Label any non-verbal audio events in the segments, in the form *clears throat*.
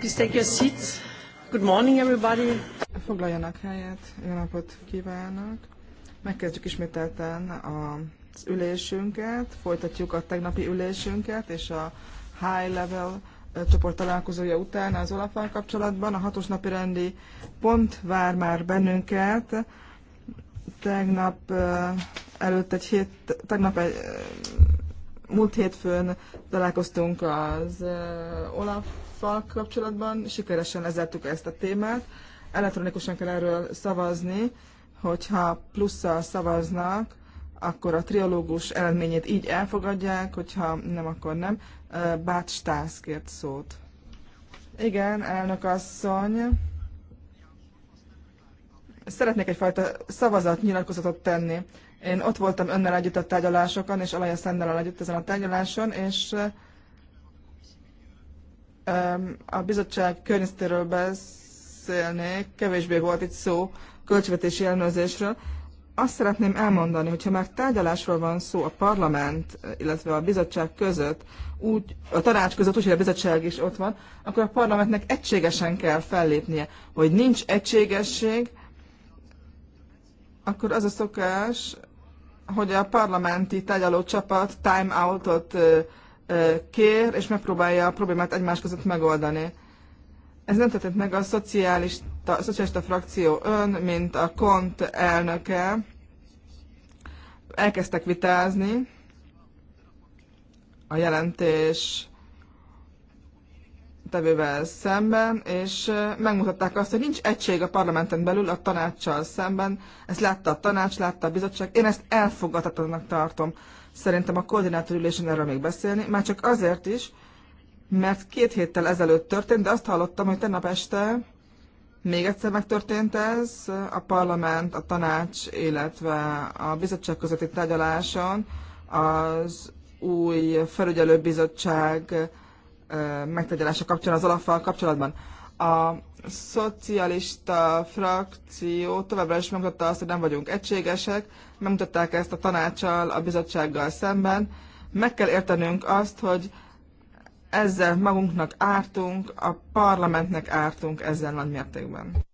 Please take your seats. Good morning, everybody. Foglaljanak helyet, jó napot kívánok. Megkezdjük ismételten az ülésünket, folytatjuk a tegnapi ülésünket, és a high level csoport találkozója után az olaf kapcsolatban. A hatos napi rendi pont vár már bennünket. Tegnap előtt egy hét, tegnap egy, múlt hétfőn találkoztunk az Olaf fal kapcsolatban. Sikeresen lezettük ezt a témát. Elektronikusan kell erről szavazni, hogyha plusszal szavaznak, akkor a triológus eredményét így elfogadják, hogyha nem, akkor nem. Bát Stász kért szót. Igen, elnök asszony. Szeretnék egyfajta szavazatnyilatkozatot tenni. Én ott voltam önnel együtt a tárgyalásokon, és Alaja Szendellel együtt ezen a tárgyaláson, és a bizottság környezetéről beszélnék, kevésbé volt itt szó költségvetési ellenőrzésről. Azt szeretném elmondani, hogyha már tárgyalásról van szó a parlament, illetve a bizottság között, úgy, a tanács között, úgyhogy a bizottság is ott van, akkor a parlamentnek egységesen kell fellépnie. Hogy nincs egységesség, akkor az a szokás, hogy a parlamenti tárgyaló csapat time outot kér, és megpróbálja a problémát egymás között megoldani. Ez nem történt meg a szocialista, a szocialista frakció ön, mint a kont elnöke. Elkezdtek vitázni a jelentés tevővel szemben, és megmutatták azt, hogy nincs egység a parlamenten belül a tanácssal szemben. Ezt látta a tanács, látta a bizottság. Én ezt elfogadhatatlanak tartom. Szerintem a koordinátorülésen erről még beszélni, már csak azért is, mert két héttel ezelőtt történt, de azt hallottam, hogy tegnap este még egyszer megtörtént ez a parlament, a tanács, illetve a bizottság közötti tárgyaláson az új felügyelőbizottság megtegyelése kapcsán, az alapfal kapcsolatban. A szocialista frakció továbbra is megmutatta azt, hogy nem vagyunk egységesek, megmutatták ezt a tanácsal, a bizottsággal szemben. Meg kell értenünk azt, hogy ezzel magunknak ártunk, a parlamentnek ártunk ezzel nagy mértékben.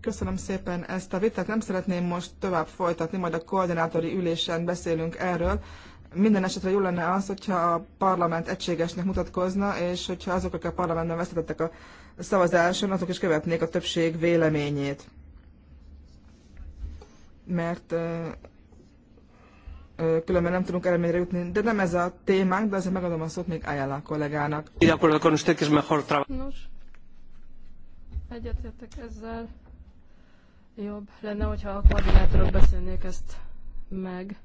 Köszönöm szépen ezt a vitát. Nem szeretném most tovább folytatni, majd a koordinátori ülésen beszélünk erről, minden esetre jó lenne az, hogyha a parlament egységesnek mutatkozna, és hogyha azok, akik a parlamentben vesztettek a szavazáson, azok is követnék a többség véleményét. Mert különben nem tudunk eredményre jutni. De nem ez a témánk, de azért megadom a szót még Ayala kollégának. Nos, egyetértek ezzel. Jobb lenne, hogyha a koordinátorok beszélnék ezt meg.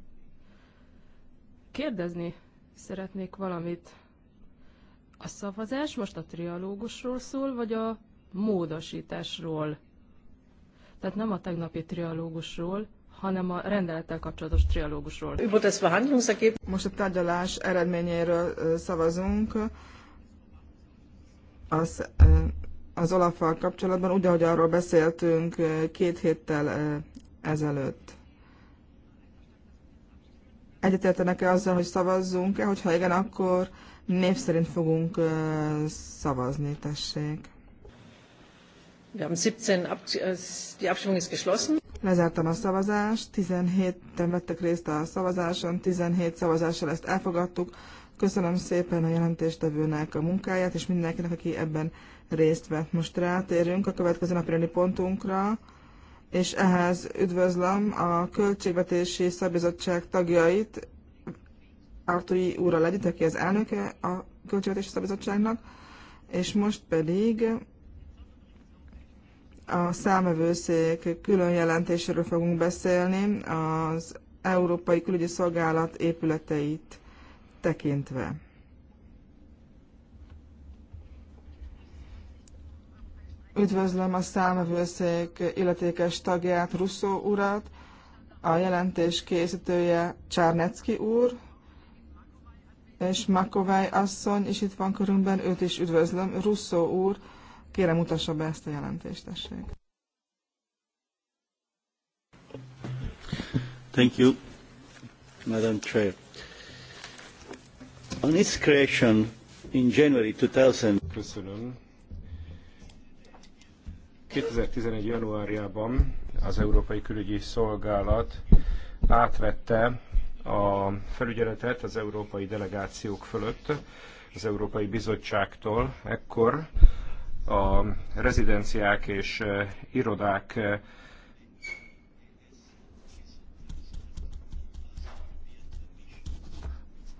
Kérdezni szeretnék valamit. A szavazás most a trialógusról szól, vagy a módosításról? Tehát nem a tegnapi trialógusról, hanem a rendelettel kapcsolatos trialógusról. Most a tárgyalás eredményéről szavazunk az, az olaf kapcsolatban, úgy, ahogy arról beszéltünk két héttel ezelőtt. Egyetértenek-e azzal, hogy szavazzunk-e? Hogyha igen, akkor név szerint fogunk szavazni, tessék. Wir haben 17, ab, äh, die Abstimmung ist geschlossen. Lezártam a szavazást, 17-en vettek részt a szavazáson, 17 szavazással ezt elfogadtuk. Köszönöm szépen a jelentéstevőnek a munkáját, és mindenkinek, aki ebben részt vett. Most rátérünk a következő napi pontunkra és ehhez üdvözlöm a Költségvetési Szabizottság tagjait, Artúi úrral legyet, aki az elnöke a Költségvetési Szabizottságnak, és most pedig a számövőszék külön jelentéséről fogunk beszélni, az Európai Külügyi Szolgálat épületeit tekintve. Üdvözlöm a számvevőszék illetékes tagját, Russzó urat, a jelentés készítője Csárnecki úr, és Makovály asszony is itt van körünkben, őt is üdvözlöm. Russzó úr, kérem mutassa be ezt a jelentést, tessék. Thank you, Madam Chair. On its creation in January 2000... Köszönöm. 2011. januárjában az Európai Külügyi Szolgálat átvette a felügyeletet az európai delegációk fölött az Európai Bizottságtól. Ekkor a rezidenciák és e, irodák e,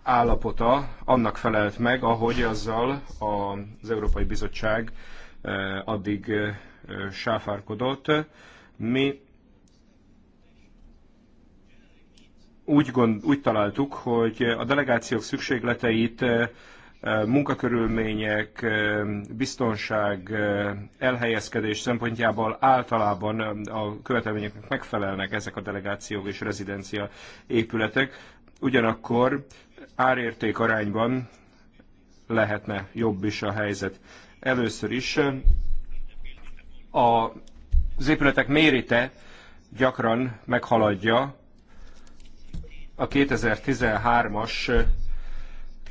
állapota annak felelt meg, ahogy azzal az Európai Bizottság e, addig sáfárkodott. Mi úgy, gond, úgy találtuk, hogy a delegációk szükségleteit eh, munkakörülmények, eh, biztonság, eh, elhelyezkedés szempontjából általában a követelményeknek megfelelnek ezek a delegációk és rezidencia épületek. Ugyanakkor árérték arányban lehetne jobb is a helyzet. Először is az épületek mérete gyakran meghaladja a 2013-as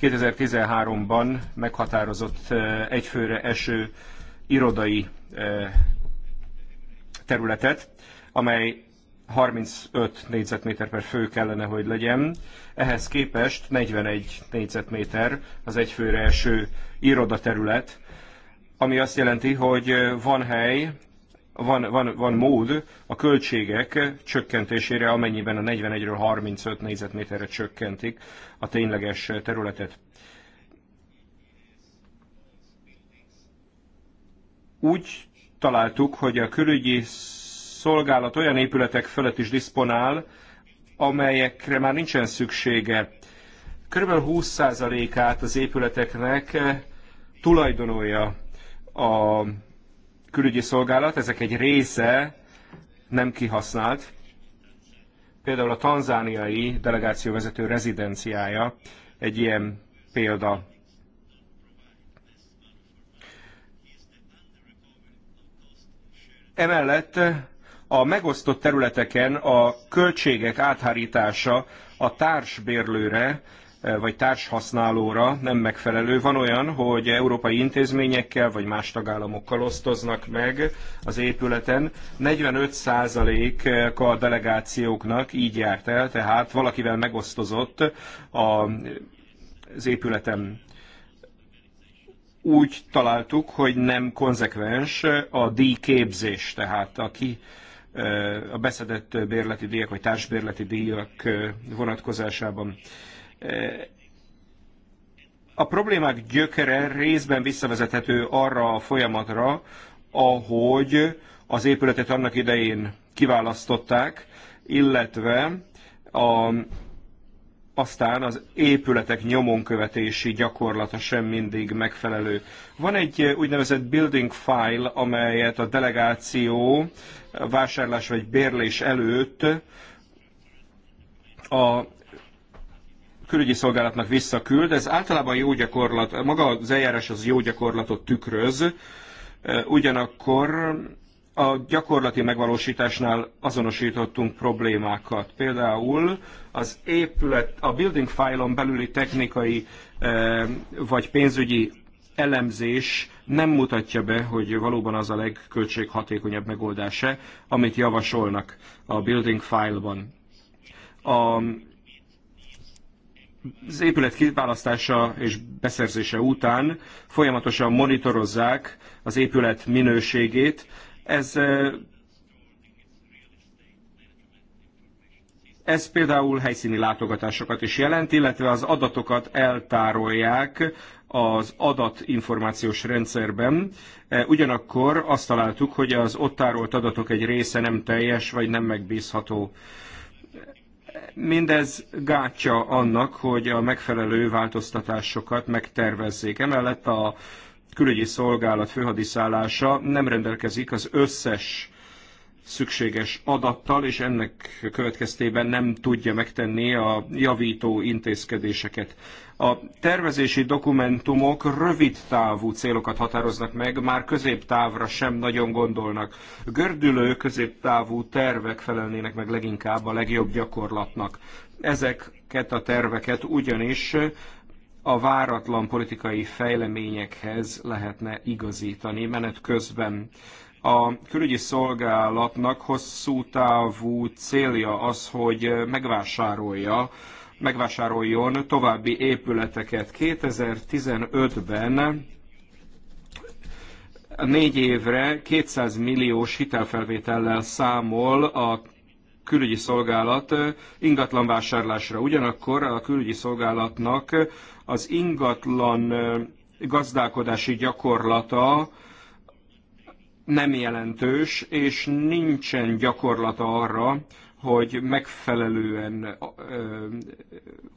2013-ban meghatározott egyfőre eső irodai területet, amely 35 négyzetméter per fő kellene, hogy legyen. Ehhez képest 41 négyzetméter az egyfőre eső irodaterület, ami azt jelenti, hogy van hely, van, van, van mód a költségek csökkentésére, amennyiben a 41-ről 35 négyzetméterre csökkentik a tényleges területet. Úgy találtuk, hogy a külügyi szolgálat olyan épületek fölött is diszponál, amelyekre már nincsen szüksége. Körülbelül 20%-át az épületeknek eh, tulajdonolja a külügyi szolgálat, ezek egy része nem kihasznált. Például a tanzániai delegációvezető rezidenciája egy ilyen példa. Emellett a megosztott területeken a költségek áthárítása a társbérlőre vagy társhasználóra nem megfelelő. Van olyan, hogy európai intézményekkel vagy más tagállamokkal osztoznak meg az épületen. 45%-a a delegációknak így járt el, tehát valakivel megosztozott az épületen úgy találtuk, hogy nem konzekvens a díjképzés, tehát aki a beszedett bérleti díjak vagy társbérleti díjak vonatkozásában. Eh, a problémák gyökere részben visszavezethető arra a folyamatra, ahogy az épületet annak idején kiválasztották, illetve a, aztán az épületek nyomonkövetési gyakorlata sem mindig megfelelő. Van egy úgynevezett building file, amelyet a delegáció vásárlás vagy bérlés előtt a külügyi szolgálatnak visszaküld. Ez általában jó gyakorlat, maga az eljárás az jó gyakorlatot tükröz, ugyanakkor a gyakorlati megvalósításnál azonosítottunk problémákat. Például az épület, a building file-on belüli technikai vagy pénzügyi elemzés nem mutatja be, hogy valóban az a legköltséghatékonyabb megoldása, amit javasolnak a building file-ban. A az épület kiválasztása és beszerzése után folyamatosan monitorozzák az épület minőségét. Ez, ez például helyszíni látogatásokat is jelent, illetve az adatokat eltárolják az adatinformációs rendszerben. Ugyanakkor azt találtuk, hogy az ott tárolt adatok egy része nem teljes vagy nem megbízható. Mindez gátja annak, hogy a megfelelő változtatásokat megtervezzék. Emellett a külügyi szolgálat főhadiszállása nem rendelkezik az összes szükséges adattal, és ennek következtében nem tudja megtenni a javító intézkedéseket. A tervezési dokumentumok rövid távú célokat határoznak meg, már középtávra sem nagyon gondolnak. Gördülő középtávú tervek felelnének meg leginkább a legjobb gyakorlatnak. Ezeket a terveket ugyanis a váratlan politikai fejleményekhez lehetne igazítani menet közben a külügyi szolgálatnak hosszú távú célja az, hogy megvásárolja, megvásároljon további épületeket. 2015-ben négy évre 200 milliós hitelfelvétellel számol a külügyi szolgálat ingatlanvásárlásra. Ugyanakkor a külügyi szolgálatnak az ingatlan gazdálkodási gyakorlata nem jelentős, és nincsen gyakorlata arra, hogy megfelelően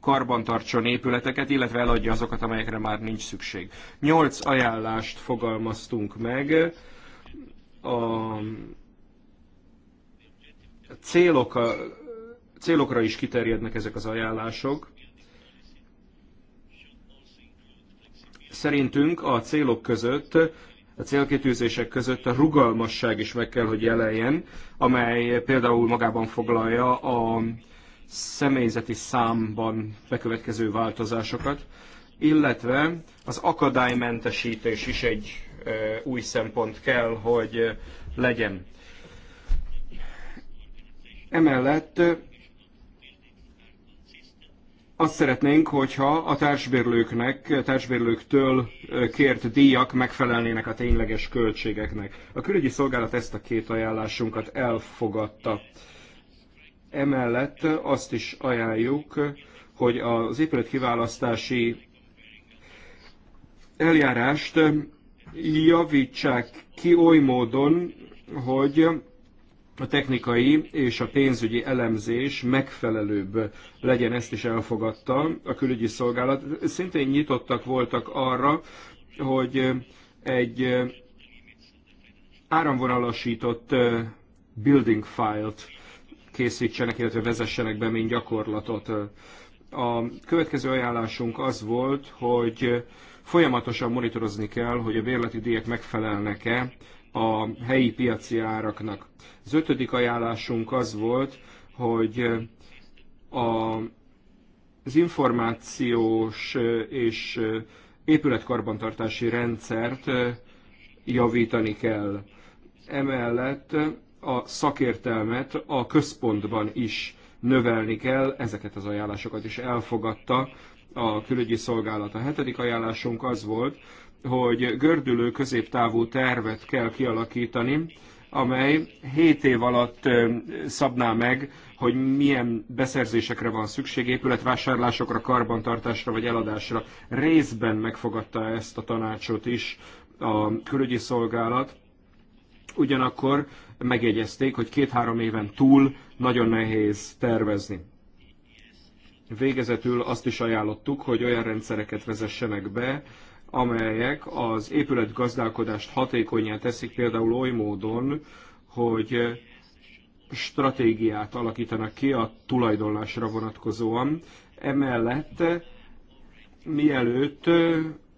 karbantartson épületeket, illetve eladja azokat, amelyekre már nincs szükség. Nyolc ajánlást fogalmaztunk meg. A célok, célokra is kiterjednek ezek az ajánlások. Szerintünk a célok között a célkitűzések között a rugalmasság is meg kell, hogy jelenjen, amely például magában foglalja a személyzeti számban bekövetkező változásokat, illetve az akadálymentesítés is egy új szempont kell, hogy legyen. Emellett azt szeretnénk, hogyha a társbérlőknek, társbérlőktől kért díjak megfelelnének a tényleges költségeknek. A külügyi szolgálat ezt a két ajánlásunkat elfogadta. Emellett azt is ajánljuk, hogy az épületkiválasztási eljárást javítsák ki oly módon, hogy a technikai és a pénzügyi elemzés megfelelőbb legyen, ezt is elfogadta a külügyi szolgálat. Szintén nyitottak voltak arra, hogy egy áramvonalasított building file-t készítsenek, illetve vezessenek be, mint gyakorlatot. A következő ajánlásunk az volt, hogy folyamatosan monitorozni kell, hogy a bérleti díjak megfelelnek-e a helyi piaci áraknak. Az ötödik ajánlásunk az volt, hogy a, az információs és épületkarbantartási rendszert javítani kell. Emellett a szakértelmet a központban is növelni kell, ezeket az ajánlásokat is elfogadta a külügyi szolgálat. A hetedik ajánlásunk az volt, hogy gördülő középtávú tervet kell kialakítani, amely 7 év alatt szabná meg, hogy milyen beszerzésekre van szükség, épületvásárlásokra, karbantartásra vagy eladásra. Részben megfogadta ezt a tanácsot is a külügyi szolgálat, ugyanakkor megjegyezték, hogy két-három éven túl nagyon nehéz tervezni. Végezetül azt is ajánlottuk, hogy olyan rendszereket vezessenek be, amelyek az épületgazdálkodást hatékonyá teszik például oly módon, hogy stratégiát alakítanak ki a tulajdonlásra vonatkozóan. Emellett mielőtt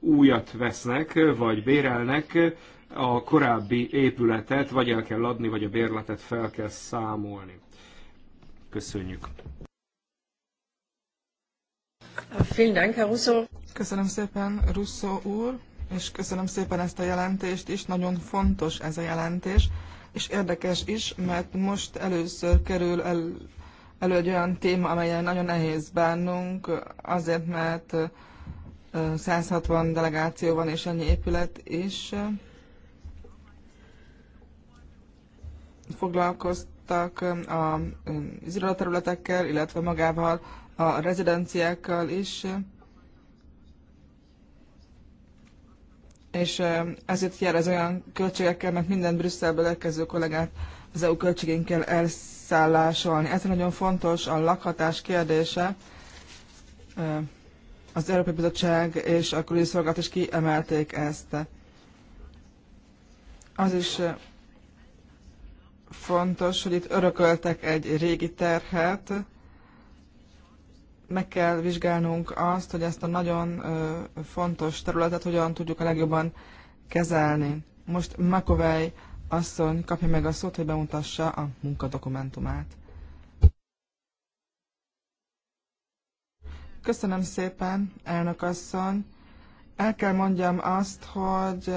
újat vesznek, vagy bérelnek, a korábbi épületet vagy el kell adni, vagy a bérletet fel kell számolni. Köszönjük. Köszönöm szépen, Russo úr, és köszönöm szépen ezt a jelentést is. Nagyon fontos ez a jelentés, és érdekes is, mert most először kerül el, elő egy olyan téma, amelyen nagyon nehéz bánnunk, azért, mert 160 delegáció van és ennyi épület is. Foglalkoztak az irodaterületekkel, illetve magával a rezidenciákkal is, és ezért jár ez olyan költségekkel, mert minden Brüsszelből érkező kollégát az EU költségén kell elszállásolni. Ez nagyon fontos a lakhatás kérdése. Az Európai Bizottság és a külügyszolgálat is kiemelték ezt. Az is fontos, hogy itt örököltek egy régi terhet, meg kell vizsgálnunk azt, hogy ezt a nagyon fontos területet hogyan tudjuk a legjobban kezelni. Most Makovej asszony kapja meg a szót, hogy bemutassa a munkadokumentumát. Köszönöm szépen, elnök asszony. El kell mondjam azt, hogy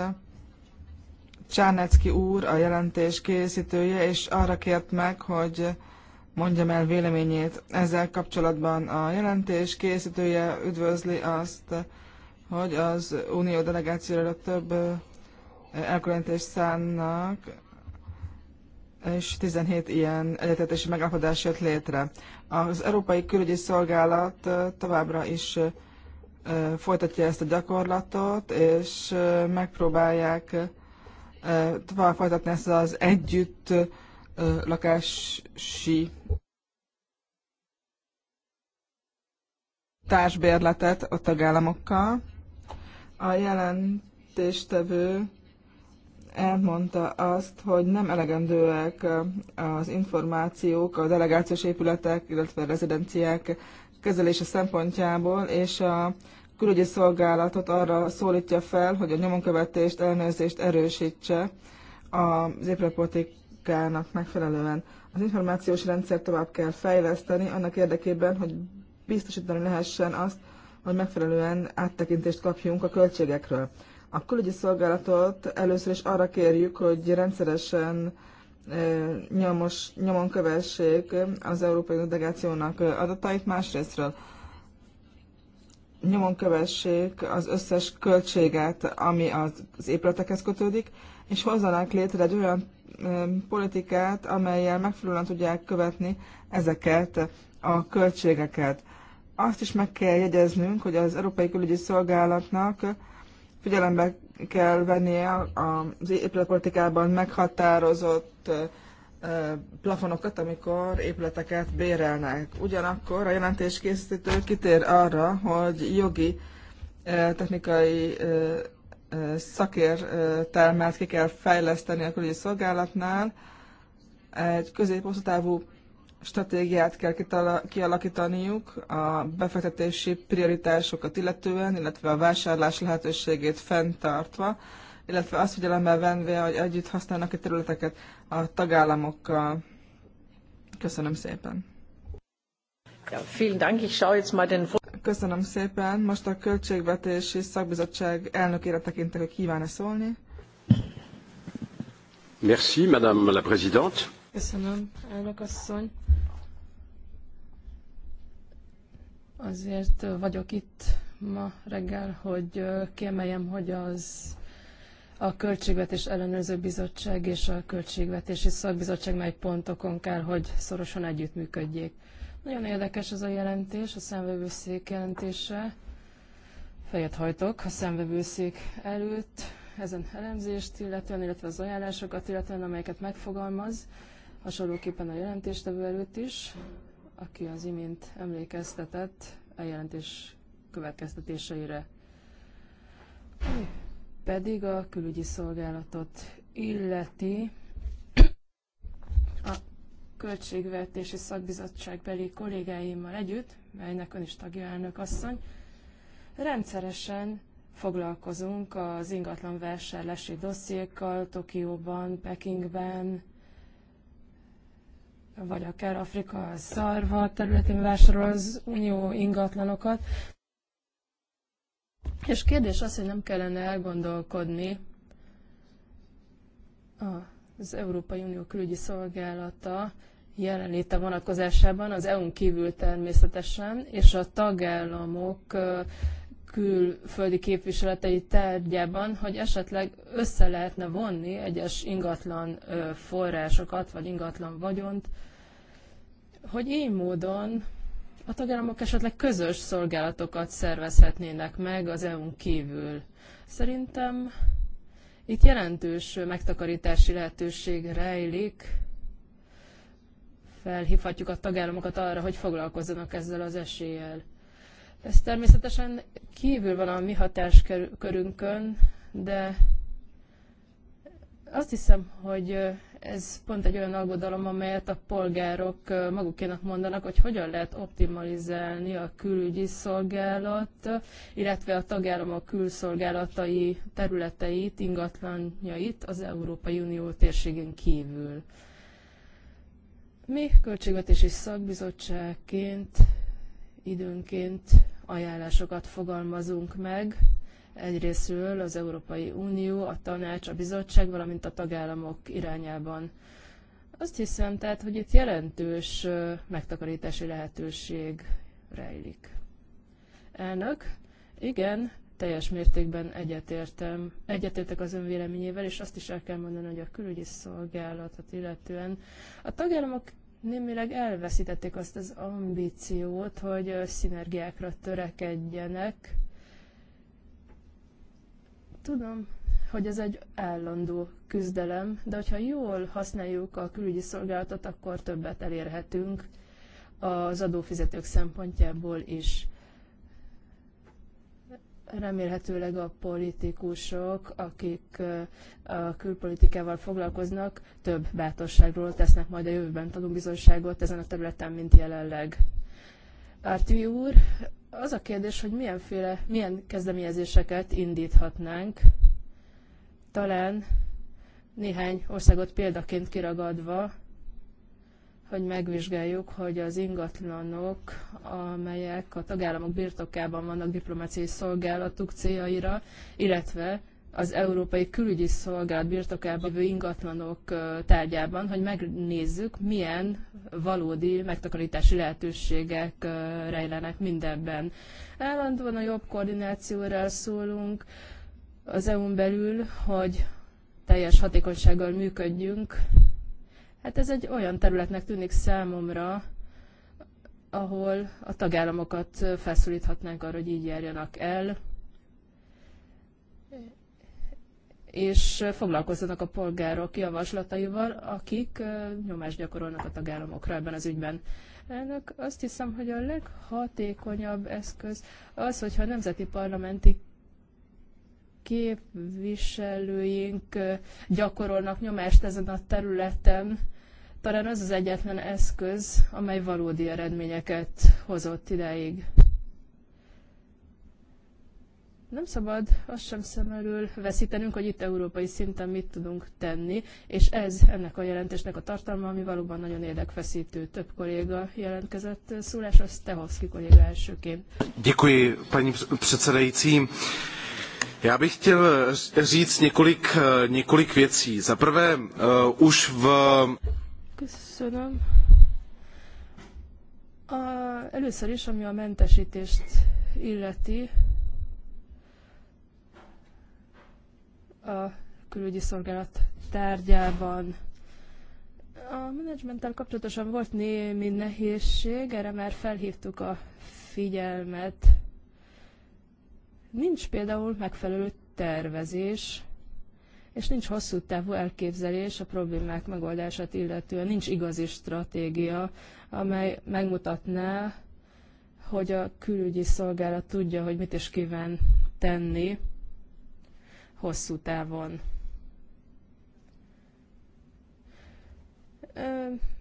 Csánecki úr, a jelentés készítője, és arra kért meg, hogy mondjam el véleményét. Ezzel kapcsolatban a jelentés készítője üdvözli azt, hogy az unió delegációra több elkülönítést szánnak, és 17 ilyen egyetetési megállapodás jött létre. Az Európai Külügyi Szolgálat továbbra is folytatja ezt a gyakorlatot, és megpróbálják tovább folytatni ezt az együtt lakási társbérletet a tagállamokkal. A jelentéstevő elmondta azt, hogy nem elegendőek az információk a delegációs épületek, illetve a rezidenciák kezelése szempontjából, és a külügyi szolgálatot arra szólítja fel, hogy a nyomonkövetést, ellenőrzést erősítse az épületpolitikai logikának megfelelően. Az információs rendszer tovább kell fejleszteni annak érdekében, hogy biztosítani lehessen azt, hogy megfelelően áttekintést kapjunk a költségekről. A külügyi szolgálatot először is arra kérjük, hogy rendszeresen e, nyomos, nyomon kövessék az Európai Delegációnak adatait, másrésztről nyomon kövessék az összes költséget, ami az épületekhez kötődik, és hozzanak létre egy olyan politikát, amelyel megfelelően tudják követni ezeket a költségeket. Azt is meg kell jegyeznünk, hogy az Európai Külügyi Szolgálatnak figyelembe kell vennie az épületpolitikában meghatározott plafonokat, amikor épületeket bérelnek. Ugyanakkor a jelentéskészítő kitér arra, hogy jogi, technikai szakértelmet ki kell fejleszteni a külügyi szolgálatnál, egy közép távú stratégiát kell kialakítaniuk a befektetési prioritásokat illetően, illetve a vásárlás lehetőségét fenntartva, illetve azt figyelembe venve, hogy együtt használnak a területeket a tagállamokkal. Köszönöm szépen! vielen Dank. Ich schaue jetzt mal den... Köszönöm szépen. Most a Költségvetési Szakbizottság elnökére tekintek, hogy kíván-e szólni. Merci, Madame la Présidente. Köszönöm, elnök asszony. Azért vagyok itt ma reggel, hogy kiemeljem, hogy az a Költségvetés Ellenőrző Bizottság és a Költségvetési Szakbizottság mely pontokon kell, hogy szorosan együttműködjék. Nagyon érdekes ez a jelentés, a szemvevőszék jelentése. Fejet hajtok a szemvevőszék előtt, ezen elemzést illetően, illetve az ajánlásokat illetően, amelyeket megfogalmaz, hasonlóképpen a jelentéstevő előtt is, aki az imént emlékeztetett a jelentés következtetéseire. pedig a külügyi szolgálatot illeti, Költségvetési beli kollégáimmal együtt, melynek ön is tagja elnök asszony, rendszeresen foglalkozunk az ingatlan vásárlási dossziékkal Tokióban, Pekingben, vagy akár Afrika szarva területén vásárol az unió ingatlanokat. És kérdés az, hogy nem kellene elgondolkodni az Európai Unió külügyi szolgálata jelenléte vonatkozásában az EU-n kívül természetesen, és a tagállamok külföldi képviseletei tárgyában, hogy esetleg össze lehetne vonni egyes ingatlan forrásokat, vagy ingatlan vagyont, hogy így módon a tagállamok esetleg közös szolgálatokat szervezhetnének meg az EU-n kívül. Szerintem itt jelentős megtakarítási lehetőség rejlik, felhívhatjuk a tagállamokat arra, hogy foglalkozzanak ezzel az eséllyel. Ez természetesen kívül van a mi hatáskörünkön, de azt hiszem, hogy ez pont egy olyan aggodalom, amelyet a polgárok magukénak mondanak, hogy hogyan lehet optimalizálni a külügyi szolgálat, illetve a tagállamok külszolgálatai területeit, ingatlanjait az Európai Unió térségén kívül. Mi költségvetési szakbizottságként időnként ajánlásokat fogalmazunk meg, egyrésztről az Európai Unió, a tanács, a bizottság, valamint a tagállamok irányában. Azt hiszem tehát, hogy itt jelentős megtakarítási lehetőség rejlik. Elnök, igen, teljes mértékben egyetértem, egyetértek az ön véleményével, és azt is el kell mondani, hogy a külügyi szolgálatot illetően a tagállamok némileg elveszítették azt az ambíciót, hogy szinergiákra törekedjenek. Tudom, hogy ez egy állandó küzdelem, de hogyha jól használjuk a külügyi szolgálatot, akkor többet elérhetünk az adófizetők szempontjából is remélhetőleg a politikusok, akik a külpolitikával foglalkoznak, több bátorságról tesznek majd a jövőben tanúbizonyságot ezen a területen, mint jelenleg. Árti úr, az a kérdés, hogy milyenféle, milyen kezdeményezéseket indíthatnánk, talán néhány országot példaként kiragadva, hogy megvizsgáljuk, hogy az ingatlanok, amelyek a tagállamok birtokában vannak diplomáciai szolgálatuk céljaira, illetve az Európai Külügyi Szolgálat birtokában lévő ingatlanok tárgyában, hogy megnézzük, milyen valódi megtakarítási lehetőségek rejlenek mindenben. Állandóan a jobb koordinációra szólunk az EU-n belül, hogy teljes hatékonysággal működjünk, Hát ez egy olyan területnek tűnik számomra, ahol a tagállamokat felszólíthatnánk arra, hogy így járjanak el, és foglalkozzanak a polgárok javaslataival, akik nyomást gyakorolnak a tagállamokra ebben az ügyben. Ennek azt hiszem, hogy a leghatékonyabb eszköz az, hogyha a nemzeti parlamenti képviselőink gyakorolnak nyomást ezen a területen, talán az az egyetlen eszköz, amely valódi eredményeket hozott ideig. Nem szabad azt sem szem elől veszítenünk, hogy itt európai szinten mit tudunk tenni, és ez ennek a jelentésnek a tartalma, ami valóban nagyon érdekfeszítő. Több kolléga jelentkezett szólás, az Tehovszki kolléga elsőként. Děkuji, paní předsedající. Já bych chtěl říct několik, několik věcí. Za prvé, uh, už v... Köszönöm. A, először is, ami a mentesítést illeti, a külügyi szolgálat tárgyában a menedzsmenttel kapcsolatosan volt némi nehézség, erre már felhívtuk a figyelmet. Nincs például megfelelő tervezés, és nincs hosszú távú elképzelés a problémák megoldását illetően, nincs igazi stratégia, amely megmutatná, hogy a külügyi szolgálat tudja, hogy mit is kíván tenni hosszú távon.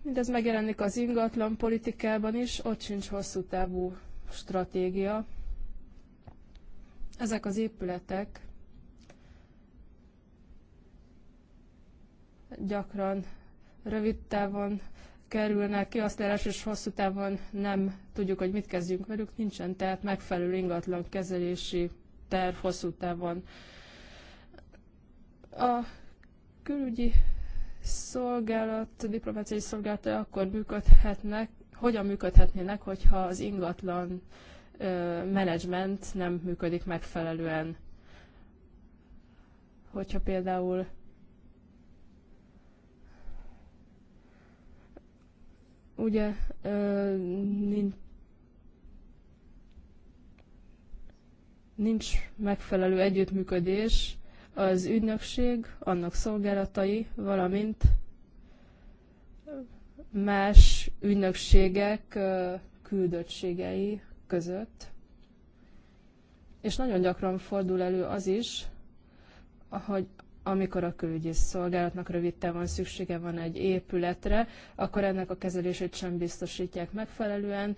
Mindez megjelenik az ingatlan politikában is, ott sincs hosszú távú stratégia. Ezek az épületek gyakran rövid távon kerülnek lehet, és hosszú távon nem tudjuk, hogy mit kezdjünk velük, nincsen tehát megfelelő ingatlan kezelési terv hosszú távon. A külügyi szolgálat, diplomáciai szolgálata akkor működhetnek, hogyan működhetnének, hogyha az ingatlan menedzsment nem működik megfelelően. Hogyha például Ugye nincs nincs megfelelő együttműködés az ügynökség, annak szolgálatai, valamint más ügynökségek küldöttségei között. És nagyon gyakran fordul elő az is, hogy amikor a külügyi szolgálatnak rövid távon szüksége van egy épületre, akkor ennek a kezelését sem biztosítják megfelelően.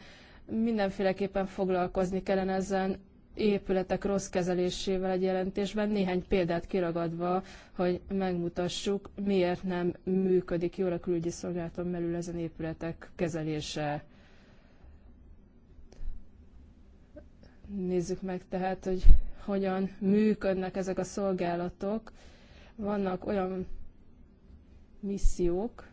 Mindenféleképpen foglalkozni kellene ezen épületek rossz kezelésével egy jelentésben, néhány példát kiragadva, hogy megmutassuk, miért nem működik jól a külügyi szolgálaton belül ezen épületek kezelése. Nézzük meg tehát, hogy hogyan működnek ezek a szolgálatok, vannak olyan missziók,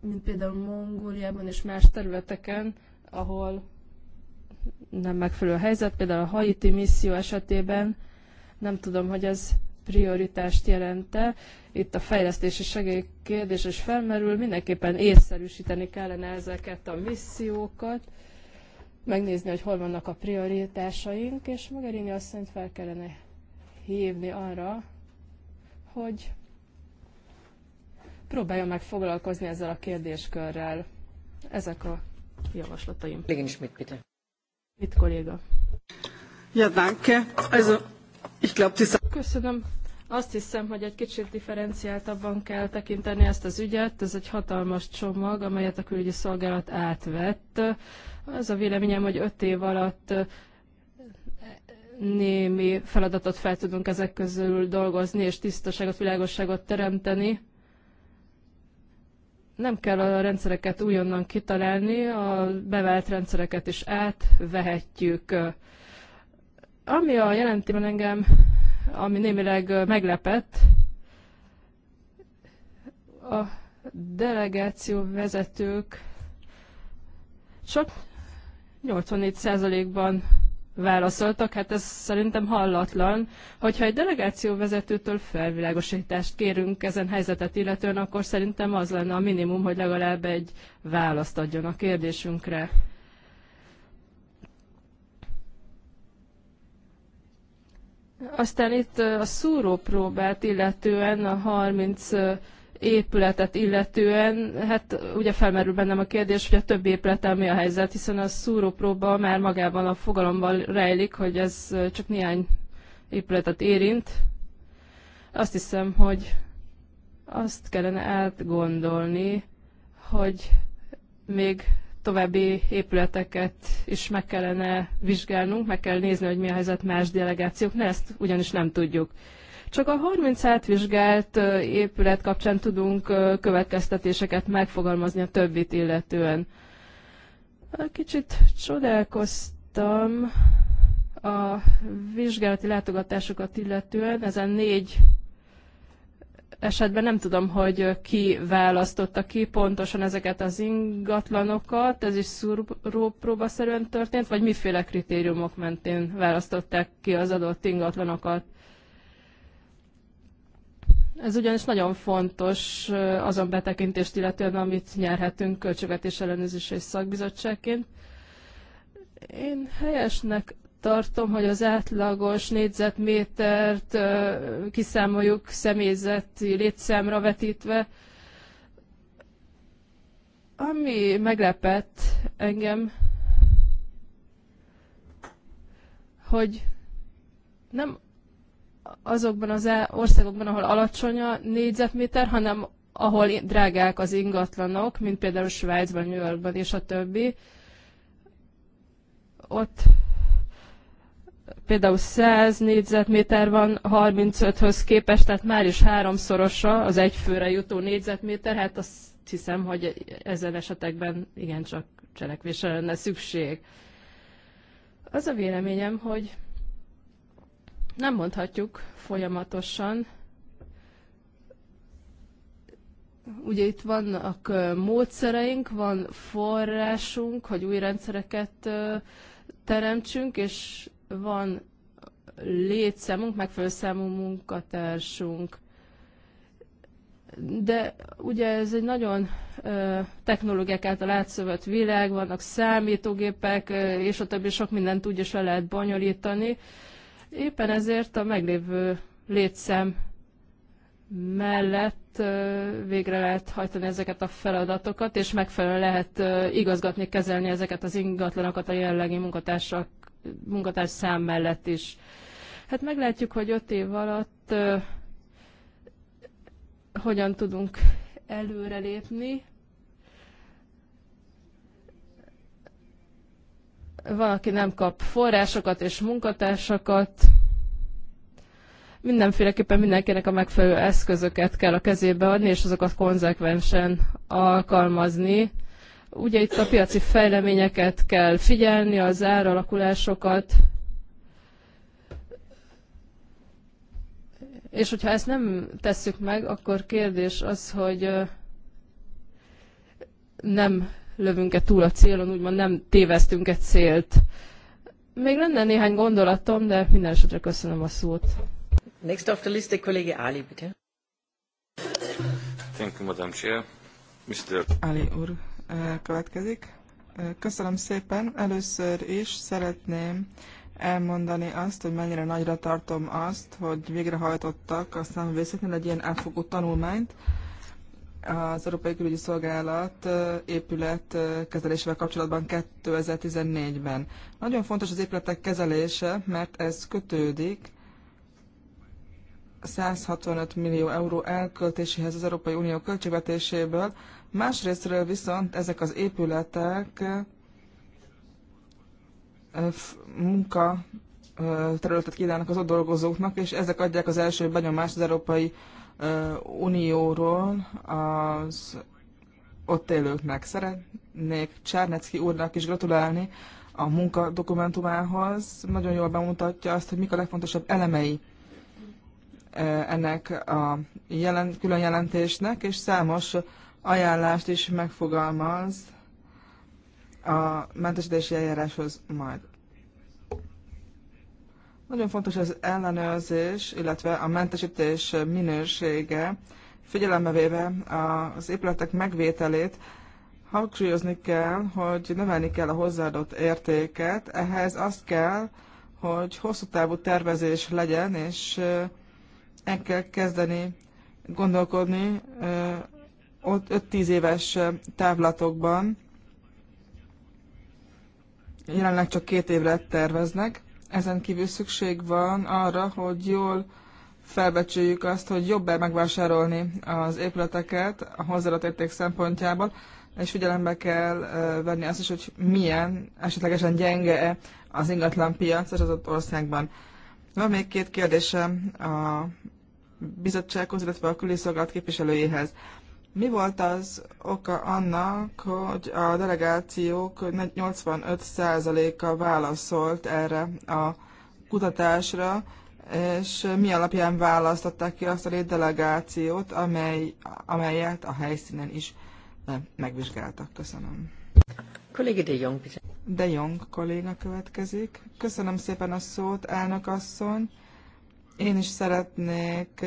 mint például Mongóliában és más területeken, ahol nem megfelelő a helyzet, például a Haiti misszió esetében, nem tudom, hogy ez prioritást jelente. Itt a fejlesztési segély kérdés is felmerül, mindenképpen észszerűsíteni kellene ezeket a missziókat, megnézni, hogy hol vannak a prioritásaink, és Mogherini szerint fel kellene hívni arra, hogy próbáljon meg foglalkozni ezzel a kérdéskörrel. Ezek a javaslataim. Igen, is mit, bitte. Mit, kolléga? Ja, danke. Also, ich glaub, tisza... Köszönöm. Azt hiszem, hogy egy kicsit differenciáltabban kell tekinteni ezt az ügyet. Ez egy hatalmas csomag, amelyet a külügyi szolgálat átvett az a véleményem, hogy öt év alatt némi feladatot fel tudunk ezek közül dolgozni, és tisztaságot, világosságot teremteni. Nem kell a rendszereket újonnan kitalálni, a bevált rendszereket is átvehetjük. Ami a jelentében engem, ami némileg meglepett, a delegáció vezetők csak 84%-ban válaszoltak, hát ez szerintem hallatlan. Hogyha egy delegáció vezetőtől felvilágosítást kérünk ezen helyzetet illetően, akkor szerintem az lenne a minimum, hogy legalább egy választ adjon a kérdésünkre. Aztán itt a szúrópróbát illetően a 30 épületet illetően, hát ugye felmerül bennem a kérdés, hogy a többi épületel mi a helyzet, hiszen a szúrópróba már magában a fogalomban rejlik, hogy ez csak néhány épületet érint. Azt hiszem, hogy azt kellene átgondolni, hogy még további épületeket is meg kellene vizsgálnunk, meg kell nézni, hogy mi a helyzet más delegációk, ezt ugyanis nem tudjuk. Csak a 30 átvizsgált épület kapcsán tudunk következtetéseket megfogalmazni a többit illetően. Kicsit csodálkoztam a vizsgálati látogatásokat illetően, ezen négy esetben nem tudom, hogy ki választotta ki pontosan ezeket az ingatlanokat, ez is szúrópróbaszerűen történt, vagy miféle kritériumok mentén választották ki az adott ingatlanokat. Ez ugyanis nagyon fontos azon betekintést illetően, amit nyerhetünk költségvetés ellenőrzés és szakbizottságként. Én helyesnek tartom, hogy az átlagos négyzetmétert kiszámoljuk személyzeti létszámra vetítve. Ami meglepett engem, hogy nem azokban az e- országokban, ahol alacsony a négyzetméter, hanem ahol drágák az ingatlanok, mint például Svájcban, New Yorkban és a többi. Ott például 100 négyzetméter van 35-höz képest, tehát már is háromszorosa az egyfőre jutó négyzetméter, hát azt hiszem, hogy ezen esetekben igencsak cselekvésre lenne szükség. Az a véleményem, hogy nem mondhatjuk folyamatosan, ugye itt vannak módszereink, van forrásunk, hogy új rendszereket teremtsünk, és van létszámunk, megfelelő számú munkatársunk. De ugye ez egy nagyon technológiák által átszövött világ, vannak számítógépek, és a többi sok mindent úgy is le lehet bonyolítani. Ö, Éppen ezért a meglévő létszám mellett végre lehet hajtani ezeket a feladatokat, és megfelelően lehet igazgatni, kezelni ezeket az ingatlanokat a jelenlegi munkatársak, munkatárs szám mellett is. Hát meglátjuk, hogy öt év alatt hogyan tudunk előrelépni. valaki nem kap forrásokat és munkatársakat, mindenféleképpen mindenkinek a megfelelő eszközöket kell a kezébe adni, és azokat konzekvensen alkalmazni. Ugye itt a piaci fejleményeket kell figyelni, az áralakulásokat, és hogyha ezt nem tesszük meg, akkor kérdés az, hogy nem lövünk-e túl a célon, úgymond nem téveztünk egy célt. Még lenne néhány gondolatom, de minden esetre köszönöm a szót. Next off the list, the colleague Ali, bitte. Thank you, Madam Chair. Mr. Ali úr eh, következik. Eh, köszönöm szépen. Először is szeretném elmondani azt, hogy mennyire nagyra tartom azt, hogy végrehajtottak a számvészetnél egy ilyen elfogó tanulmányt, az Európai Külügyi Szolgálat épület kezelésével kapcsolatban 2014-ben. Nagyon fontos az épületek kezelése, mert ez kötődik 165 millió euró elköltéséhez az Európai Unió költségvetéséből, másrésztről viszont ezek az épületek munka területet kínálnak az ott dolgozóknak, és ezek adják az első benyomást az Európai Unióról az ott élőknek. Szeretnék Csárnecki úrnak is gratulálni a munka dokumentumához. Nagyon jól bemutatja azt, hogy mik a legfontosabb elemei ennek a jelen, külön jelentésnek, és számos ajánlást is megfogalmaz a mentesítési eljáráshoz majd. Nagyon fontos az ellenőrzés, illetve a mentesítés minősége, figyelembe véve az épületek megvételét, hangsúlyozni kell, hogy növelni kell a hozzáadott értéket, ehhez azt kell, hogy hosszú távú tervezés legyen, és el kell kezdeni gondolkodni ott 5-10 éves távlatokban. Jelenleg csak két évre terveznek. Ezen kívül szükség van arra, hogy jól felbecsüljük azt, hogy jobb-e megvásárolni az épületeket a hozzáadott szempontjából, és figyelembe kell venni azt is, hogy milyen esetlegesen gyenge-e az ingatlan piac az adott országban. Van még két kérdésem a bizottsághoz, illetve a külszolgálat képviselőjéhez. Mi volt az oka annak, hogy a delegációk 85%-a válaszolt erre a kutatásra, és mi alapján választották ki azt a delegációt, amely, amelyet a helyszínen is megvizsgáltak? Köszönöm. Kollégi De Jong. De Jong kolléga következik. Köszönöm szépen a szót, elnök asszony. Én is szeretnék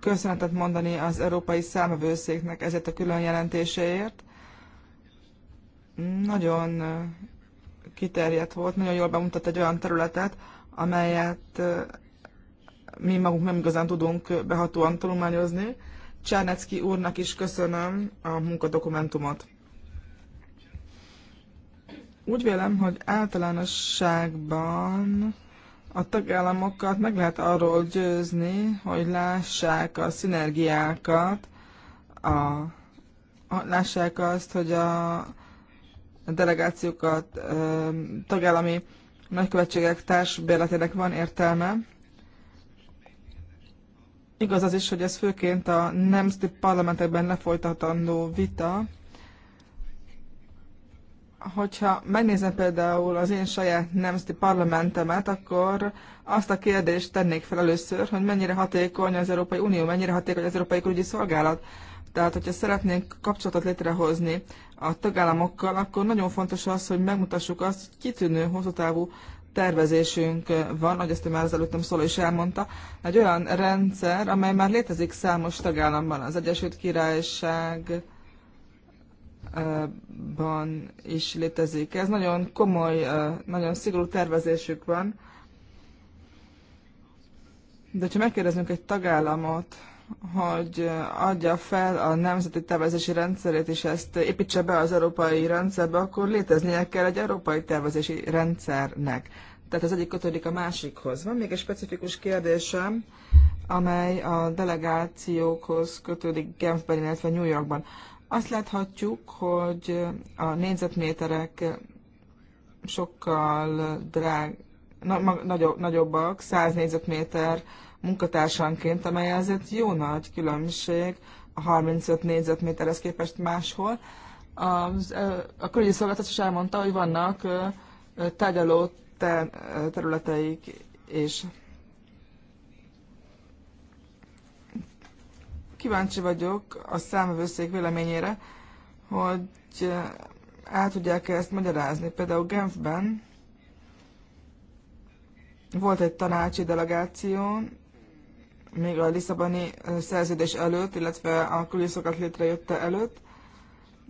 köszönetet mondani az Európai Számvevőszéknek ezért a külön jelentéséért. Nagyon kiterjedt volt, nagyon jól bemutatta egy olyan területet, amelyet mi magunk nem igazán tudunk behatóan tanulmányozni. Csárnecki úrnak is köszönöm a munkadokumentumot. Úgy vélem, hogy általánosságban a tagállamokat meg lehet arról győzni, hogy lássák a szinergiákat, a, a, lássák azt, hogy a delegációkat, ö, tagállami nagykövetségek társbérletének van értelme. Igaz az is, hogy ez főként a nemzeti parlamentekben lefolytatandó vita, hogyha megnézem például az én saját nemzeti parlamentemet, akkor azt a kérdést tennék fel először, hogy mennyire hatékony az Európai Unió, mennyire hatékony az Európai Külügyi Szolgálat. Tehát, hogyha szeretnénk kapcsolatot létrehozni a tagállamokkal, akkor nagyon fontos az, hogy megmutassuk azt, hogy kitűnő hosszútávú tervezésünk van, ahogy ezt már az előttem szóló is elmondta, egy olyan rendszer, amely már létezik számos tagállamban, az Egyesült Királyság, ban is létezik. Ez nagyon komoly, nagyon szigorú tervezésük van. De ha megkérdezünk egy tagállamot, hogy adja fel a nemzeti tervezési rendszerét, és ezt építse be az európai rendszerbe, akkor léteznie kell egy európai tervezési rendszernek. Tehát az egyik kötődik a másikhoz. Van még egy specifikus kérdésem, amely a delegációkhoz kötődik Genfben, illetve New Yorkban. Azt láthatjuk, hogy a négyzetméterek sokkal drág, na, nagyobb, nagyobbak, 100 négyzetméter munkatársanként, amely azért jó nagy különbség a 35 négyzetméterhez képest máshol. A, a külügyi szolgáltatás is elmondta, hogy vannak tárgyaló területeik és kíváncsi vagyok a számvevőszék véleményére, hogy eh, el tudják -e ezt magyarázni. Például Genfben volt egy tanácsi delegáció, még a Lisszaboni eh, szerződés előtt, illetve a kuliszokat létrejötte előtt.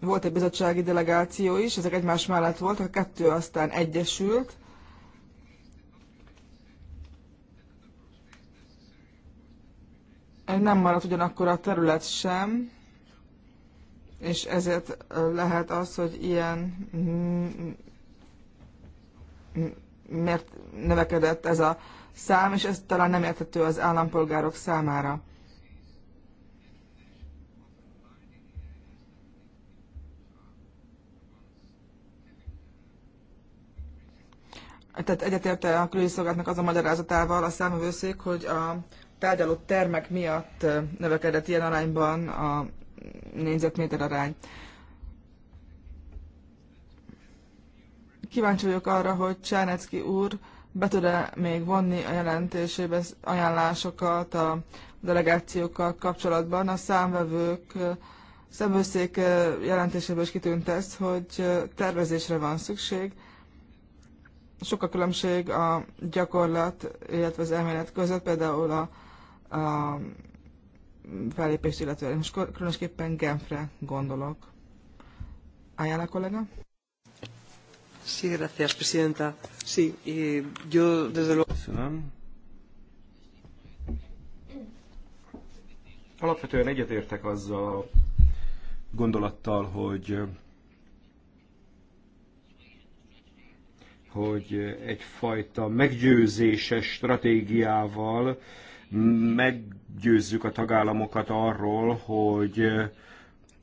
Volt egy bizottsági delegáció is, ezek egymás mellett voltak, a kettő aztán egyesült, nem maradt ugyanakkor a terület sem, és ezért lehet az, hogy ilyen miért mm, mm, növekedett ez a szám, és ez talán nem érthető az állampolgárok számára. Tehát egyetérte a külügyi szolgálatnak az a magyarázatával a számvevőszék, hogy a tárgyaló termek miatt növekedett ilyen arányban a négyzetméter arány. Kíváncsi vagyok arra, hogy Csánecki úr be tud-e még vonni a jelentésébe ajánlásokat a delegációkkal kapcsolatban. A számvevők szemőszék jelentéséből is kitűnt ez, hogy tervezésre van szükség. Sok a különbség a gyakorlat, illetve az elmélet között, például a a fellépést illetően, és különösképpen Genfre gondolok. Ayala kollega? Sí, gracias, presidenta. Sí, y eh, yo desde luego... Alapvetően egyetértek azzal a gondolattal, hogy hogy egyfajta meggyőzéses stratégiával meggyőzzük a tagállamokat arról, hogy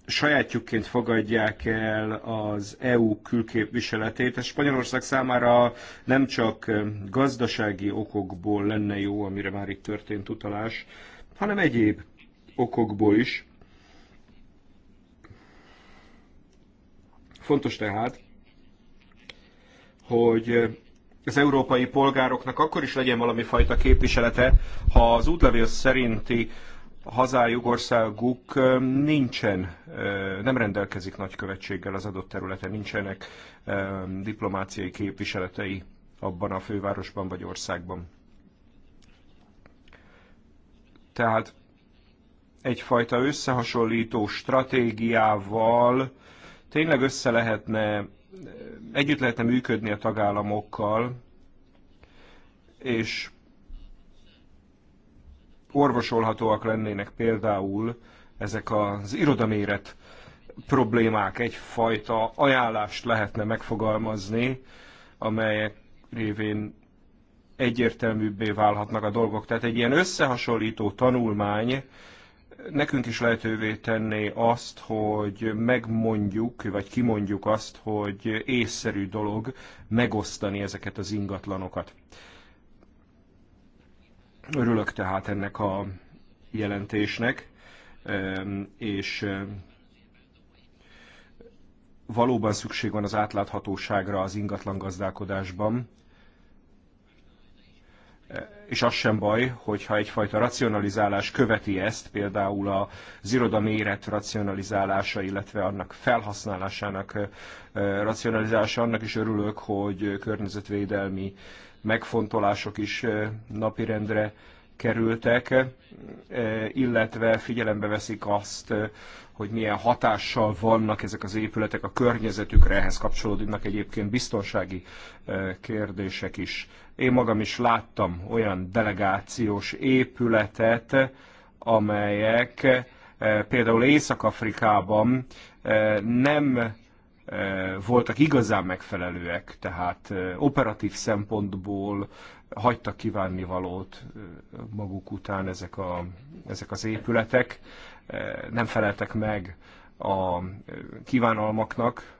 sajátjukként fogadják el az EU külképviseletét. A Spanyolország számára nem csak gazdasági okokból lenne jó, amire már itt történt utalás, hanem egyéb okokból is. Fontos tehát, hogy az európai polgároknak akkor is legyen valami fajta képviselete, ha az útlevél szerinti hazájugországuk nincsen, nem rendelkezik nagykövetséggel az adott területen, nincsenek diplomáciai képviseletei abban a fővárosban vagy országban. Tehát egyfajta összehasonlító stratégiával tényleg össze lehetne együtt lehetne működni a tagállamokkal, és orvosolhatóak lennének például ezek az irodaméret problémák, egyfajta ajánlást lehetne megfogalmazni, amelyek révén egyértelműbbé válhatnak a dolgok. Tehát egy ilyen összehasonlító tanulmány nekünk is lehetővé tenné azt, hogy megmondjuk, vagy kimondjuk azt, hogy észszerű dolog megosztani ezeket az ingatlanokat. Örülök tehát ennek a jelentésnek, és valóban szükség van az átláthatóságra az ingatlan gazdálkodásban, és az sem baj, hogyha egyfajta racionalizálás követi ezt, például a iroda méret racionalizálása, illetve annak felhasználásának racionalizálása, annak is örülök, hogy környezetvédelmi megfontolások is napirendre kerültek, e, illetve figyelembe veszik azt, e, hogy milyen hatással vannak ezek az épületek a környezetükre, ehhez kapcsolódnak egyébként biztonsági e, kérdések is. Én magam is láttam olyan delegációs épületet, amelyek például Észak-Afrikában nem voltak igazán megfelelőek, tehát operatív szempontból hagytak kívánni valót maguk után ezek, a, ezek az épületek, nem feleltek meg a kívánalmaknak,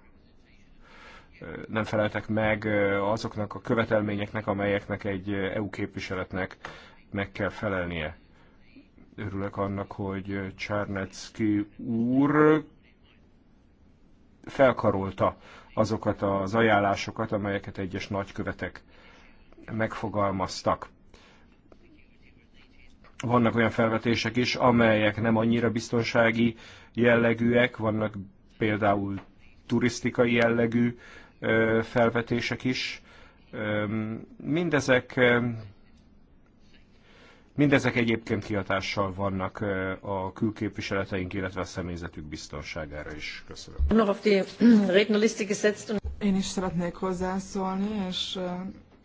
nem feleltek meg azoknak a követelményeknek, amelyeknek egy EU képviseletnek meg kell felelnie. Örülök annak, hogy Csárnecki úr felkarolta azokat az ajánlásokat, amelyeket egyes nagykövetek megfogalmaztak. Vannak olyan felvetések is, amelyek nem annyira biztonsági jellegűek, vannak például turisztikai jellegű felvetések is. Mindezek, mindezek egyébként kihatással vannak a külképviseleteink, illetve a személyzetük biztonságára is. Köszönöm. Én is szeretnék hozzászólni, és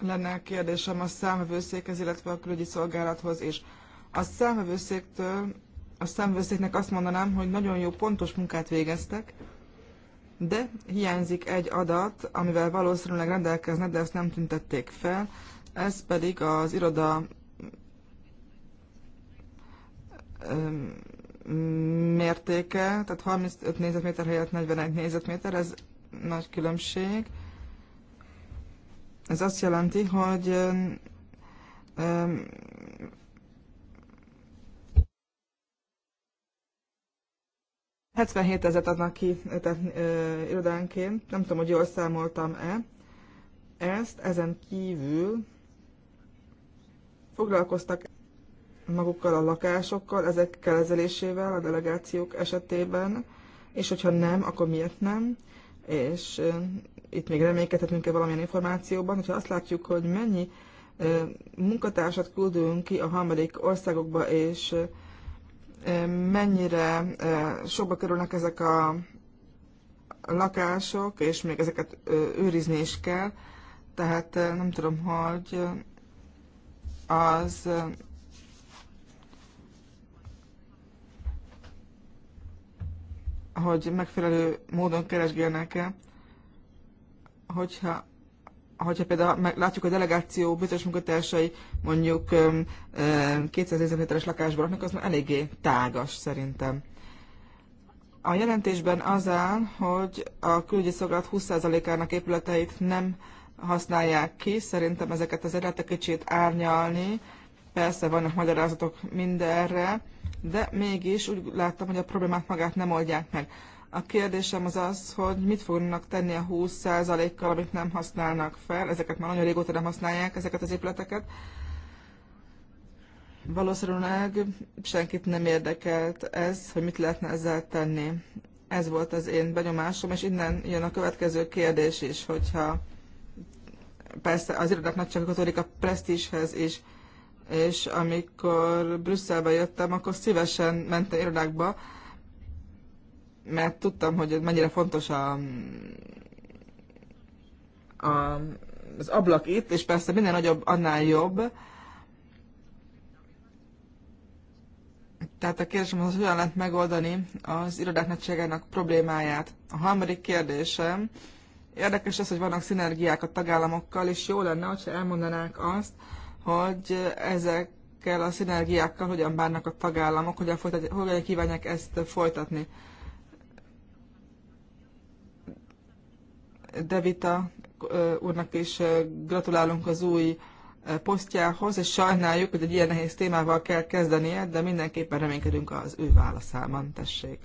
lenne kérdésem a számvevőszékhez, illetve a külügyi szolgálathoz is. A számvevőszéktől, a számvevőszéknek azt mondanám, hogy nagyon jó, pontos munkát végeztek, de hiányzik egy adat, amivel valószínűleg rendelkeznek, de ezt nem tüntették fel, ez pedig az iroda mértéke, tehát 35 négyzetméter helyett 41 négyzetméter, ez nagy különbség. Ez azt jelenti, hogy ...77 ezet adnak ki tehát, ö, irodánként, nem tudom, hogy jól számoltam-e. Ezt ezen kívül foglalkoztak magukkal a lakásokkal, ezek kezelésével a delegációk esetében, és hogyha nem, akkor miért nem, és itt még reménykedhetünk-e valamilyen információban, hogyha azt látjuk, hogy mennyi munkatársat küldünk ki a harmadik országokba, és mennyire sokba kerülnek ezek a lakások, és még ezeket őrizni is kell. Tehát nem tudom, hogy az hogy megfelelő módon keresgélnek-e hogyha hogyha például meglátjuk a delegáció bizonyos munkatársai mondjuk 200 négyzetméteres lakásban laknak, az már eléggé tágas szerintem. A jelentésben az áll, hogy a külügyi szolgálat 20%-ának épületeit nem használják ki, szerintem ezeket az lehet kicsit árnyalni, persze vannak magyarázatok mindenre, de mégis úgy láttam, hogy a problémát magát nem oldják meg. A kérdésem az az, hogy mit fognak tenni a 20%-kal, amit nem használnak fel. Ezeket már nagyon régóta nem használják, ezeket az épületeket. Valószínűleg senkit nem érdekelt ez, hogy mit lehetne ezzel tenni. Ez volt az én benyomásom, és innen jön a következő kérdés is, hogyha persze az irodák nagy csak a presztízshez is, és amikor Brüsszelbe jöttem, akkor szívesen mentem irodákba, mert tudtam, hogy mennyire fontos a, a, az ablak itt, és persze minden nagyobb, annál jobb. Tehát a kérdésem az, hogyan lehet megoldani az irodák nagyságának problémáját. A harmadik kérdésem, érdekes az, hogy vannak szinergiák a tagállamokkal, és jó lenne, ha elmondanák azt, hogy ezekkel a szinergiákkal hogyan bánnak a tagállamok, hogyan, folytat, hogyan kívánják ezt folytatni. Devita úrnak is gratulálunk az új posztjához, és sajnáljuk, hogy egy ilyen nehéz témával kell kezdenie, de mindenképpen reménykedünk az ő válaszában. Tessék!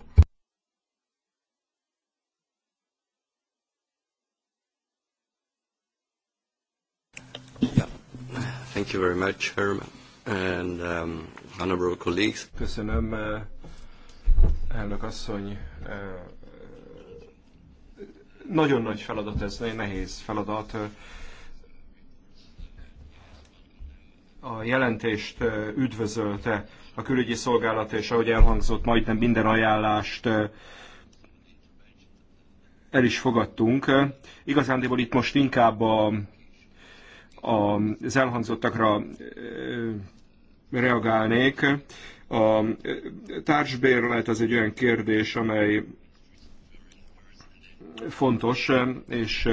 Thank you very much, Herman, and um, honorable colleagues. Köszönöm, elnök asszony, nagyon nagy feladat ez, nagyon nehéz feladat. A jelentést üdvözölte a külügyi szolgálat, és ahogy elhangzott, majdnem minden ajánlást el is fogadtunk. Igazándiból itt most inkább a, a, az elhangzottakra reagálnék. A társbérlet az egy olyan kérdés, amely fontos, és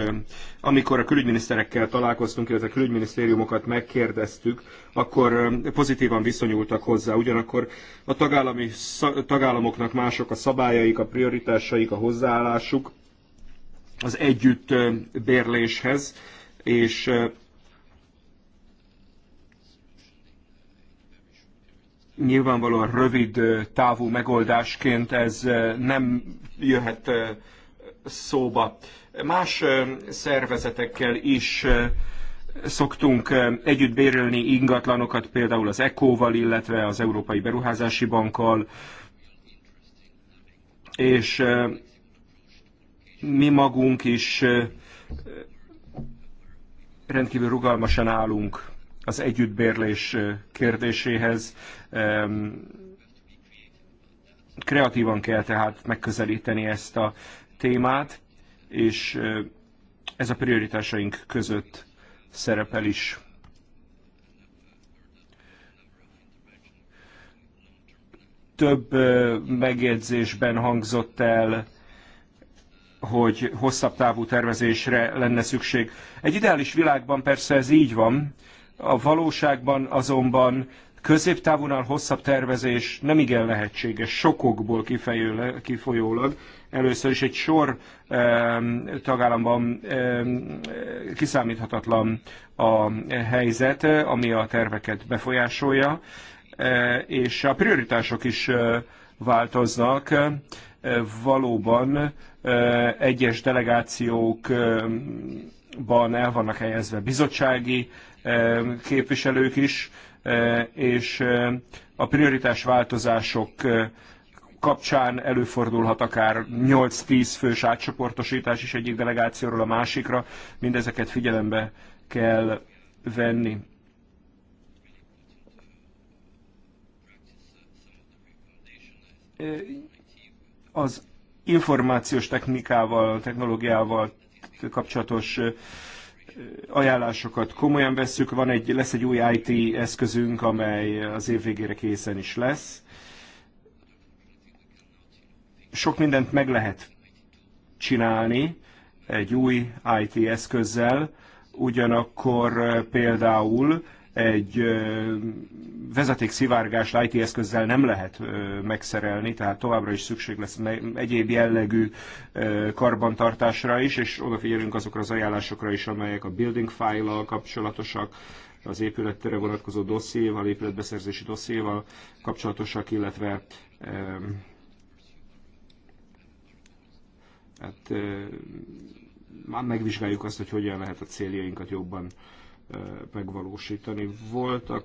amikor a külügyminiszterekkel találkoztunk, illetve a külügyminisztériumokat megkérdeztük, akkor pozitívan viszonyultak hozzá. Ugyanakkor a tagállami, tagállamoknak mások a szabályaik, a prioritásaik, a hozzáállásuk az együtt bérléshez, és nyilvánvalóan rövid távú megoldásként ez nem jöhet szóba. Más szervezetekkel is szoktunk együtt bérelni ingatlanokat, például az ECO-val, illetve az Európai Beruházási Bankkal, és mi magunk is rendkívül rugalmasan állunk az együttbérlés kérdéséhez. Kreatívan kell tehát megközelíteni ezt a témát, és ez a prioritásaink között szerepel is. Több megjegyzésben hangzott el, hogy hosszabb távú tervezésre lenne szükség. Egy ideális világban persze ez így van, a valóságban azonban Középtávúnál hosszabb tervezés nem igen lehetséges, sokokból kifolyólag. Először is egy sor tagállamban kiszámíthatatlan a helyzet, ami a terveket befolyásolja, e, és a prioritások is e, változnak. E, valóban egyes delegációkban el vannak helyezve bizottsági képviselők is, és a prioritás változások kapcsán előfordulhat akár 8-10 fős átcsoportosítás is egyik delegációról a másikra, mindezeket figyelembe kell venni. Az információs technikával, technológiával kapcsolatos ajánlásokat komolyan veszük van egy, lesz egy új IT eszközünk, amely az év végére készen is lesz. Sok mindent meg lehet csinálni egy új IT eszközzel, ugyanakkor eh, például egy vezeték szivárgás IT eszközzel nem lehet megszerelni, tehát továbbra is szükség lesz egyéb jellegű karbantartásra is, és odafigyelünk azokra az ajánlásokra is, amelyek a building file-al kapcsolatosak, az épülettere vonatkozó dossziéval, épületbeszerzési dossziéval kapcsolatosak, illetve hát már megvizsgáljuk azt, hogy hogyan lehet a céljainkat jobban megvalósítani. Voltak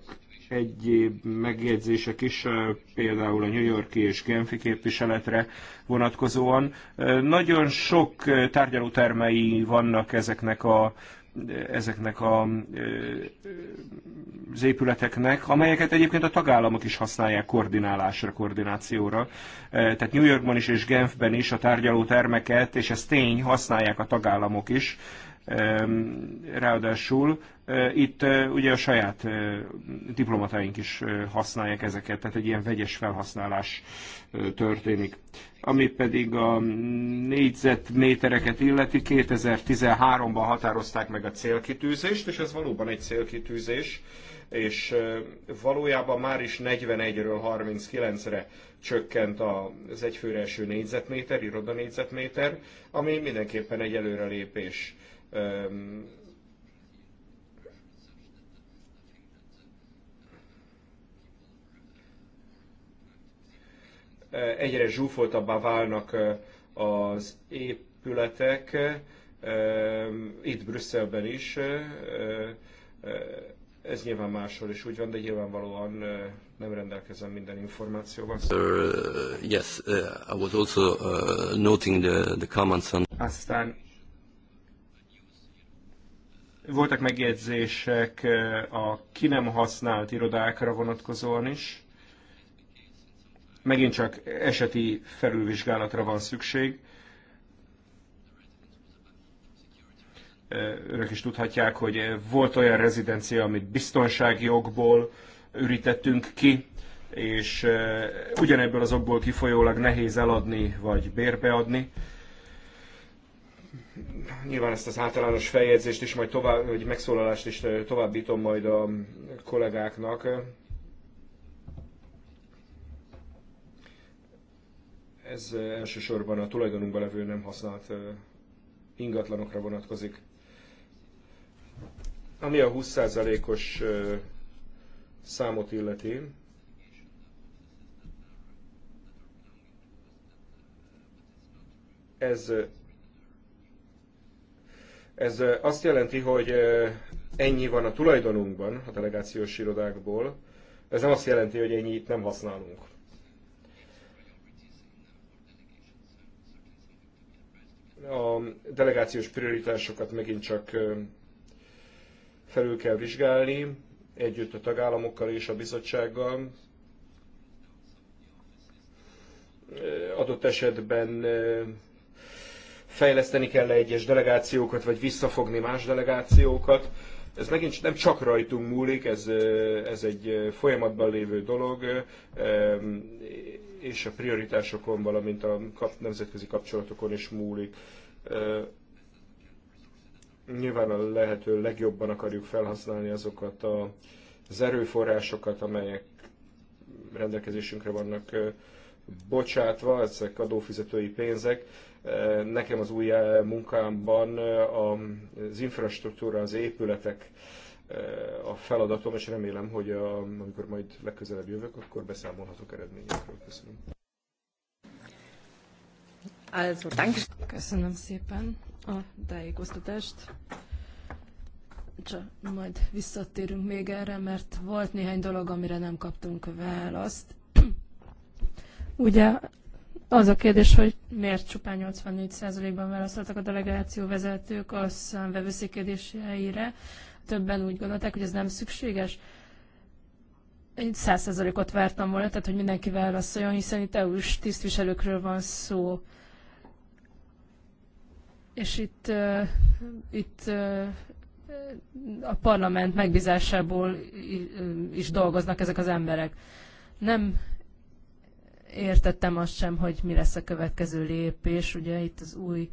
egyéb megjegyzések is, például a New Yorki és Genfi képviseletre vonatkozóan. Nagyon sok tárgyalótermei vannak ezeknek a ezeknek a, az épületeknek, amelyeket egyébként a tagállamok is használják koordinálásra, koordinációra. Tehát New Yorkban is és Genfben is a tárgyaló termeket, és ez tény, használják a tagállamok is Ráadásul e, itt e, ugye a saját e, diplomatáink is használják ezeket, tehát egy ilyen vegyes felhasználás történik. Ami pedig a négyzetmétereket illeti, 2013-ban határozták meg a célkitűzést, és ez valóban egy célkitűzés, és valójában már is 41-ről 39-re csökkent az egyfőre eső négyzetméter, iroda négyzetméter, ami mindenképpen egy előrelépés Egyre zsúfoltabbá válnak az épületek, itt Brüsszelben is, ez nyilván máshol is úgy van, de nyilvánvalóan nem rendelkezem minden információval. Uh, yes, uh, I was also uh, noting the, the comments on... Aztán voltak megjegyzések eh, a ki nem használt irodákra vonatkozóan is. Megint csak eseti felülvizsgálatra van szükség. Eh, Örök is tudhatják, hogy volt olyan rezidencia, amit biztonsági okból ürítettünk ki, és eh, ugyanebből az okból kifolyólag nehéz eladni vagy bérbeadni nyilván ezt az általános feljegyzést is, majd tovább, hogy megszólalást is eh, továbbítom majd a kollégáknak. Ez eh, elsősorban a tulajdonunkban levő nem használt eh, ingatlanokra vonatkozik. Ami a 20%-os számot illeti, ez ez azt jelenti, hogy ennyi van a tulajdonunkban, a delegációs irodákból. Ez nem azt jelenti, hogy ennyit nem használunk. A delegációs prioritásokat megint csak felül kell vizsgálni, együtt a tagállamokkal és a bizottsággal. Adott esetben fejleszteni kell -e egyes delegációkat, vagy visszafogni más delegációkat. Ez megint nem csak rajtunk múlik, ez, ez egy folyamatban lévő dolog, és a prioritásokon, valamint a nemzetközi kapcsolatokon is múlik nyilván a lehető legjobban akarjuk felhasználni azokat a, az erőforrásokat, amelyek rendelkezésünkre vannak bocsátva, ezek adófizetői pénzek. E, nekem az új e, munkámban e, az infrastruktúra, az épületek a feladatom, és remélem, hogy a, amikor majd legközelebb jövök, akkor beszámolhatok eredményekről. Köszönöm. Also, danke. Köszönöm szépen a tájékoztatást. Csak majd visszatérünk még erre, mert volt néhány dolog, amire nem kaptunk választ. Ugye az a kérdés, hogy miért csupán 84%-ban válaszoltak a delegáció vezetők a számvevőszék Többen úgy gondolták, hogy ez nem szükséges. Én 100%-ot vártam volna, tehát hogy mindenki válaszoljon, hiszen itt EU-s tisztviselőkről van szó. És itt, uh, itt uh, a parlament megbízásából is dolgoznak ezek az emberek. Nem értettem azt sem, hogy mi lesz a következő lépés. Ugye itt az új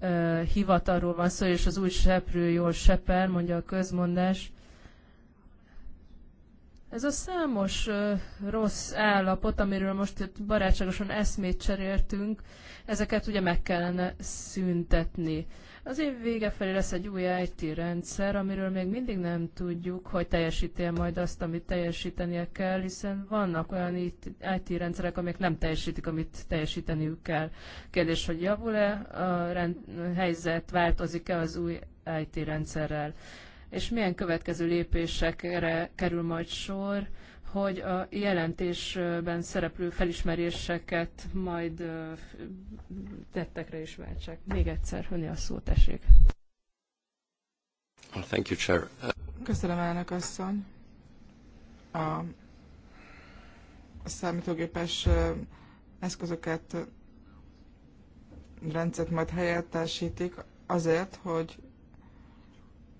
uh, hivatalról van szó, és az új seprő jól seper, mondja a közmondás. Ez a számos uh, rossz állapot, amiről most itt barátságosan eszmét cseréltünk, ezeket ugye meg kellene szüntetni. Az év vége felé lesz egy új IT rendszer, amiről még mindig nem tudjuk, hogy teljesítél majd azt, amit teljesítenie kell, hiszen vannak olyan IT rendszerek, amik nem teljesítik, amit teljesíteniük kell. Kérdés, hogy javul-e a rend, helyzet, változik-e az új IT rendszerrel, és milyen következő lépésekre kerül majd sor, hogy a jelentésben szereplő felismeréseket majd tettekre is váltsák. Még egyszer, hogy a szót, tessék. Thank you, Chair. Köszönöm, elnök asszony. A számítógépes eszközöket rendszert majd helyettesítik azért, hogy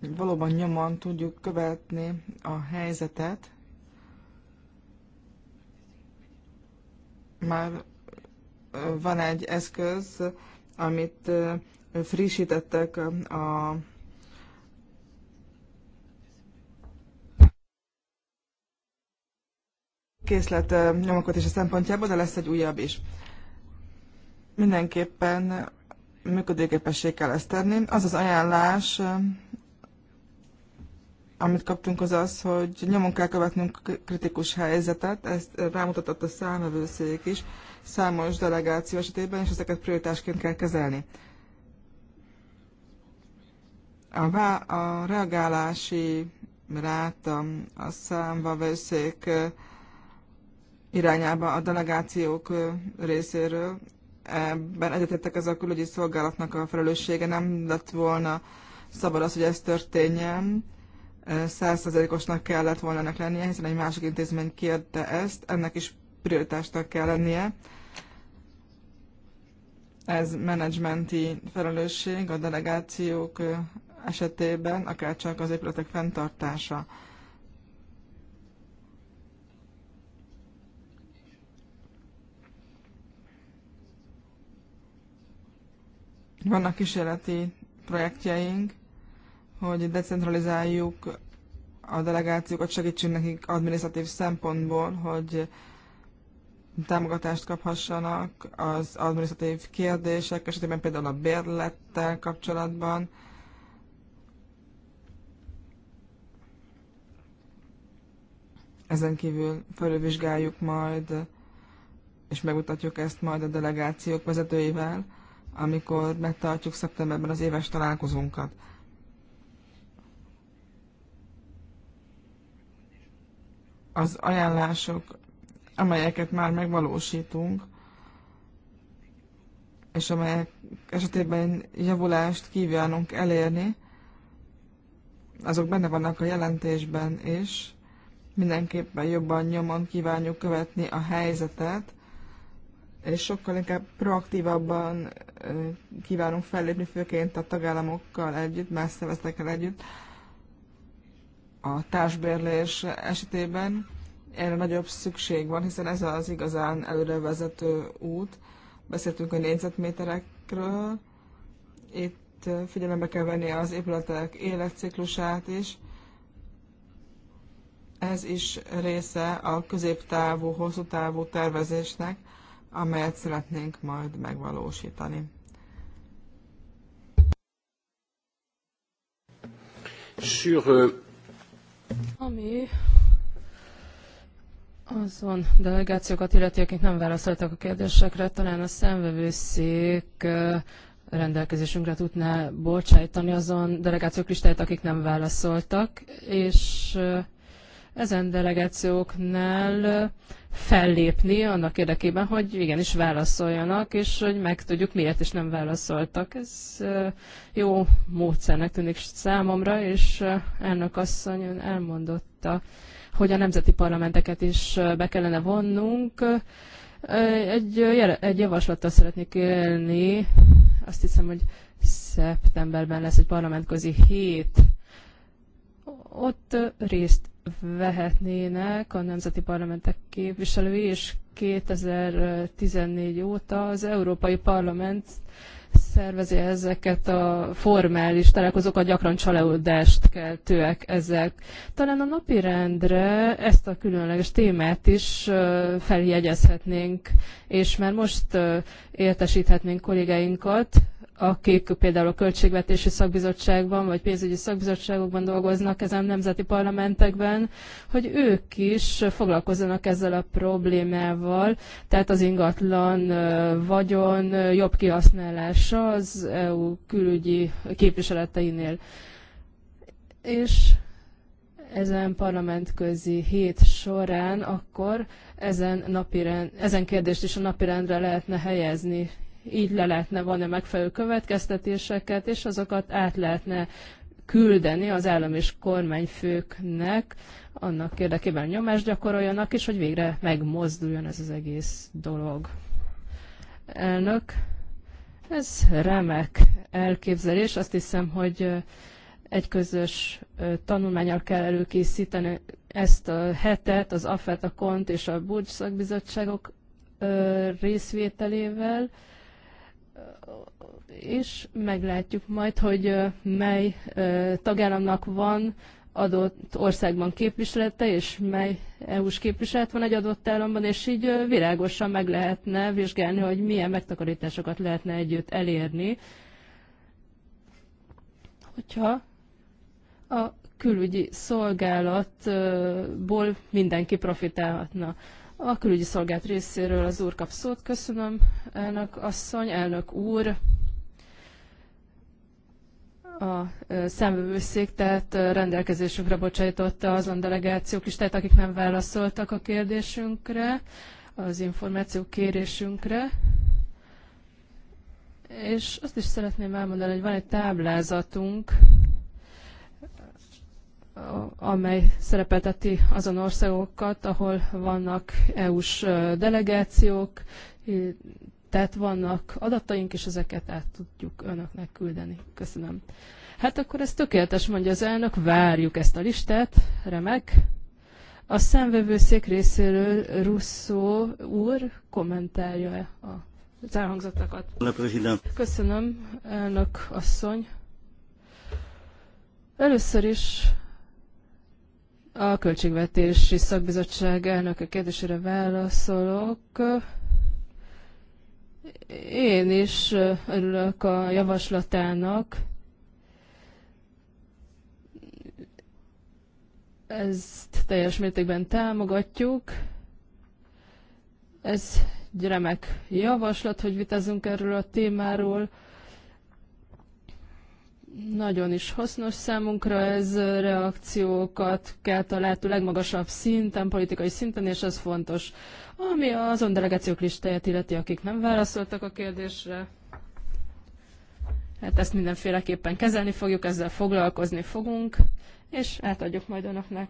valóban nyomon tudjuk követni a helyzetet, már van egy eszköz, amit frissítettek a készlet a szempontjából, de lesz egy újabb is. Mindenképpen működőképessé kell ezt tenni. Az az ajánlás, amit kaptunk, az az, hogy nyomon kell követnünk kritikus helyzetet, ezt rámutatott a számövőszék is, számos delegáció esetében, és ezeket prioritásként kell kezelni. A, vá- a reagálási ráta a számvevőszék irányába a delegációk részéről, ebben egyetettek ez a külügyi szolgálatnak a felelőssége, nem lett volna szabad az, hogy ez történjen százszerzalékosnak kellett volna ennek lennie, hiszen egy másik intézmény kérte ezt, ennek is prioritásnak kell lennie. Ez menedzsmenti felelősség a delegációk esetében, akár csak az épületek fenntartása. Vannak kísérleti projektjeink, hogy decentralizáljuk a delegációkat, segítsünk nekik adminisztratív szempontból, hogy támogatást kaphassanak az adminisztratív kérdések esetében, például a bérlettel kapcsolatban. Ezen kívül felülvizsgáljuk majd, és megmutatjuk ezt majd a delegációk vezetőivel, amikor megtartjuk szeptemberben az éves találkozónkat. az ajánlások, amelyeket már megvalósítunk, és amelyek esetében javulást kívánunk elérni, azok benne vannak a jelentésben is. Mindenképpen jobban nyomon kívánjuk követni a helyzetet, és sokkal inkább proaktívabban kívánunk fellépni, főként a tagállamokkal együtt, más szervezetekkel együtt, a társbérlés esetében erre nagyobb szükség van, hiszen ez az igazán előrevezető út. Beszéltünk a négyzetméterekről, itt figyelembe kell venni az épületek életciklusát is. Ez is része a középtávú, hosszú távú tervezésnek, amelyet szeretnénk majd megvalósítani. Sur, euh, ami azon delegációkat illeti, akik nem válaszoltak a kérdésekre, talán a szemvevőszék rendelkezésünkre tudná bocsájtani azon delegációk listáját, akik nem válaszoltak, és ezen delegációknál fellépni annak érdekében, hogy igenis válaszoljanak, és hogy megtudjuk, miért is nem válaszoltak. Ez jó módszernek tűnik számomra, és elnök asszony elmondotta, hogy a nemzeti parlamenteket is be kellene vonnunk. Egy, egy javaslattal szeretnék élni. Azt hiszem, hogy szeptemberben lesz egy parlamentközi hét. Ott részt vehetnének a nemzeti parlamentek képviselői, és 2014 óta az Európai Parlament szervezi ezeket a formális találkozókat, gyakran csalódást keltőek ezek. Talán a napirendre ezt a különleges témát is feljegyezhetnénk, és már most értesíthetnénk kollégáinkat, akik például a Költségvetési Szakbizottságban vagy pénzügyi szakbizottságokban dolgoznak ezen nemzeti parlamentekben, hogy ők is foglalkozzanak ezzel a problémával, tehát az ingatlan vagyon jobb kihasználása az EU külügyi képviseleteinél. És ezen parlamentközi hét során akkor ezen, napirend, ezen kérdést is a napirendre lehetne helyezni, így le lehetne vonni megfelelő következtetéseket, és azokat át lehetne küldeni az állam és kormányfőknek, annak érdekében nyomást gyakoroljanak, és hogy végre megmozduljon ez az egész dolog. Elnök, ez remek elképzelés. Azt hiszem, hogy egy közös tanulmányal kell előkészíteni ezt a hetet, az AFET, a KONT és a BUDS szakbizottságok részvételével, és meglátjuk majd, hogy mely tagállamnak van adott országban képviselete, és mely EU-s képviselet van egy adott államban, és így világosan meg lehetne vizsgálni, hogy milyen megtakarításokat lehetne együtt elérni, hogyha a külügyi szolgálatból mindenki profitálhatna. A külügyi szolgált részéről az úr kap szót. Köszönöm, elnök asszony, elnök úr. A számvevőszék tehát rendelkezésükre bocsájtotta azon delegációk is, tehát akik nem válaszoltak a kérdésünkre, az információ kérésünkre. És azt is szeretném elmondani, hogy van egy táblázatunk, amely szerepelteti azon országokat, ahol vannak EU-s delegációk, tehát vannak adataink, és ezeket át tudjuk önöknek küldeni. Köszönöm. Hát akkor ez tökéletes, mondja az elnök, várjuk ezt a listát, remek. A szemvevőszék részéről Russzó úr kommentálja -e a az elhangzottakat. Köszönöm, elnök asszony. Először is a Költségvetési Szakbizottság elnöke kérdésére válaszolok. Én is örülök a javaslatának. Ezt teljes mértékben támogatjuk. Ez egy remek javaslat, hogy vitázunk erről a témáról nagyon is hasznos számunkra, ez reakciókat kelt a lehető legmagasabb szinten, politikai szinten, és ez fontos. Ami azon delegációk listáját illeti, akik nem válaszoltak a kérdésre, hát ezt mindenféleképpen kezelni fogjuk, ezzel foglalkozni fogunk, és átadjuk majd önöknek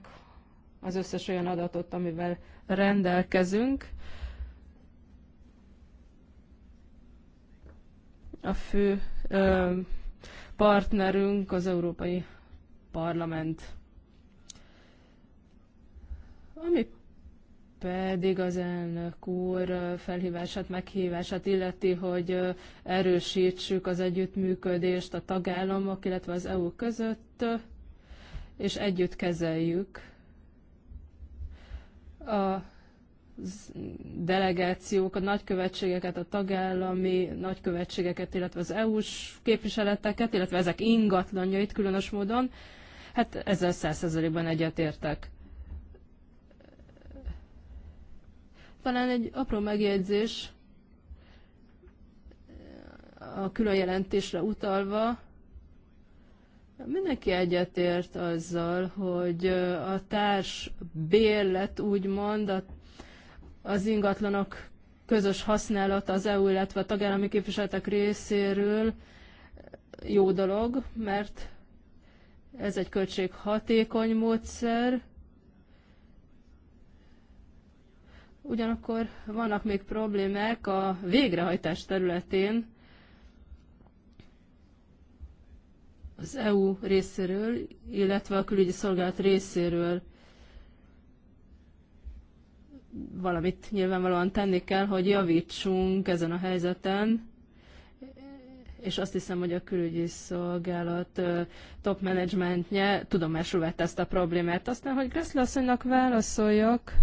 az összes olyan adatot, amivel rendelkezünk. A fő ö, partnerünk az Európai Parlament. Ami pedig az elnök úr felhívását, meghívását illeti, hogy erősítsük az együttműködést a tagállamok, illetve az EU között, és együtt kezeljük a delegációk, a nagykövetségeket, a tagállami nagykövetségeket, illetve az EU-s képviseleteket, illetve ezek ingatlanjait különös módon, hát ezzel százszerzelékben egyetértek. Talán egy apró megjegyzés a külön jelentésre utalva, Mindenki egyetért azzal, hogy a társ bérlet úgymond a az ingatlanok közös használata az EU, illetve a tagállami képviseletek részéről jó dolog, mert ez egy költséghatékony módszer. Ugyanakkor vannak még problémák a végrehajtás területén, az EU részéről, illetve a külügyi szolgálat részéről valamit nyilvánvalóan tenni kell, hogy javítsunk ezen a helyzeten, és azt hiszem, hogy a külügyi szolgálat top managementje tudomásul vette ezt a problémát. Aztán, hogy Gressler asszonynak válaszoljak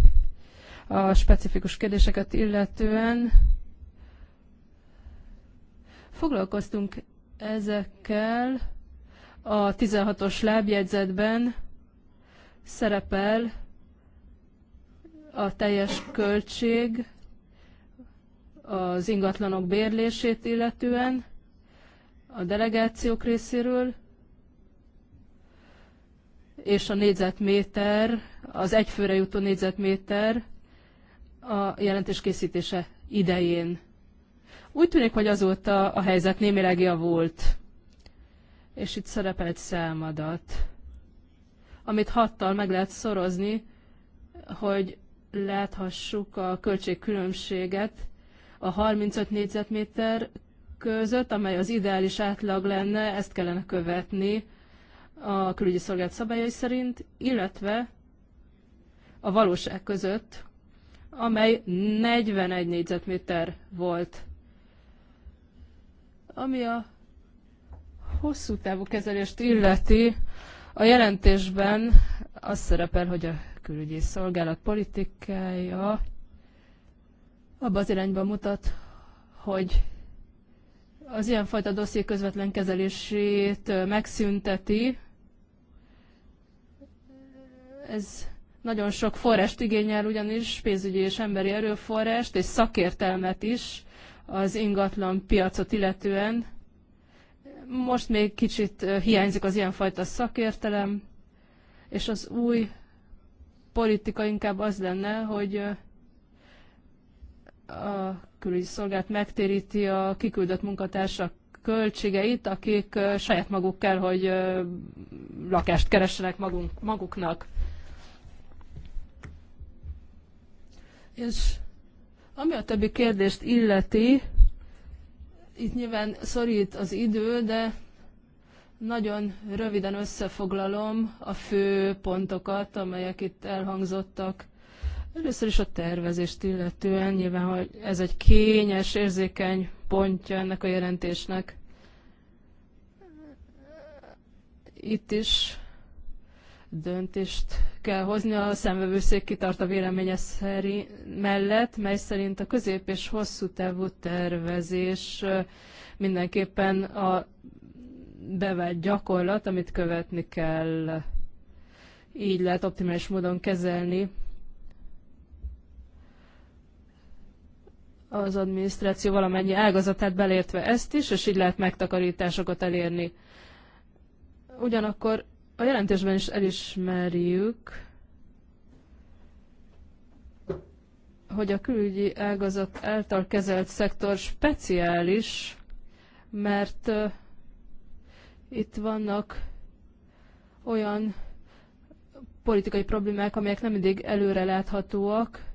a specifikus kérdéseket illetően, foglalkoztunk ezekkel a 16-os lábjegyzetben szerepel a teljes költség az ingatlanok bérlését illetően a delegációk részéről, és a négyzetméter, az egyfőre jutó négyzetméter a jelentés készítése idején. Úgy tűnik, hogy azóta a helyzet némileg javult. És itt szerepel egy számadat, amit hattal meg lehet szorozni, hogy láthassuk a költségkülönbséget a 35 négyzetméter között, amely az ideális átlag lenne, ezt kellene követni a külügyi szolgált szabályai szerint, illetve a valóság között, amely 41 négyzetméter volt. Ami a hosszú távú kezelést illeti, a jelentésben az szerepel, hogy a külügyi szolgálat politikája abba az irányba mutat, hogy az ilyenfajta dosszié közvetlen kezelését megszünteti. Ez nagyon sok forrást igényel, ugyanis pénzügyi és emberi erőforrást és szakértelmet is az ingatlan piacot illetően. Most még kicsit hiányzik az ilyenfajta szakértelem, és az új politika inkább az lenne, hogy a külügyi szolgált megtéríti a kiküldött munkatársak költségeit, akik saját maguk kell, hogy lakást keressenek magunk, maguknak. És ami a többi kérdést illeti, itt nyilván szorít az idő, de nagyon röviden összefoglalom a fő pontokat, amelyek itt elhangzottak. Először is a tervezést illetően, nyilván hogy ez egy kényes, érzékeny pontja ennek a jelentésnek. Itt is döntést kell hozni. A szemvevőszék kitart a véleménye mellett, mely szerint a közép- és hosszú távú tervezés mindenképpen a bevált gyakorlat, amit követni kell. Így lehet optimális módon kezelni az adminisztráció valamennyi ágazatát belértve ezt is, és így lehet megtakarításokat elérni. Ugyanakkor a jelentésben is elismerjük, hogy a külügyi ágazat által kezelt szektor speciális, mert itt vannak olyan politikai problémák, amelyek nem mindig előre láthatóak.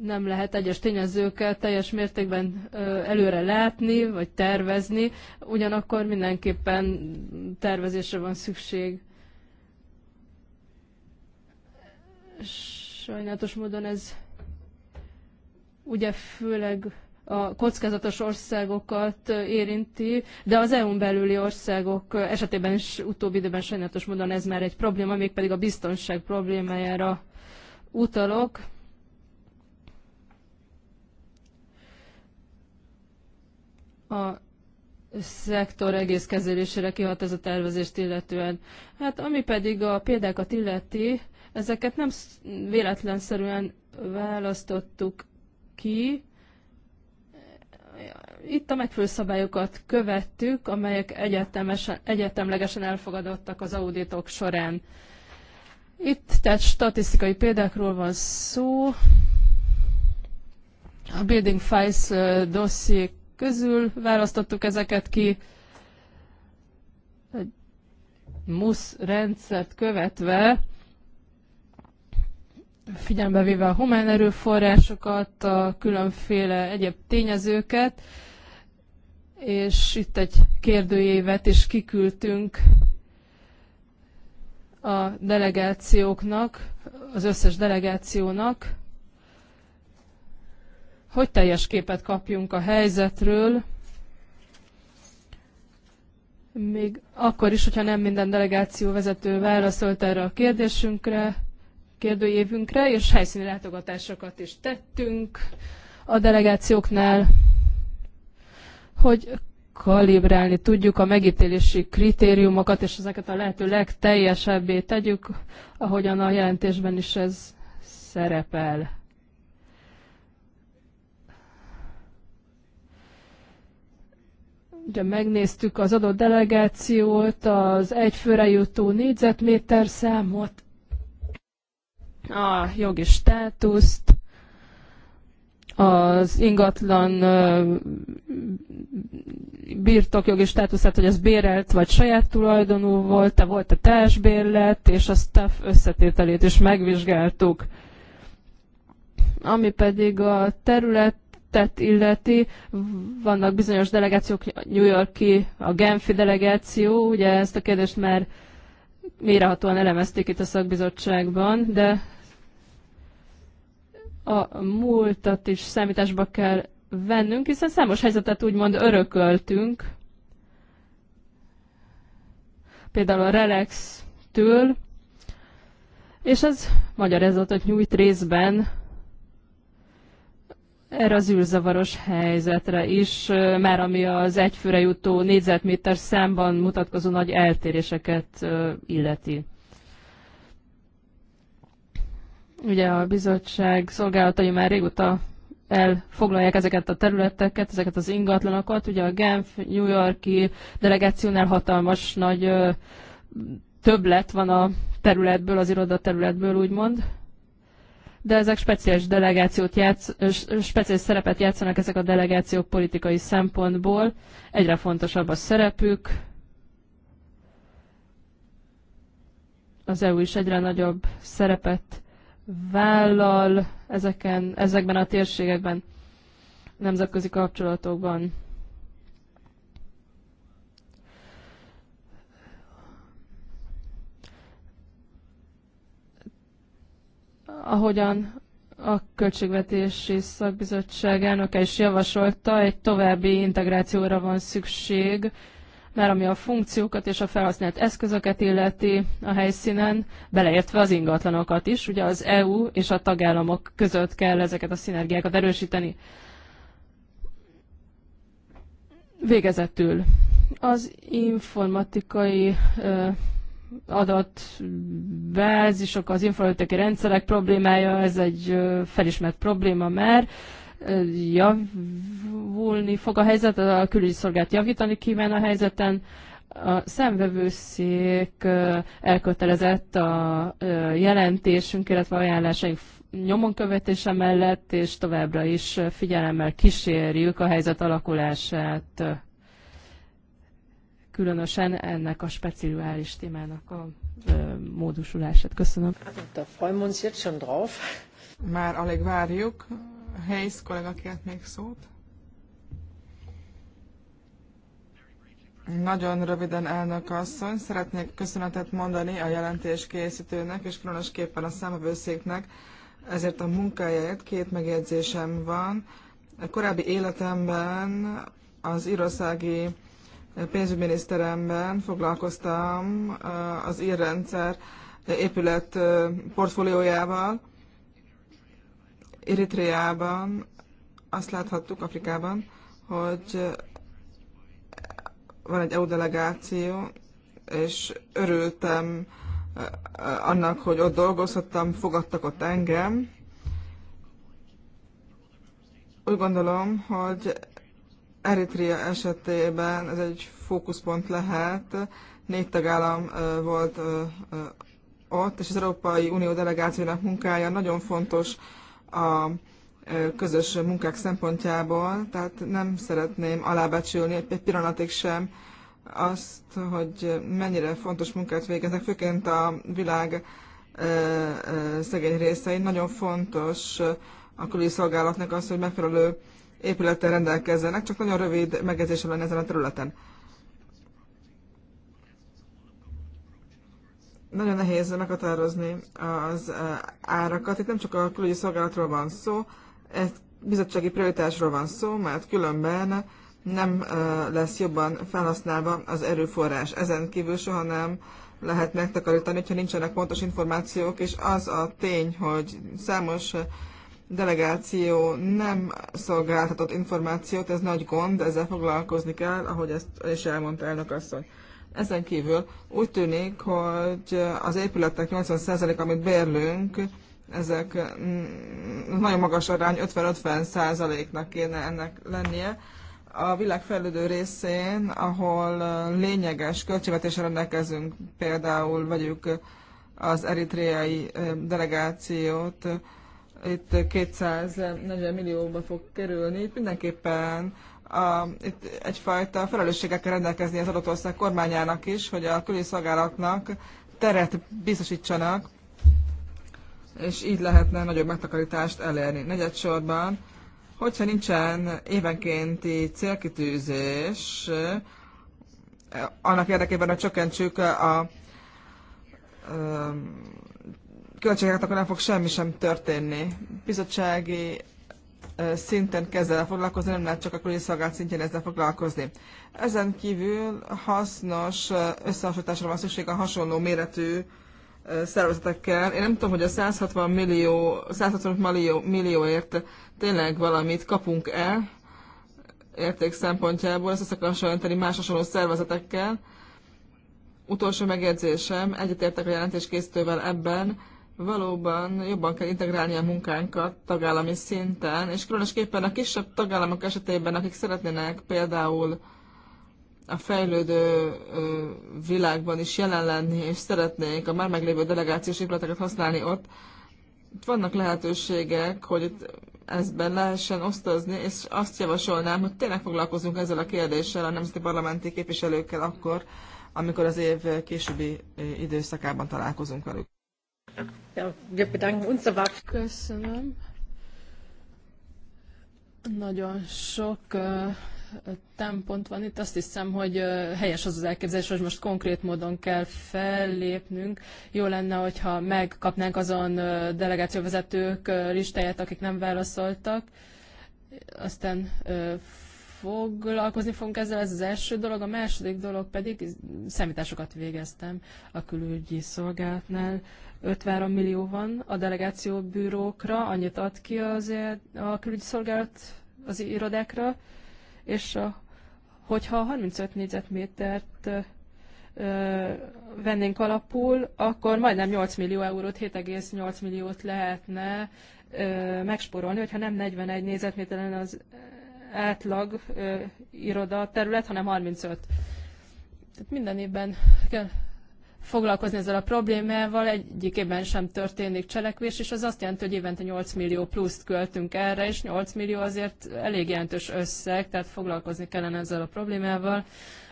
Nem lehet egyes tényezőket teljes mértékben előre látni, vagy tervezni, ugyanakkor mindenképpen tervezésre van szükség. Sajnálatos módon ez ugye főleg a kockázatos országokat érinti, de az EU-n belüli országok esetében is utóbbi időben sajnálatos módon ez már egy probléma, mégpedig a biztonság problémájára utalok. A szektor egész kezelésére kihat ez a tervezést illetően. Hát ami pedig a példákat illeti, ezeket nem véletlenszerűen választottuk ki, itt a megfőszabályokat követtük, amelyek egyetemesen, egyetemlegesen elfogadottak az auditok során. Itt tehát statisztikai példákról van szó. A Building Files dossziék közül választottuk ezeket ki. Egy MUSZ rendszert követve, figyelembe véve a humán erőforrásokat, a különféle egyéb tényezőket, és itt egy kérdőjévet is kiküldtünk a delegációknak, az összes delegációnak, hogy teljes képet kapjunk a helyzetről, még akkor is, hogyha nem minden delegáció vezető válaszolt erre a kérdésünkre, kérdőjévünkre, és helyszíni látogatásokat is tettünk a delegációknál hogy kalibrálni tudjuk a megítélési kritériumokat, és ezeket a lehető legteljesebbé tegyük, ahogyan a jelentésben is ez szerepel. Ugye megnéztük az adott delegációt, az egyfőre jutó négyzetméter számot, a jogi státuszt, az ingatlan birtokjogi státuszát, hogy ez bérelt vagy saját tulajdonú volt, te volt a társbérlet, és a staff összetételét is megvizsgáltuk. Ami pedig a terület tett illeti. Vannak bizonyos delegációk, New Yorki, a Genfi delegáció, ugye ezt a kérdést már mérehatóan elemezték itt a szakbizottságban, de a múltat is számításba kell vennünk, hiszen számos helyzetet úgymond örököltünk, például a Relax-től, és ez magyarázatot nyújt részben erre az űrzavaros helyzetre is, már ami az egyfőre jutó négyzetméter számban mutatkozó nagy eltéréseket illeti. Ugye a bizottság szolgálatai már régóta elfoglalják ezeket a területeket, ezeket az ingatlanokat. Ugye a Genf, New Yorki delegációnál hatalmas nagy ö, többlet van a területből, az iroda területből úgymond. De ezek speciális delegációt játsz, speciális szerepet játszanak ezek a delegációk politikai szempontból. Egyre fontosabb a szerepük. Az EU is egyre nagyobb szerepet vállal ezeken, ezekben a térségekben, nemzetközi kapcsolatokban. Ahogyan a Költségvetési Szakbizottság elnöke is javasolta, egy további integrációra van szükség, már ami a funkciókat és a felhasznált eszközöket illeti a helyszínen, beleértve az ingatlanokat is. Ugye az EU és a tagállamok között kell ezeket a szinergiákat erősíteni. Végezetül az informatikai ö, adatbázisok, az informatikai rendszerek problémája, ez egy felismert probléma már javulni fog a helyzet, a külügyi szolgált javítani kíván a helyzeten, a szemvevőszék elkötelezett a jelentésünk, illetve ajánlásaink nyomon követése mellett, és továbbra is figyelemmel kísérjük a helyzet alakulását, különösen ennek a speciális témának a módosulását. Köszönöm. Hát Már alig várjuk, Hayes kollega kért még szót. Nagyon röviden, elnök asszony, szeretnék köszönetet mondani a jelentés készítőnek és különösképpen a számvevőszéknek, ezért a munkájáért két megjegyzésem van. A korábbi életemben az írországi pénzügyminiszteremben foglalkoztam az írrendszer épület portfóliójával, Eritreában azt láthattuk Afrikában, hogy van egy EU delegáció, és örültem eh, annak, hogy ott dolgozhattam, fogadtak ott engem. Úgy gondolom, hogy Eritrea esetében ez egy fókuszpont lehet. Négy tagállam eh, volt eh, ott, és az Európai Unió delegációnak munkája nagyon fontos a közös munkák szempontjából, tehát nem szeretném alábecsülni egy pillanatig sem azt, hogy mennyire fontos munkát végeznek, főként a világ szegény részei. Nagyon fontos a külügyi szolgálatnak az, hogy megfelelő épülettel rendelkezzenek, csak nagyon rövid megjegyzésre lenne ezen a területen. nagyon nehéz meghatározni az eh, árakat. Itt nem csak a külügyi szolgálatról van szó, egy bizottsági prioritásról van szó, mert különben nem eh, lesz jobban felhasználva az erőforrás. Ezen kívül soha nem lehet megtakarítani, ha nincsenek pontos információk, és az a tény, hogy számos delegáció nem szolgáltatott információt, ez nagy gond, ezzel foglalkozni kell, ahogy ezt is elmondta elnök asszony. Ezen kívül úgy tűnik, hogy az épületek 80% amit bérlünk, ezek mm, nagyon magas arány, 50-50 nak kéne ennek lennie. A világ fejlődő részén, ahol lényeges költségvetésre rendelkezünk, például vegyük az eritreai delegációt, itt 240 millióba fog kerülni, mindenképpen a, itt egyfajta felelősséggel kell rendelkezni az adott ország kormányának is, hogy a külszolgálatnak teret biztosítsanak, és így lehetne nagyobb megtakarítást elérni. Negyedsorban, hogyha nincsen évenkénti célkitűzés, annak érdekében, hogy csökkentsük a, a költségeket, akkor nem fog semmi sem történni. Bizottsági szinten kezd el foglalkozni, nem lehet csak a külügyszolgált szintjén ezzel foglalkozni. Ezen kívül hasznos összehasonlításra van szükség a hasonló méretű szervezetekkel. Én nem tudom, hogy a 160 millió, 160 millió, millióért tényleg valamit kapunk-e érték szempontjából, ezt össze kell hasonlítani más hasonló szervezetekkel. Utolsó megjegyzésem, egyetértek a jelentéskészítővel ebben, valóban jobban kell integrálni a munkánkat tagállami szinten, és különösképpen a kisebb tagállamok esetében, akik szeretnének például a fejlődő világban is jelen lenni, és szeretnék a már meglévő delegációs épületeket használni ott, itt vannak lehetőségek, hogy itt ezben lehessen osztozni, és azt javasolnám, hogy tényleg foglalkozunk ezzel a kérdéssel a nemzeti parlamenti képviselőkkel akkor, amikor az év későbbi időszakában találkozunk velük. Ja, wir bedanken uns aber. Köszönöm. Nagyon sok uh, van itt. Azt hiszem, hogy uh, helyes az az elképzelés, hogy most konkrét módon kell fellépnünk. Jó lenne, hogyha megkapnánk azon uh, delegációvezetők listáját, akik nem válaszoltak. Aztán foglalkozni fogunk ezzel, ez az első dolog. A második dolog pedig, számításokat végeztem a külügyi szolgálatnál. 53 millió van a delegáció bűrókra, annyit ad ki az, a külügyi szolgálat az irodákra, és a, hogyha 35 négyzetmétert vennénk alapul, akkor majdnem 8 millió eurót, 7,8 milliót lehetne ö, megspórolni, hogyha nem 41 négyzetméter lenne az átlag ö, iroda terület, hanem 35. Tehát minden évben kell foglalkozni ezzel a problémával, egyik évben sem történik cselekvés, és az azt jelenti, hogy évente 8 millió pluszt költünk erre, és 8 millió azért elég jelentős összeg, tehát foglalkozni kellene ezzel a problémával.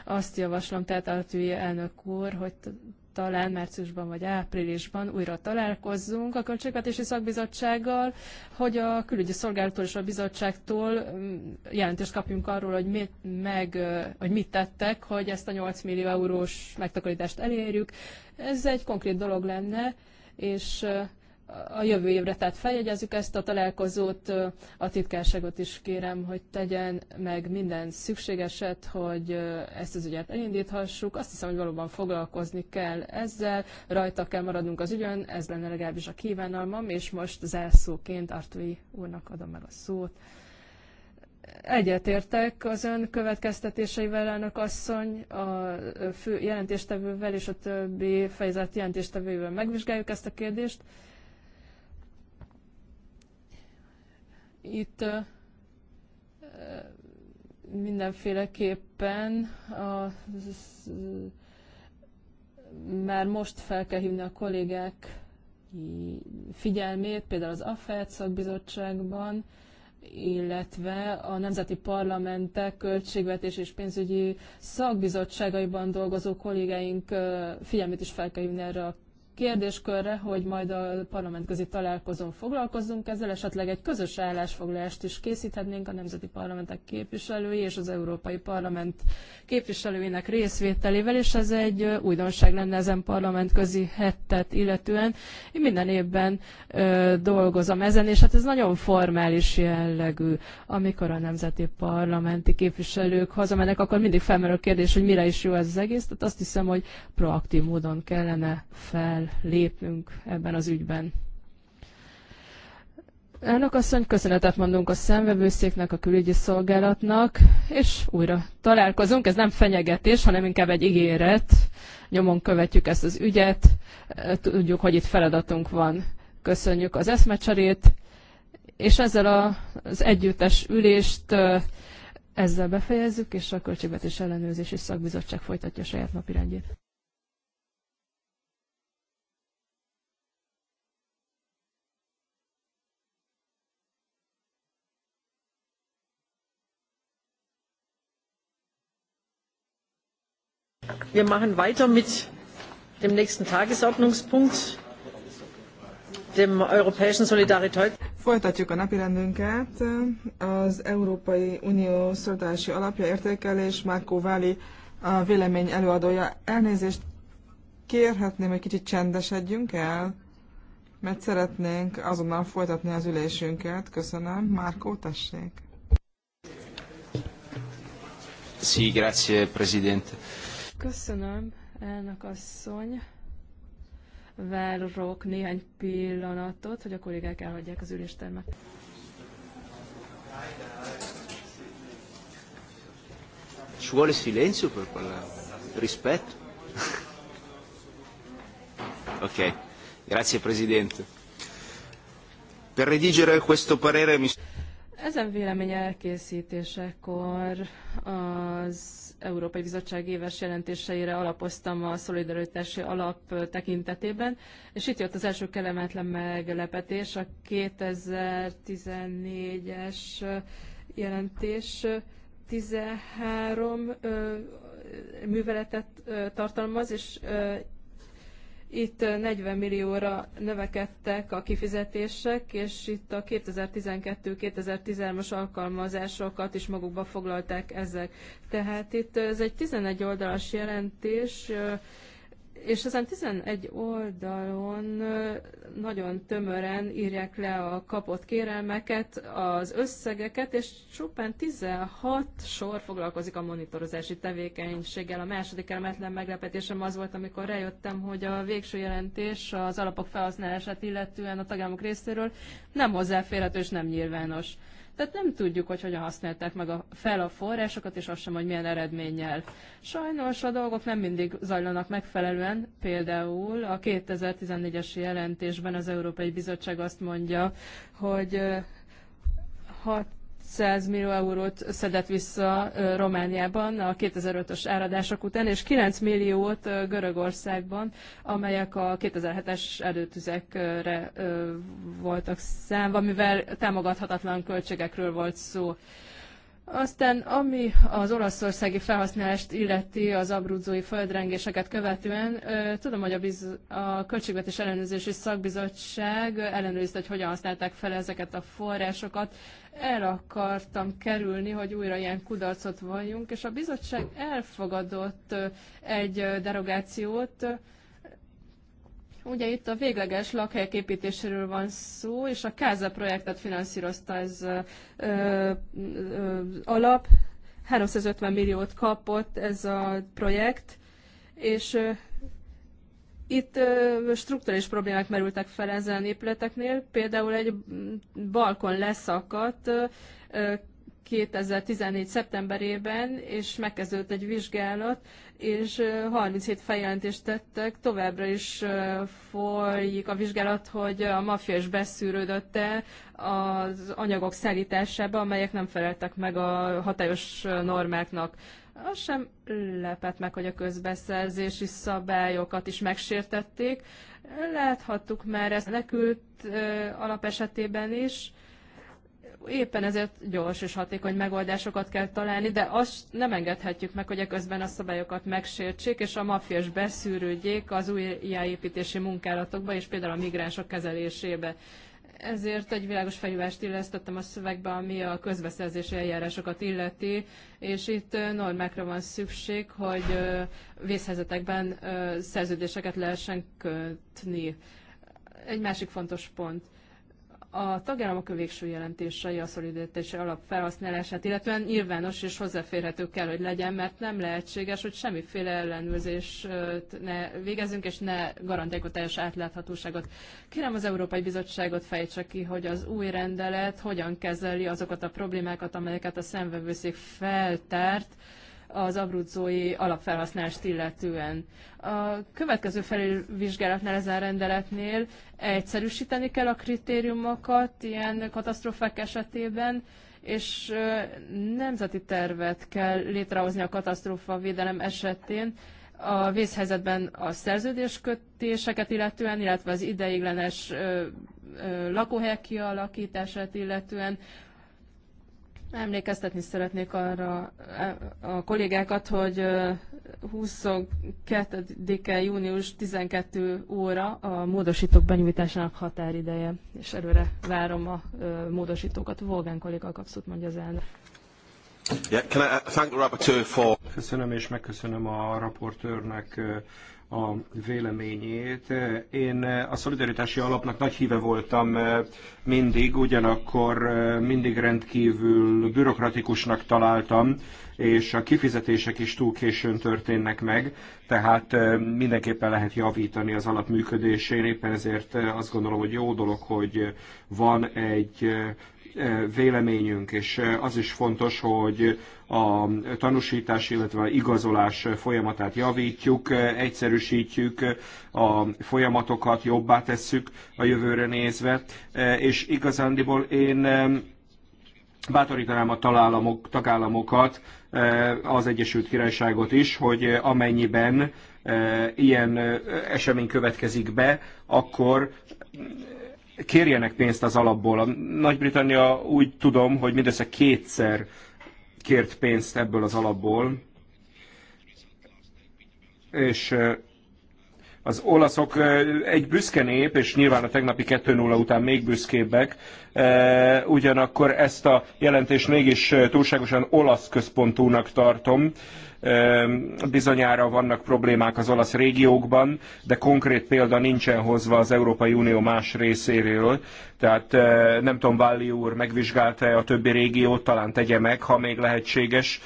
Azt javaslom tehát a elnök úr, hogy talán márciusban vagy áprilisban újra találkozzunk a Költségvetési Szakbizottsággal, hogy a külügyi szolgálattól és a bizottságtól mm, jelentést kapjunk arról, hogy mit, meg, hogy mit tettek, hogy ezt a 8 millió eurós megtakarítást elérjük. Ez egy konkrét dolog lenne, és a jövő évre, tehát feljegyezzük ezt a találkozót, a titkárságot is kérem, hogy tegyen meg minden szükségeset, hogy ezt az ügyet elindíthassuk. Azt hiszem, hogy valóban foglalkozni kell ezzel, rajta kell maradnunk az ügyön, ez lenne legalábbis a kívánalmam, és most zárszóként Artui úrnak adom meg a szót. Egyetértek az ön következtetéseivel, elnök asszony, a fő jelentéstevővel és a többi fejezet jelentéstevővel megvizsgáljuk ezt a kérdést. Itt mindenféleképpen a, már most fel kell hívni a kollégák figyelmét, például az AFET szakbizottságban, illetve a nemzeti parlamentek költségvetés és pénzügyi szakbizottságaiban dolgozó kollégáink figyelmét is fel kell hívni erre a kérdéskörre, hogy majd a parlamentközi találkozón foglalkozzunk ezzel, esetleg egy közös állásfoglalást is készíthetnénk a nemzeti parlamentek képviselői és az Európai Parlament képviselőinek részvételével, és ez egy újdonság lenne ezen parlamentközi hettet illetően. Én minden évben ö, dolgozom ezen, és hát ez nagyon formális jellegű. Amikor a nemzeti parlamenti képviselők hazamennek, akkor mindig felmerül a kérdés, hogy mire is jó ez az egész, tehát azt hiszem, hogy proaktív módon kellene fel lépnünk ebben az ügyben. Elnök asszony, köszönetet mondunk a szemvevőszéknek, a külügyi szolgálatnak, és újra találkozunk. Ez nem fenyegetés, hanem inkább egy ígéret. Nyomon követjük ezt az ügyet, tudjuk, hogy itt feladatunk van. Köszönjük az eszmecserét, és ezzel a, az együttes ülést ezzel befejezzük, és a Költségvetés Ellenőrzési Szakbizottság folytatja a saját napirendjét. wir machen weiter mit dem nächsten Tagesordnungspunkt, dem Europäischen Solidarität. Folytatjuk a rendünket. Az Európai Unió szolidaritási alapja értékelés, Márkó Váli a vélemény előadója. Elnézést kérhetném, hogy kicsit csendesedjünk el, mert szeretnénk azonnal folytatni az ülésünket. Köszönöm. Márkó, tessék. Sí, grazie, Presidente. Köszönöm, elnök asszony. Várok néhány pillanatot, hogy a kollégák elhagyják az üléstermet. Ci vuole silenzio per parlare, rispetto. *laughs* ok, grazie Presidente. Per redigere questo parere mi... Ezen vélemény elkészítésekor az Európai Bizottság éves jelentéseire alapoztam a szolidaritási alap tekintetében, és itt jött az első kellemetlen meglepetés, a 2014-es jelentés 13 műveletet tartalmaz, és itt 40 millióra növekedtek a kifizetések, és itt a 2012-2013-as alkalmazásokat is magukba foglalták ezek. Tehát itt ez egy 11 oldalas jelentés, és ezen 11 oldalon nagyon tömören írják le a kapott kérelmeket, az összegeket, és csupán 16 sor foglalkozik a monitorozási tevékenységgel. A második elemetlen meglepetésem az volt, amikor rájöttem, hogy a végső jelentés az alapok felhasználását illetően a tagállamok részéről nem hozzáférhető és nem nyilvános. Tehát nem tudjuk, hogy hogyan használták meg a, fel a forrásokat, és azt sem, hogy milyen eredménnyel. Sajnos a dolgok nem mindig zajlanak megfelelően. Például a 2014-es jelentésben az Európai Bizottság azt mondja, hogy 6 100 millió eurót szedett vissza Romániában a 2005-ös áradások után, és 9 milliót Görögországban, amelyek a 2007-es erőtüzekre voltak számva, mivel támogathatatlan költségekről volt szó. Aztán ami az olaszországi felhasználást illeti az abruzzói földrengéseket követően, tudom, hogy a, biz- a Költségvetés Ellenőrzési Szakbizottság ellenőrizte, hogy hogyan használták fel ezeket a forrásokat. El akartam kerülni, hogy újra ilyen kudarcot valljunk, és a bizottság elfogadott egy derogációt, Ugye itt a végleges lakhelyek építéséről van szó, és a KÁZA projektet finanszírozta ez ö, ö, ö, alap. 350 milliót kapott ez a projekt, és ö, itt strukturális problémák merültek fel ezen épületeknél, például egy balkon leszakadt, ö, 2014. szeptemberében, és megkezdődött egy vizsgálat, és 37 feljelentést tettek, továbbra is folyik a vizsgálat, hogy a maffia is e az anyagok szállításába, amelyek nem feleltek meg a hatályos normáknak. Az sem lepett meg, hogy a közbeszerzési szabályokat is megsértették. Láthattuk már ezt nekült alap esetében is, éppen ezért gyors és hatékony megoldásokat kell találni, de azt nem engedhetjük meg, hogy eközben a szabályokat megsértsék, és a mafias beszűrődjék az új építési munkálatokba, és például a migránsok kezelésébe. Ezért egy világos felhívást illesztettem a szövegbe, ami a közbeszerzési eljárásokat illeti, és itt normákra van szükség, hogy vészhelyzetekben szerződéseket lehessen kötni. Egy másik fontos pont a tagállamok végső jelentései a szolidaritási alap felhasználását, illetően nyilvános és hozzáférhető kell, hogy legyen, mert nem lehetséges, hogy semmiféle ellenőrzést ne végezzünk, és ne garantáljuk a teljes átláthatóságot. Kérem az Európai Bizottságot fejtse ki, hogy az új rendelet hogyan kezeli azokat a problémákat, amelyeket a szemvevőszék feltárt, az abruzzói alapfelhasználást illetően. A következő felülvizsgálatnál ezen rendeletnél egyszerűsíteni kell a kritériumokat ilyen katasztrófák esetében, és nemzeti tervet kell létrehozni a katasztrófa védelem esetén, a vészhelyzetben a szerződéskötéseket illetően, illetve az ideiglenes lakóhelyek kialakítását illetően, Emlékeztetni szeretnék arra a kollégákat, hogy 22. június 12 óra a módosítók benyújtásának határideje, és előre várom a módosítókat. Volgán kolléga kapszót mondja az elnök. Uh, Köszönöm és megköszönöm a raportőrnek a véleményét. Én a szolidaritási alapnak nagy híve voltam eh, mindig, ugyanakkor eh, mindig rendkívül bürokratikusnak találtam, és a kifizetések is túl későn történnek meg, tehát eh, mindenképpen lehet javítani az alap működésén, éppen ezért azt gondolom, hogy jó dolog, hogy van egy véleményünk, és az is fontos, hogy a tanúsítás, illetve a igazolás folyamatát javítjuk, egyszerűsítjük a folyamatokat, jobbá tesszük a jövőre nézve, és igazándiból én bátorítanám a talállamok, tagállamokat, az Egyesült Királyságot is, hogy amennyiben ilyen esemény következik be, akkor kérjenek pénzt az alapból. A Nagy-Britannia úgy tudom, hogy mindössze kétszer kért pénzt ebből az alapból, és az olaszok egy büszke nép, és nyilván a tegnapi 2-0 után még büszkébbek, ugyanakkor ezt a jelentést mégis túlságosan olasz központúnak tartom bizonyára vannak problémák az olasz régiókban, de konkrét példa nincsen hozva az Európai Unió más részéről. Tehát nem tudom, Valli úr megvizsgálta-e a többi régiót, talán tegye meg, ha még lehetséges,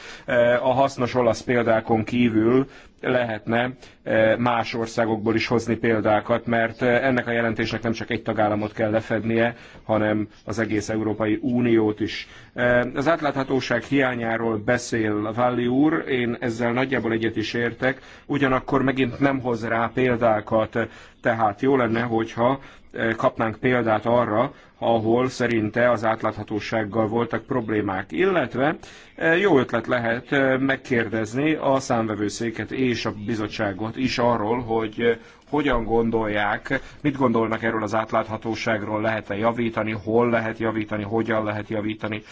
a hasznos olasz példákon kívül, lehetne eh, más országokból is hozni példákat, mert eh, ennek a jelentésnek nem csak egy tagállamot kell lefednie, hanem az egész Európai Uniót is. Eh, az átláthatóság hiányáról beszél Valli úr, én ezzel nagyjából egyet is értek, ugyanakkor megint nem hoz rá példákat, tehát jó lenne, hogyha Eh, kapnánk példát arra, ahol szerinte az átláthatósággal voltak problémák. Illetve eh, jó ötlet lehet eh, megkérdezni a számvevőszéket és a bizottságot is arról, hogy hogyan gondolják, mit gondolnak erről az átláthatóságról, lehet-e javítani, hol lehet javítani, hogyan lehet javítani.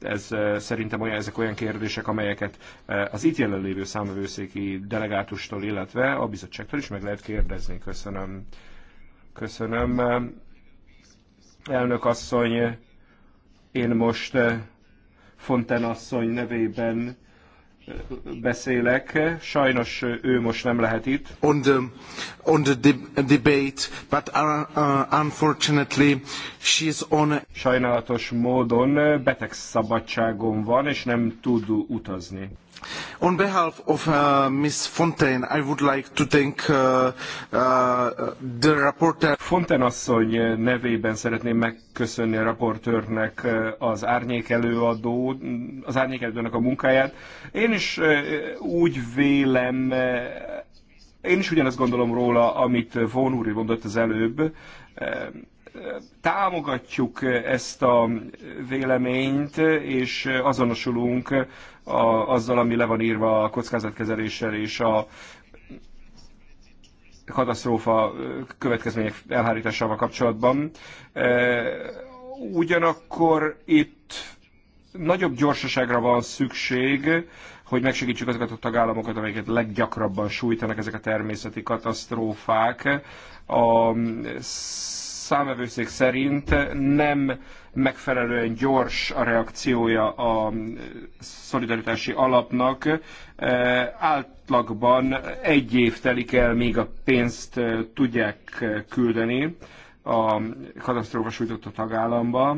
Ez szerintem olyan, ezek olyan kérdések, amelyeket az itt jelenlévő számvevőszéki delegátustól, illetve a bizottságtól is meg lehet kérdezni. Köszönöm. Köszönöm. Elnök asszony, én most eh, Fonten asszony nevében eh, beszélek. Sajnos eh, ő most nem lehet itt. On the, on the debate, but uh, uh, unfortunately she is on... Sajnálatos módon betegszabadságon van, és nem tud utazni. On behalf of uh, Ms. Fontaine, I would like to thank uh, uh, the rapporteur. Fontaine asszony nevében szeretném megköszönni a raportőrnek uh, az árnyék előadó, az árnyék előadónak a munkáját. Én is uh, úgy vélem, uh, én is ugyanazt gondolom róla, amit Von úr mondott az előbb támogatjuk ezt a véleményt, és azonosulunk a, azzal, ami le van írva a kockázatkezeléssel és a katasztrófa következmények elhárításával kapcsolatban. E, ugyanakkor itt nagyobb gyorsaságra van szükség, hogy megsegítsük azokat a tagállamokat, amelyeket leggyakrabban sújtanak ezek a természeti katasztrófák. A számvevőszék szerint nem megfelelően gyors a reakciója a szolidaritási alapnak. Átlagban egy év telik el, míg a pénzt tudják küldeni a katasztrófa sújtott tagállamba.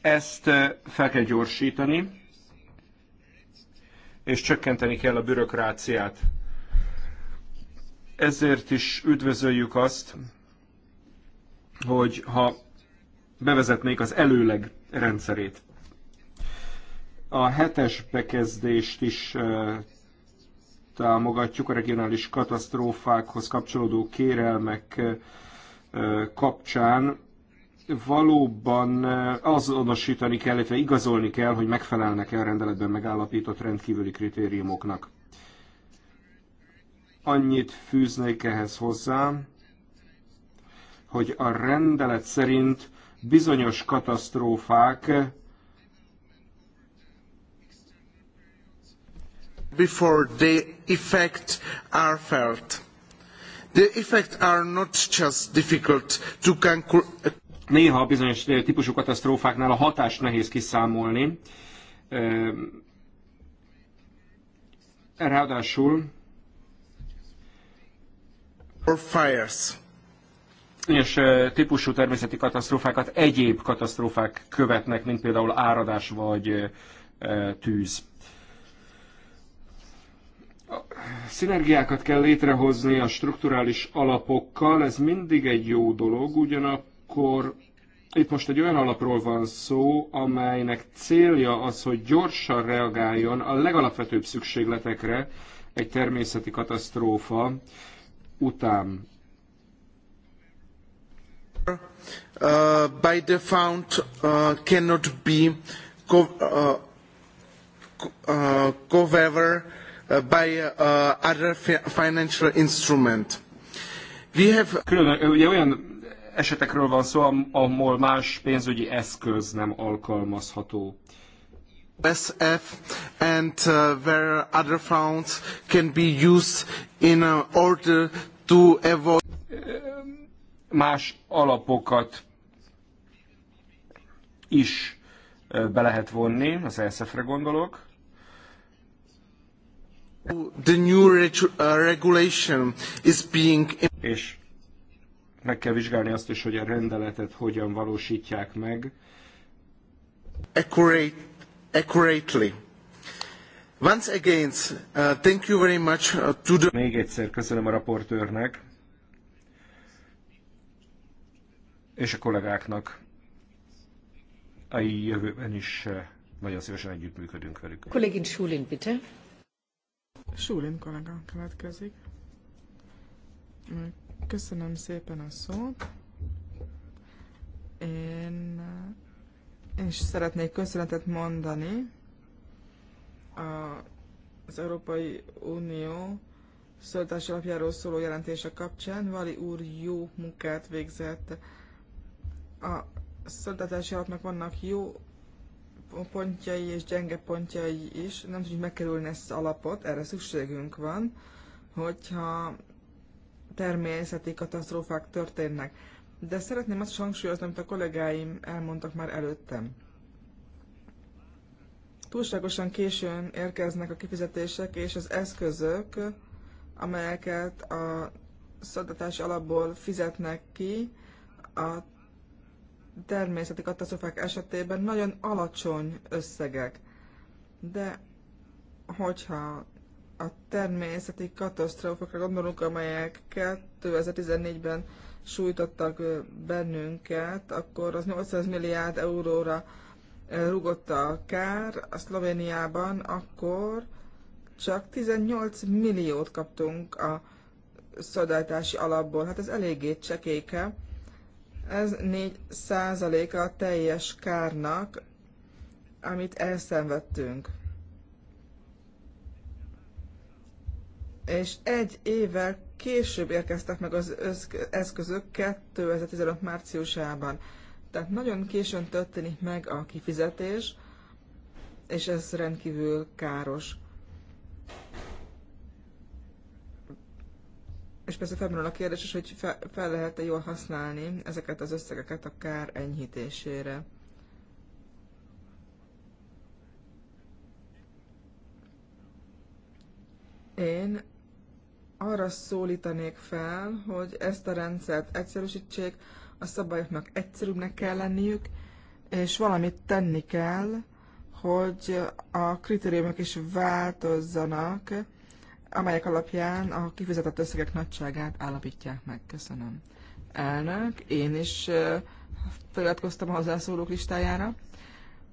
Ezt fel kell gyorsítani, és csökkenteni kell a bürokráciát. Ezért is üdvözöljük azt, hogy ha bevezetnék az előleg rendszerét. A hetes bekezdést is támogatjuk a regionális katasztrófákhoz kapcsolódó kérelmek kapcsán. Valóban azonosítani kell, illetve igazolni kell, hogy megfelelnek-e a rendeletben megállapított rendkívüli kritériumoknak annyit fűznék ehhez hozzá, hogy a rendelet szerint bizonyos katasztrófák before the effect are felt. The effect are not just difficult to Néha bizonyos eh, típusú katasztrófáknál a hatást nehéz kiszámolni. Ehm, ráadásul és típusú természeti katasztrófákat egyéb katasztrófák követnek, mint például áradás vagy tűz szinergiákat kell létrehozni a strukturális alapokkal, ez mindig egy jó dolog, ugyanakkor itt most egy olyan alapról van szó, amelynek célja az, hogy gyorsan reagáljon a legalapvetőbb szükségletekre egy természeti katasztrófa után. Uh, by the found uh, cannot be co uh, uh, covered uh, by uh, other financial instrument. We have... Külön, ugye olyan esetekről van szó, ahol más pénzügyi eszköz nem alkalmazható. SF and uh, where other funds can be used in uh, order to avoid... Más alapokat is e, be lehet vonni, az ESF-re gondolok. The new uh, regulation is being... És meg kell vizsgálni azt is, hogy a rendeletet hogyan valósítják meg. Accurate, accurately. Once again, uh, thank you very much uh, to the... Még egyszer köszönöm a raportőrnek és a kollégáknak. A jövőben is uh, nagyon szívesen együttműködünk velük. Kollégin Schulin, bitte. Schulin kollega következik. Köszönöm szépen a szót. Én, uh, én is szeretnék köszönetet mondani az Európai Unió szolidás alapjáról szóló jelentése kapcsán. Vali úr jó munkát végzett. A szolidaritási alapnak vannak jó pontjai és gyenge pontjai is. Nem tudjuk megkerülni ezt az alapot, erre szükségünk van, hogyha természeti katasztrófák történnek. De szeretném azt hangsúlyozni, amit a kollégáim elmondtak már előttem túlságosan későn érkeznek a kifizetések és az eszközök, amelyeket a szadatási alapból fizetnek ki a természeti katasztrofák esetében nagyon alacsony összegek. De hogyha a természeti katasztrófokra gondolunk, amelyek 2014-ben sújtottak bennünket, akkor az 800 milliárd euróra rúgott a kár a Szlovéniában, akkor csak 18 milliót kaptunk a szolgáltási alapból. Hát ez eléggé csekéke. Ez 4 százaléka a teljes kárnak, amit elszenvedtünk. És egy évvel később érkeztek meg az eszközök 2015 márciusában. Tehát nagyon későn történik meg a kifizetés, és ez rendkívül káros. És persze felmerül a kérdés is, hogy fel lehet-e jól használni ezeket az összegeket a kár enyhítésére. Én arra szólítanék fel, hogy ezt a rendszert egyszerűsítsék, a szabályoknak egyszerűbbnek kell lenniük, és valamit tenni kell, hogy a kritériumok is változzanak, amelyek alapján a kifizetett összegek nagyságát állapítják meg. Köszönöm. Elnök, én is feliratkoztam a hozzászólók listájára.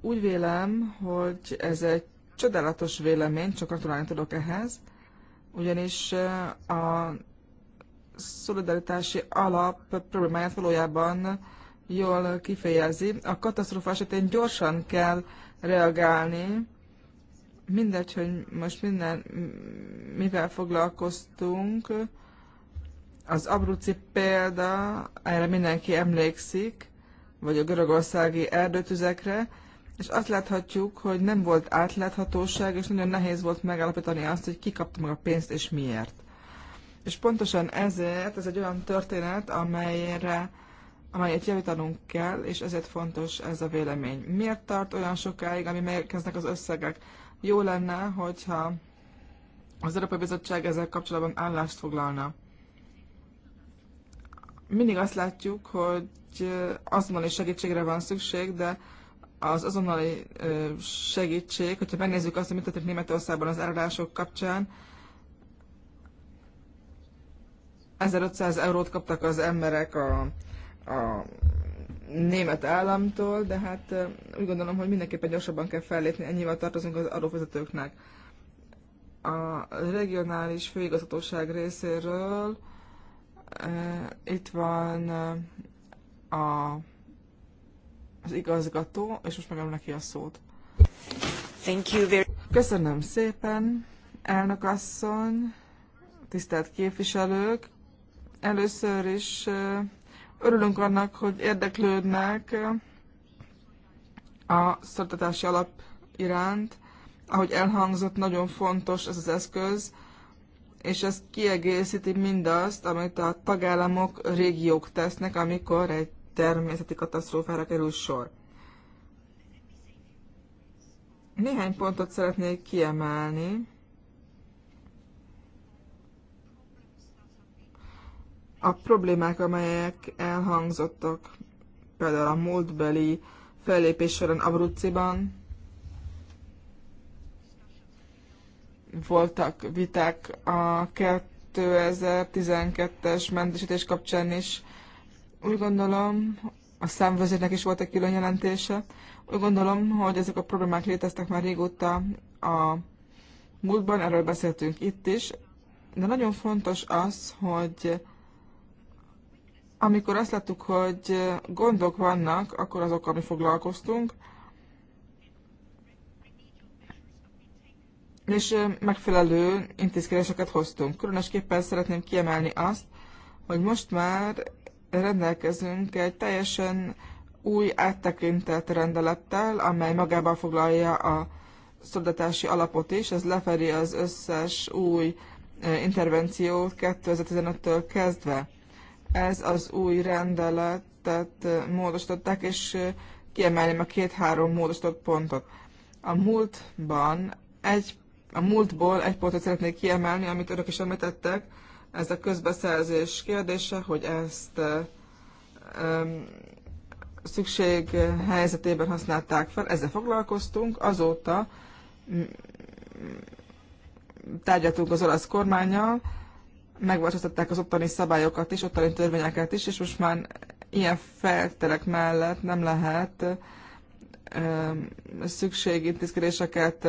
Úgy vélem, hogy ez egy csodálatos vélemény, csak gratulálni tudok ehhez, ugyanis a szolidaritási alap problémáját valójában jól kifejezi. A katasztrofa esetén gyorsan kell reagálni, mindegy, hogy most minden, mivel foglalkoztunk, az abruci példa, erre mindenki emlékszik, vagy a görögországi erdőtüzekre, és azt láthatjuk, hogy nem volt átláthatóság, és nagyon nehéz volt megállapítani azt, hogy ki kapta meg a pénzt és miért. És pontosan ezért ez egy olyan történet, amelyre, amelyet javítanunk kell, és ezért fontos ez a vélemény. Miért tart olyan sokáig, ami megérkeznek az összegek? Jó lenne, hogyha az Európai Bizottság ezzel kapcsolatban állást foglalna. Mindig azt látjuk, hogy azonnali segítségre van szükség, de az azonnali segítség, hogyha megnézzük azt, hogy mit történt Németországban az eladások kapcsán, 1500 eurót kaptak az emberek a, a német államtól, de hát úgy gondolom, hogy mindenképpen gyorsabban kell fellépni, ennyivel tartozunk az adófizetőknek. A regionális főigazgatóság részéről itt van a, az igazgató, és most megadom neki a szót. Thank you very... Köszönöm szépen, elnök asszony, tisztelt képviselők, Először is örülünk annak, hogy érdeklődnek a szoktatási alap iránt. Ahogy elhangzott, nagyon fontos ez az eszköz, és ez kiegészíti mindazt, amit a tagállamok, régiók tesznek, amikor egy természeti katasztrófára kerül sor. Néhány pontot szeretnék kiemelni. a problémák, amelyek elhangzottak például a múltbeli fellépés során Abruciban, voltak viták a 2012-es mentesítés kapcsán is. Úgy gondolom, a számvezetnek is volt egy külön jelentése. Úgy gondolom, hogy ezek a problémák léteztek már régóta a múltban, erről beszéltünk itt is, de nagyon fontos az, hogy amikor azt láttuk, hogy gondok vannak, akkor azokkal mi foglalkoztunk, és megfelelő intézkedéseket hoztunk. Különösképpen szeretném kiemelni azt, hogy most már rendelkezünk egy teljesen új áttekintett rendelettel, amely magában foglalja a szoldatási alapot is, ez lefedi az összes új intervenciót 2015-től kezdve ez az új rendeletet módosították, és kiemelném a két-három módosított pontot. A múltban egy, a múltból egy pontot szeretnék kiemelni, amit önök is említettek, ez a közbeszerzés kérdése, hogy ezt um, szükség helyzetében használták fel, ezzel foglalkoztunk, azóta tárgyaltunk az olasz kormányjal, megváltoztatták az ottani szabályokat is, ottani törvényeket is, és most már ilyen feltelek mellett nem lehet szükségintézkedéseket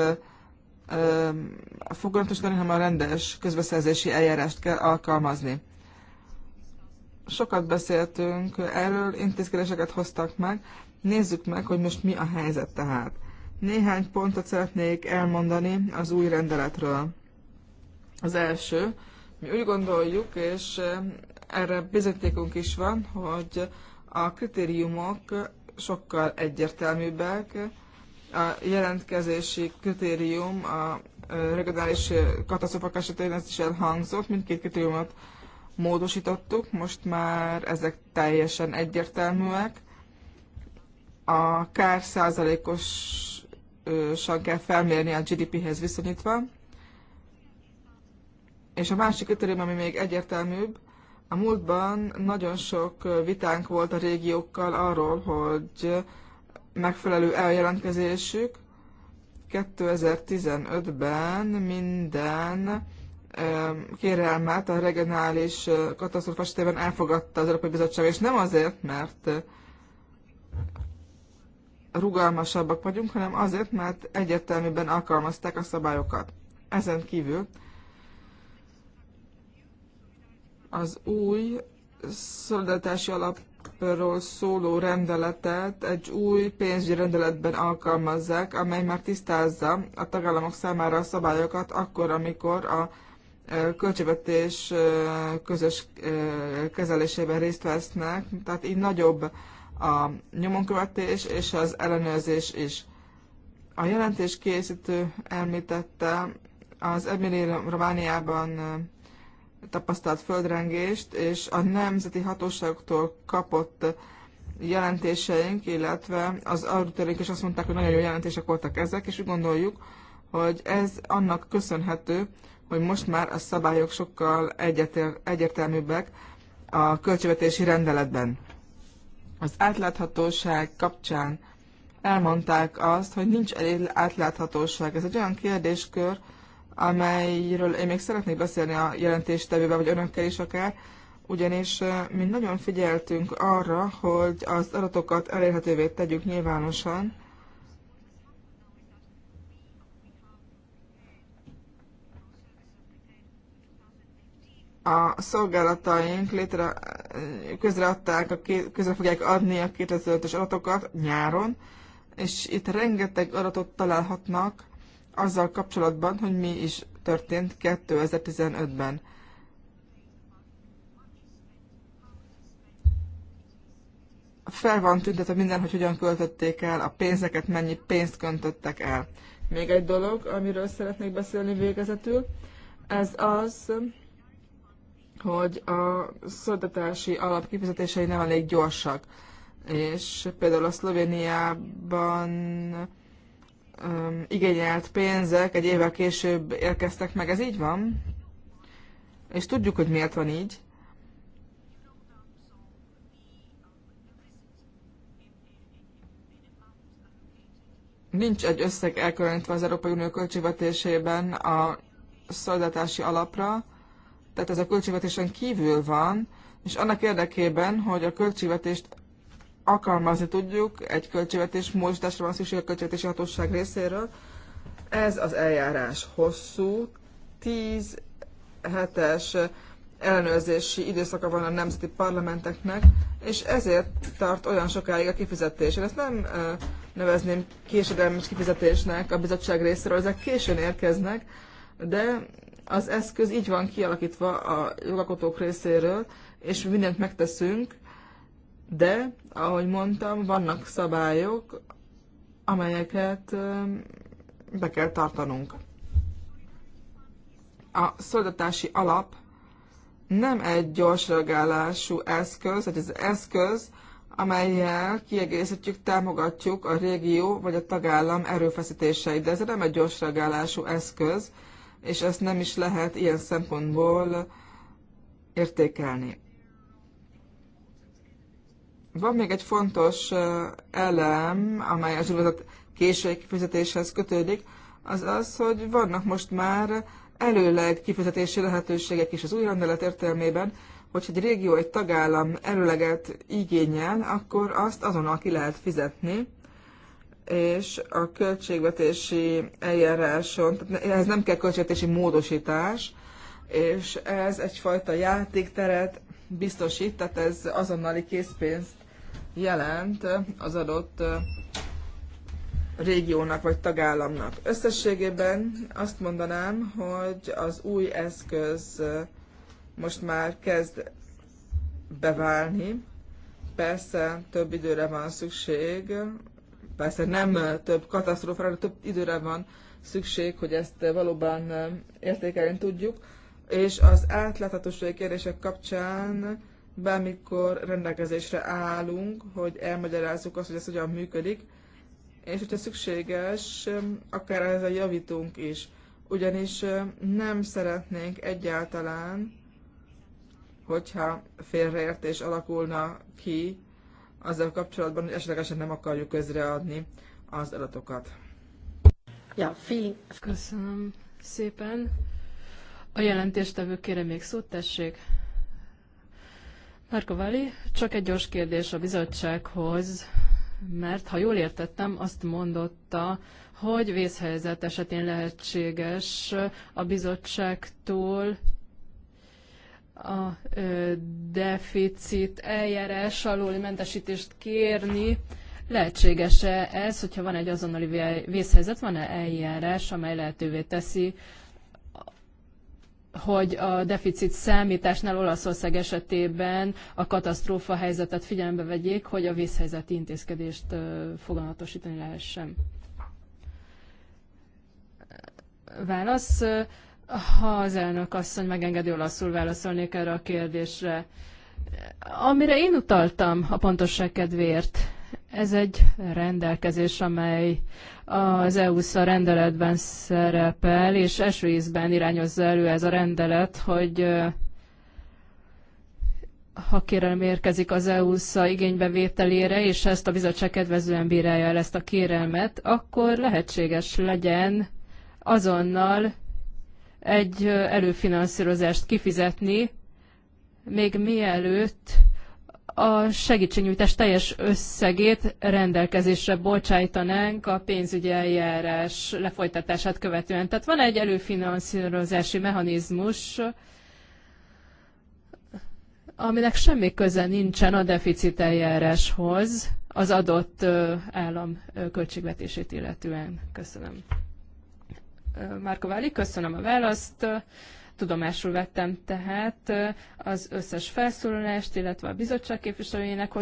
fogalmatosítani, hanem a rendes közbeszerzési eljárást kell alkalmazni. Sokat beszéltünk erről, intézkedéseket hoztak meg. Nézzük meg, hogy most mi a helyzet tehát. Néhány pontot szeretnék elmondani az új rendeletről. Az első, mi úgy gondoljuk, és eh, erre bizonyítékunk is van, hogy a kritériumok sokkal egyértelműbbek. A jelentkezési kritérium a eh, regionális eh, katasztrofák esetén ez is elhangzott, mindkét kritériumot módosítottuk, most már ezek teljesen egyértelműek. A kár százalékosan kell felmérni a GDP-hez viszonyítva, és a másik kritérium, ami még egyértelműbb, a múltban nagyon sok vitánk volt a régiókkal arról, hogy megfelelő eljelentkezésük. 2015-ben minden kérelmet a regionális katasztrófa esetében elfogadta az Európai Bizottság, és nem azért, mert rugalmasabbak vagyunk, hanem azért, mert egyértelműben alkalmazták a szabályokat. Ezen kívül az új szolidaritási alapról szóló rendeletet egy új pénzügyi rendeletben alkalmazzák, amely már tisztázza a tagállamok számára a szabályokat akkor, amikor a e, költségvetés e, közös e, kezelésében részt vesznek, tehát így nagyobb a nyomonkövetés és az ellenőrzés is. A jelentés készítő említette az Emilia Romániában tapasztalt földrengést, és a nemzeti hatóságoktól kapott jelentéseink, illetve az auditorink is azt mondták, hogy nagyon jó jelentések voltak ezek, és úgy gondoljuk, hogy ez annak köszönhető, hogy most már a szabályok sokkal egyetér, egyértelműbbek a költségvetési rendeletben. Az átláthatóság kapcsán elmondták azt, hogy nincs elég átláthatóság. Ez egy olyan kérdéskör, amelyről én még szeretnék beszélni a jelentéstevővel, vagy önökkel is akár, ugyanis mi nagyon figyeltünk arra, hogy az adatokat elérhetővé tegyük nyilvánosan, a szolgálataink létre, közreadták, a, közre fogják adni a 2005-ös adatokat nyáron, és itt rengeteg adatot találhatnak azzal kapcsolatban, hogy mi is történt 2015-ben. Fel van tüntetve minden, hogy hogyan költötték el a pénzeket, mennyi pénzt köntöttek el. Még egy dolog, amiről szeretnék beszélni végezetül, ez az, hogy a szoldatási alap kifizetései nem elég gyorsak. És például a Szlovéniában um, igényelt pénzek egy évvel később érkeztek meg. Ez így van? És tudjuk, hogy miért van így. Nincs egy összeg elkülönítve az Európai Unió költségvetésében a szoldatási alapra, tehát ez a költségvetésen kívül van, és annak érdekében, hogy a költségvetést alkalmazni tudjuk, egy költségvetés módosításra van szükség a költségvetési hatóság részéről. Ez az eljárás hosszú, 10 hetes ellenőrzési időszaka van a nemzeti parlamenteknek, és ezért tart olyan sokáig a kifizetés. Én ezt nem nevezném késedelmes kifizetésnek a bizottság részéről, ezek későn érkeznek, de az eszköz így van kialakítva a jogalkotók részéről, és mindent megteszünk, de, ahogy mondtam, vannak szabályok, amelyeket be kell tartanunk. A szolgatási alap nem egy gyors reagálású eszköz, ez az eszköz, amelyel kiegészítjük, támogatjuk a régió vagy a tagállam erőfeszítéseit. De ez nem egy gyors reagálású eszköz, és ezt nem is lehet ilyen szempontból értékelni. Van még egy fontos elem, amely az úgynevezett késői kifizetéshez kötődik, az az, hogy vannak most már előleg kifizetési lehetőségek is az új rendelet értelmében, hogyha egy régió, egy tagállam előleget igényel, akkor azt azonnal ki lehet fizetni, és a költségvetési eljáráson, tehát ez nem kell költségvetési módosítás, és ez egyfajta játékteret biztosít, tehát ez azonnali készpénzt jelent az adott régiónak vagy tagállamnak. Összességében azt mondanám, hogy az új eszköz most már kezd beválni. Persze több időre van szükség, persze nem több katasztrófára, több időre van szükség, hogy ezt valóban értékelni tudjuk, és az átláthatósági kérdések kapcsán bármikor rendelkezésre állunk, hogy elmagyarázzuk azt, hogy ez hogyan működik, és hogyha szükséges, akár ezzel javítunk is. Ugyanis nem szeretnénk egyáltalán, hogyha félreértés alakulna ki azzal kapcsolatban, hogy esetlegesen nem akarjuk közreadni az adatokat. Ja, fi, Köszönöm szépen. A jelentéstevő kérem még szót, tessék. Marko Vali, csak egy gyors kérdés a bizottsághoz, mert ha jól értettem, azt mondotta, hogy vészhelyzet esetén lehetséges a bizottságtól a deficit eljárás alól mentesítést kérni. Lehetséges-e ez, hogyha van egy azonnali vészhelyzet, van-e eljárás, amely lehetővé teszi, hogy a deficit számításnál Olaszország esetében a katasztrófa helyzetet figyelembe vegyék, hogy a vészhelyzeti intézkedést foganatosítani lehessen. Válasz. Ha az elnök asszony megengedi, olaszul válaszolnék erre a kérdésre. Amire én utaltam a pontosság kedvéért, ez egy rendelkezés, amely az EU-SZA rendeletben szerepel, és első ízben irányozza elő ez a rendelet, hogy ha kérelem érkezik az EU-SZA igénybevételére, és ezt a bizottság kedvezően bírálja el ezt a kérelmet, akkor lehetséges legyen azonnal egy előfinanszírozást kifizetni, még mielőtt a segítségnyújtás teljes összegét rendelkezésre bocsájtanánk a pénzügyi eljárás lefolytatását követően. Tehát van egy előfinanszírozási mechanizmus, aminek semmi köze nincsen a deficit eljáráshoz az adott állam költségvetését illetően. Köszönöm. Márka Váli, köszönöm a választ. Tudomásul vettem tehát az összes felszólalást, illetve a bizottság képviselőjének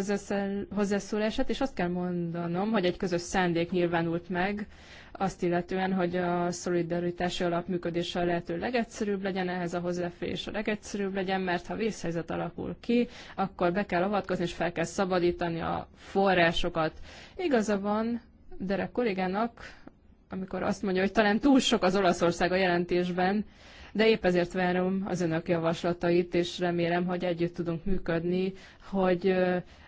hozzászólását, és azt kell mondanom, hogy egy közös szándék nyilvánult meg, azt illetően, hogy a szolidaritási alap működése a lehető legegyszerűbb legyen, ehhez a hozzáférés a legegyszerűbb legyen, mert ha vészhelyzet alakul ki, akkor be kell avatkozni, és fel kell szabadítani a forrásokat. Igaza van Derek kollégának, amikor azt mondja, hogy talán túl sok az Olaszország a jelentésben, de épp ezért várom az önök javaslatait, és remélem, hogy együtt tudunk működni, hogy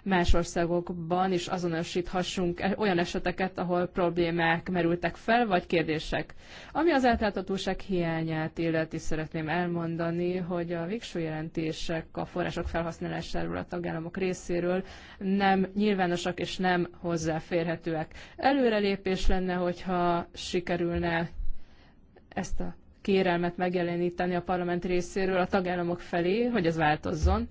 más országokban is azonosíthassunk e, olyan eseteket, ahol problémák merültek fel, vagy kérdések. Ami az átláthatóság hiányát illeti, szeretném elmondani, hogy a végső jelentések a források felhasználásáról a tagállamok részéről nem nyilvánosak és nem hozzáférhetőek. Előrelépés lenne, hogyha sikerülne ezt a kérelmet megjeleníteni a parlament részéről a tagállamok felé, hogy ez változzon.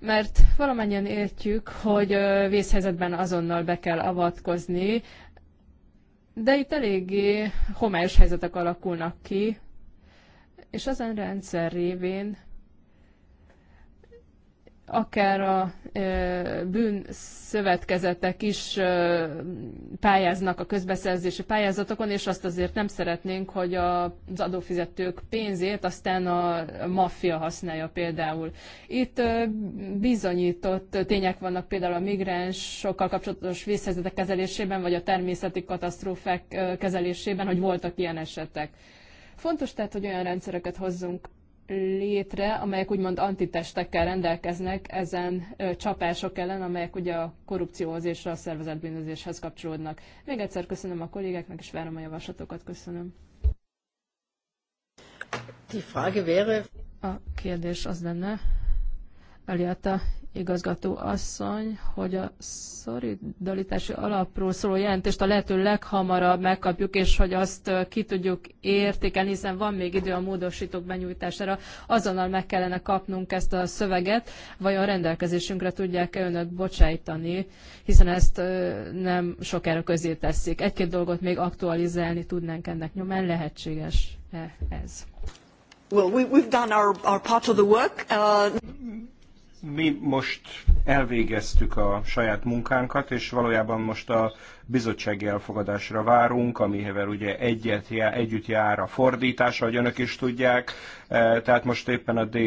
Mert valamennyien értjük, hogy vészhelyzetben azonnal be kell avatkozni, de itt eléggé homályos helyzetek alakulnak ki, és ezen rendszer révén akár a bűnszövetkezetek is pályáznak a közbeszerzési pályázatokon, és azt azért nem szeretnénk, hogy az adófizetők pénzét aztán a maffia használja például. Itt bizonyított tények vannak például a migránsokkal kapcsolatos vészhelyzetek kezelésében, vagy a természeti katasztrófák kezelésében, hogy voltak ilyen esetek. Fontos tehát, hogy olyan rendszereket hozzunk létre, amelyek úgymond antitestekkel rendelkeznek ezen ö, csapások ellen, amelyek ugye a korrupcióhoz és a szervezetbűnözéshez kapcsolódnak. Még egyszer köszönöm a kollégáknak, és várom a javaslatokat. Köszönöm. Die Frage wäre... A kérdés az lenne, Eliata igazgató asszony, hogy a szolidaritási alapról szóló jelentést a lehető leghamarabb megkapjuk, és hogy azt ki tudjuk értékelni, hiszen van még idő a módosítók benyújtására. Azonnal meg kellene kapnunk ezt a szöveget, vajon rendelkezésünkre tudják-e önök bocsájtani, hiszen ezt nem sokára közé teszik. Egy-két dolgot még aktualizálni tudnánk ennek nyomán, lehetséges -e ez? Well, we, we've done our, our part of the work. Uh mi most elvégeztük a saját munkánkat, és valójában most a bizottsági elfogadásra várunk, amivel ugye egyet, együtt jár a fordítás, ahogy önök is tudják. E, tehát most éppen a, D, e,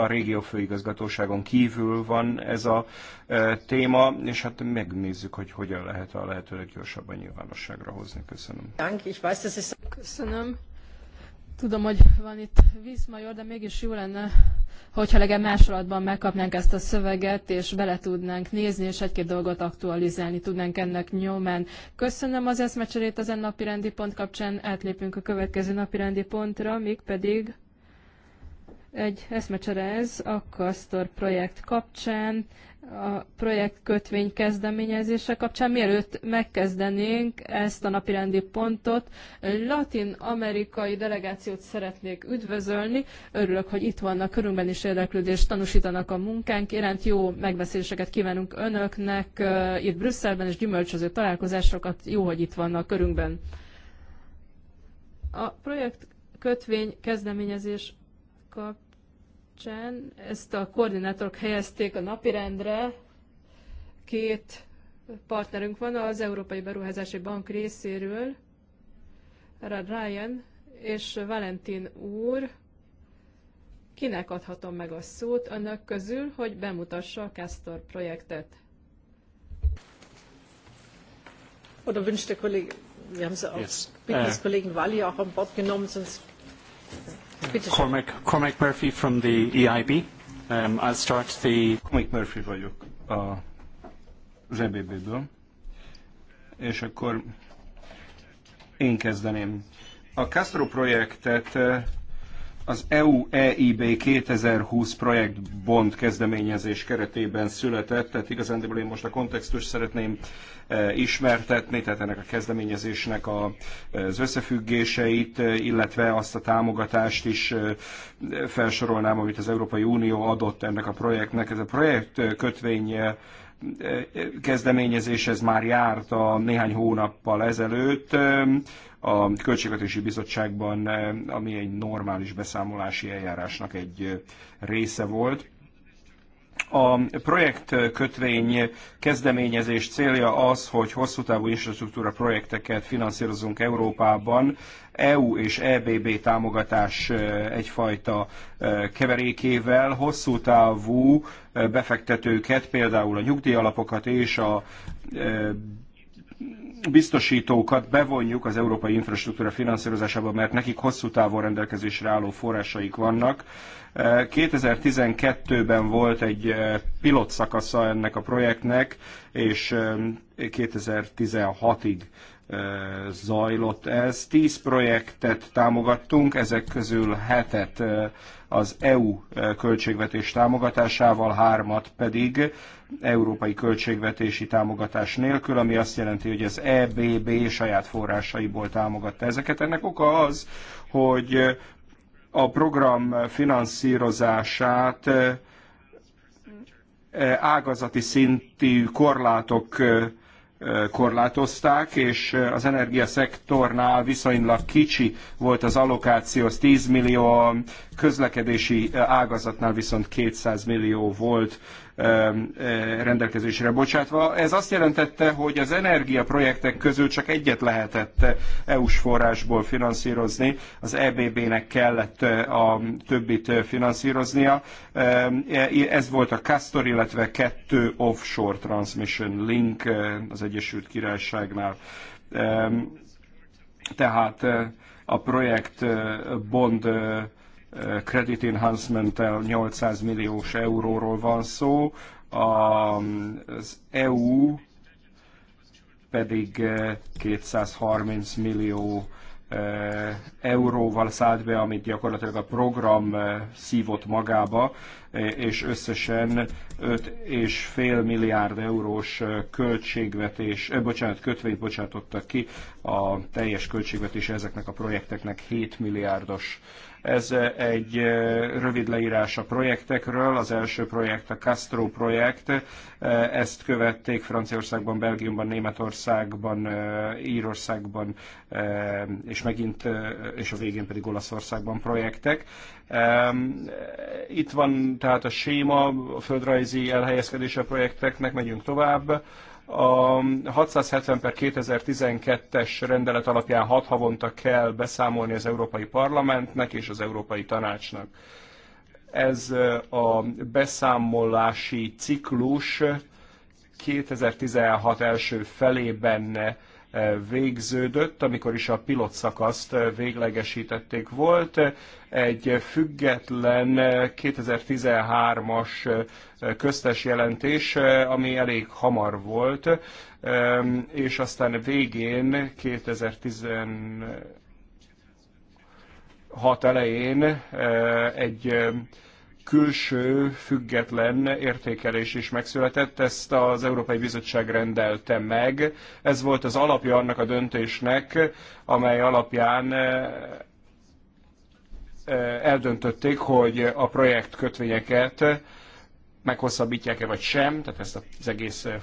a régió főigazgatóságon kívül van ez a e, téma, és hát megnézzük, hogy hogyan lehet a lehető leggyorsabban nyilvánosságra hozni. Köszönöm. Köszönöm. Tudom, hogy van itt vízmajor, de mégis jó lenne, hogyha legalább másolatban megkapnánk ezt a szöveget, és bele tudnánk nézni, és egy-két dolgot aktualizálni tudnánk ennek nyomán. Köszönöm az eszmecserét ezen napi rendi pont kapcsán, átlépünk a következő napi rendi pontra, míg pedig egy eszmecsere ez a Kastor projekt kapcsán a projektkötvény kezdeményezése kapcsán, mielőtt megkezdenénk ezt a napirendi pontot, latin-amerikai delegációt szeretnék üdvözölni. Örülök, hogy itt vannak körünkben is érdeklődést tanúsítanak a munkánk iránt. Jó megbeszéléseket kívánunk önöknek itt Brüsszelben, és gyümölcsöző találkozásokat. Jó, hogy itt vannak körünkben. A projekt kötvény kezdeményezés kap kapcsán. Ezt a koordinátorok helyezték a napirendre. Két partnerünk van az Európai Beruházási Bank részéről, Rad Ryan és Valentin úr. Kinek adhatom meg a szót önök közül, hogy bemutassa a Castor projektet? Oder wünscht der Kollege, wir haben sie auch, yes. bitte das äh. Kollegen Walli auch an Bord genommen, sonst... Cormac, Cormac Murphy from the EIB. Um, I'll start the... Cormac Murphy vagyok a, az EBB-ből. És akkor én kezdeném. A Castro projektet az EU EIB 2020 projekt bond kezdeményezés keretében született, tehát igazándiból én most a kontextus szeretném e, ismertetni, tehát ennek a kezdeményezésnek a, e, az összefüggéseit, e, illetve azt a támogatást is felsorolnám, amit az Európai Unió adott ennek a projektnek. Ez a projekt kötvény kezdeményezés ez már járt a néhány hónappal ezelőtt a Költségvetési Bizottságban, eh, ami egy normális beszámolási eljárásnak egy eh, része volt. A projekt kötvény kezdeményezés célja az, hogy hosszú távú infrastruktúra projekteket finanszírozunk Európában, EU és EBB támogatás eh, egyfajta keverékével hosszú távú befektetőket, például a nyugdíjalapokat és a biztosítókat bevonjuk az európai infrastruktúra finanszírozásába, mert nekik hosszú távon rendelkezésre álló forrásaik vannak. 2012-ben volt egy eh, pilot szakasza ennek a projektnek, és 2016-ig eh, zajlott ez. Tíz projektet támogattunk, ezek közül hetet az EU költségvetés támogatásával, hármat pedig európai költségvetési támogatás nélkül, ami azt jelenti, hogy az EBB saját forrásaiból támogatta ezeket. Ennek oka az, hogy a program finanszírozását ágazati szintű korlátok korlátozták, és az energiaszektornál viszonylag kicsi volt az allokáció, az 10 millió, a közlekedési ágazatnál viszont 200 millió volt E, rendelkezésre bocsátva. Ez azt jelentette, hogy az energiaprojektek közül csak egyet lehetett EU-s forrásból finanszírozni, az EBB-nek kellett e, a többit e, finanszíroznia. Ez volt a Castor, illetve kettő offshore transmission link az Egyesült Királyságnál. Tehát a projekt bond Credit enhancement 800 milliós euróról van szó, az EU pedig 230 eh, millió eh, euróval szállt be, amit gyakorlatilag a program eh, szívott magába, és összesen 5,5 milliárd eurós költségvetés, bocsánat, kötvényt bocsátottak ki, a teljes költségvetés ezeknek a projekteknek 7 milliárdos ez egy rövid leírás a projektekről. Az első projekt a Castro projekt. Ezt követték Franciaországban, Belgiumban, Németországban, Írországban, és megint, és a végén pedig Olaszországban projektek. Itt van tehát a séma, a földrajzi elhelyezkedése a projekteknek, megyünk tovább a 670 per 2012-es rendelet alapján hat havonta kell beszámolni az Európai Parlamentnek és az Európai Tanácsnak. Ez a beszámolási ciklus 2016 első felében végződött, amikor is a pilot szakaszt eh, véglegesítették. Volt eh, egy független 2013-as eh, köztes jelentés, ami elég hamar volt, és aztán végén 2010 hat elején egy külső független értékelés is megszületett, ezt az Európai Bizottság rendelte meg. Ez volt az alapja annak a döntésnek, amely alapján eh, eh, eldöntötték, hogy a projekt kötvényeket meghosszabbítják-e vagy sem, tehát ezt az egész eh,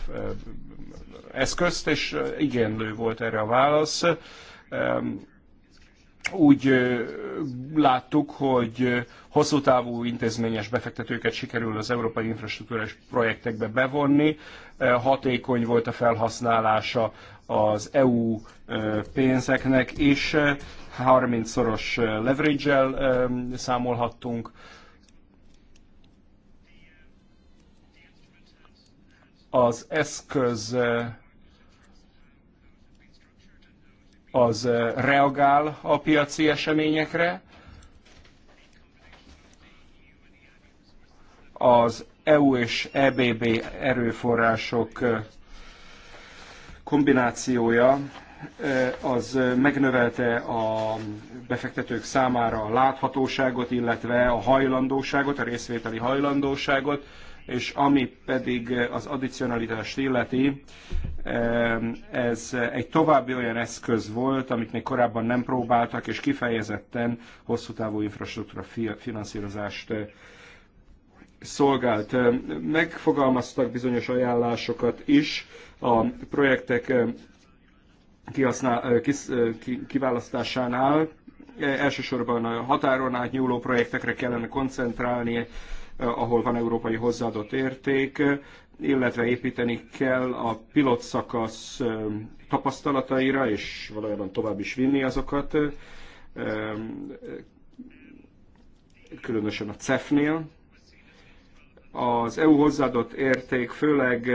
eszközt, és igenlő volt erre a válasz úgy láttuk, hogy hosszú távú intézményes befektetőket sikerül az európai infrastruktúrás projektekbe bevonni, hatékony volt a felhasználása az EU pénzeknek, és 30-szoros leverage-el számolhattunk. Az eszköz az eh, reagál a piaci eseményekre, az EU és EBB erőforrások eh, kombinációja eh, az megnövelte a befektetők számára a láthatóságot, illetve a hajlandóságot, a részvételi hajlandóságot, és ami pedig eh, az addicionalitást illeti, ez eh, egy további olyan eszköz volt, amit még korábban nem próbáltak, és kifejezetten hosszú távú infrastruktúra finanszírozást eh, szolgált. Megfogalmaztak bizonyos ajánlásokat is a projektek kihasznál, kiválasztásánál. Elsősorban a határon átnyúló projektekre kellene koncentrálni, Eh, ahol van európai hozzáadott érték, illetve építeni kell a pilot szakasz eh, tapasztalataira, és valójában tovább is vinni azokat, eh, különösen a CEF-nél. Az EU hozzáadott érték főleg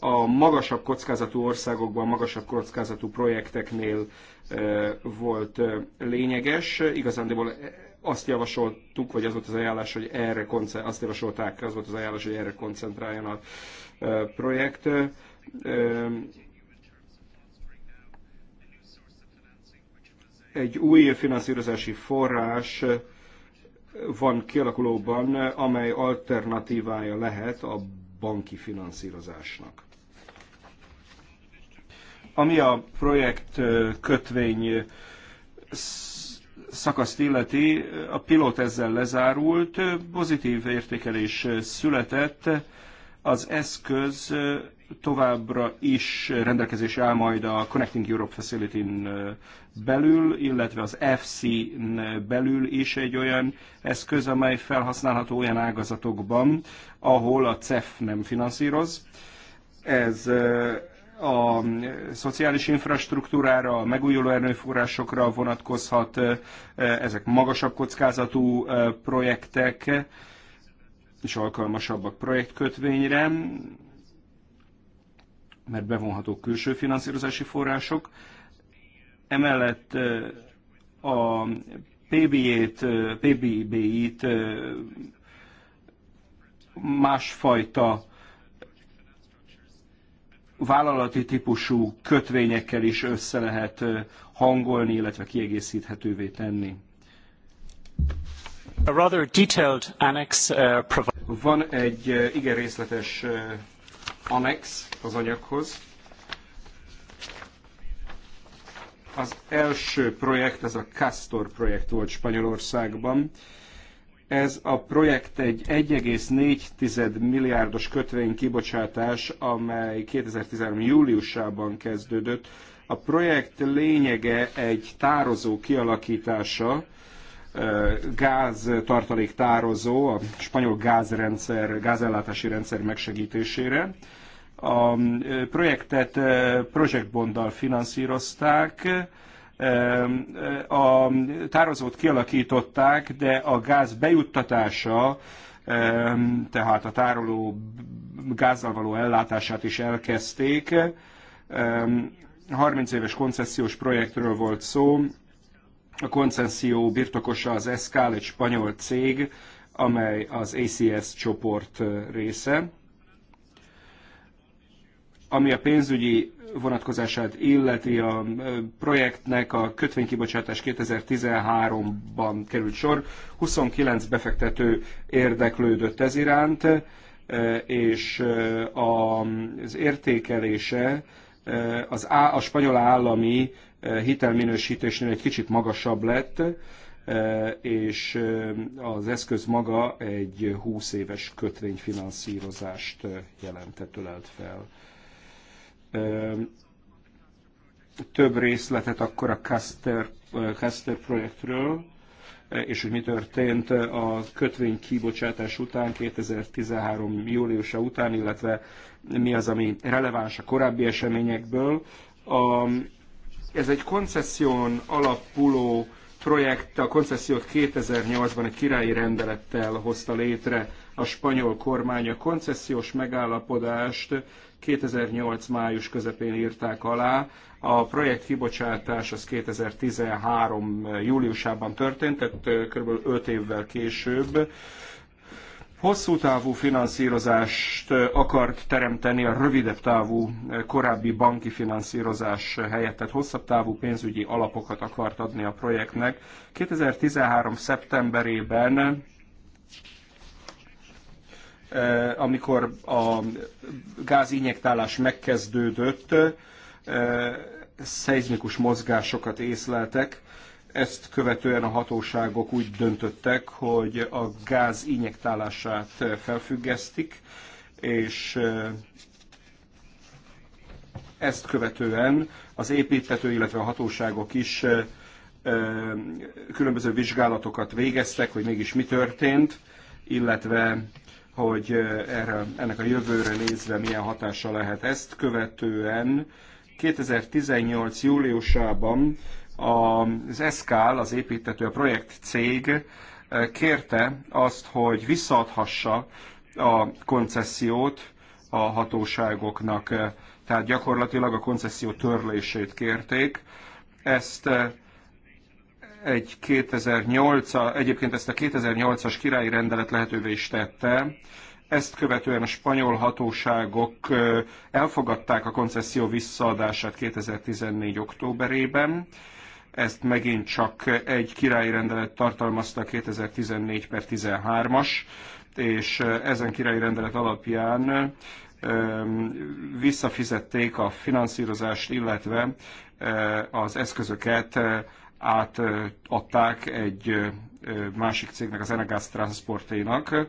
a magasabb kockázatú országokban, magasabb kockázatú projekteknél volt lényeges. Igazándiból azt javasoltuk, vagy az volt az ajánlás, hogy erre azt javasolták, az volt az ajánlás, hogy erre koncentráljon a projekt. Egy új finanszírozási forrás van kialakulóban, amely alternatívája lehet a banki finanszírozásnak. Ami a projekt kötvény szakaszt illeti, a pilot ezzel lezárult, pozitív értékelés született, az eszköz továbbra is rendelkezésre áll majd a Connecting Europe facility belül, illetve az FC-n belül is egy olyan eszköz, amely felhasználható olyan ágazatokban, ahol a CEF nem finanszíroz. Ez a szociális infrastruktúrára, a megújuló erőforrásokra vonatkozhat, e, ezek magasabb kockázatú e, projektek, és alkalmasabbak projektkötvényre, mert bevonhatók külső finanszírozási források. Emellett e, a PBI-t, PBI-t másfajta vállalati típusú kötvényekkel is össze lehet hangolni, illetve kiegészíthetővé tenni. A rather detailed annex, uh, Van egy igen részletes annex az anyaghoz. Az első projekt, ez a Castor projekt volt Spanyolországban. Ez a projekt egy 1,4 milliárdos kötvénykibocsátás, amely 2013. júliusában kezdődött. A projekt lényege egy tározó kialakítása, tartalék tározó, a spanyol gázrendszer, gázellátási rendszer megsegítésére. A projektet Project Bonddal finanszírozták, a tározót kialakították, de a gáz bejuttatása, tehát a tároló gázzal való ellátását is elkezdték. 30 éves koncesziós projektről volt szó. A koncesszió birtokosa az Escal, egy spanyol cég, amely az ACS csoport része ami a pénzügyi vonatkozását illeti a projektnek a kötvénykibocsátás 2013-ban került sor. 29 befektető érdeklődött ez iránt, és az értékelése az á, a spanyol állami hitelminősítésnél egy kicsit magasabb lett, és az eszköz maga egy 20 éves kötvényfinanszírozást jelentett, ölelt fel több részletet akkor a Caster, Caster projektről, és hogy mi történt a kötvény kibocsátás után, 2013. júliusa után, illetve mi az, ami releváns a korábbi eseményekből. A, ez egy koncesszión alapuló projekt, a koncesziót 2008-ban egy királyi rendelettel hozta létre a spanyol kormány a koncesziós megállapodást 2008 május közepén írták alá. A projekt kibocsátás az 2013 júliusában történt, tehát kb. 5 évvel később hosszú távú finanszírozást akart teremteni a rövidebb távú korábbi banki finanszírozás helyett, tehát hosszabb távú pénzügyi alapokat akart adni a projektnek. 2013. szeptemberében Eh, amikor a gázinjektálás megkezdődött, eh, szeizmikus mozgásokat észleltek, ezt követően a hatóságok úgy döntöttek, hogy a gáz injektálását felfüggesztik, és eh, ezt követően az építető, illetve a hatóságok is különböző vizsgálatokat végeztek, hogy mégis mi történt, illetve hogy eh, erre, ennek a jövőre nézve milyen hatása lehet. Ezt követően 2018. júliusában az ESCAL, az építető, a projekt cég eh, kérte azt, hogy visszaadhassa a koncesziót a hatóságoknak. Eh, tehát gyakorlatilag a koncesszió törlését kérték. Ezt egy 2008 egyébként ezt a 2008-as királyi rendelet lehetővé is tette, ezt követően a spanyol hatóságok elfogadták a koncesszió visszaadását 2014. októberében. Ezt megint csak egy királyi rendelet tartalmazta 2014 per 13-as, és ezen királyi rendelet alapján visszafizették a finanszírozást, illetve az eszközöket átadták egy másik cégnek, az Enegas Transporténak.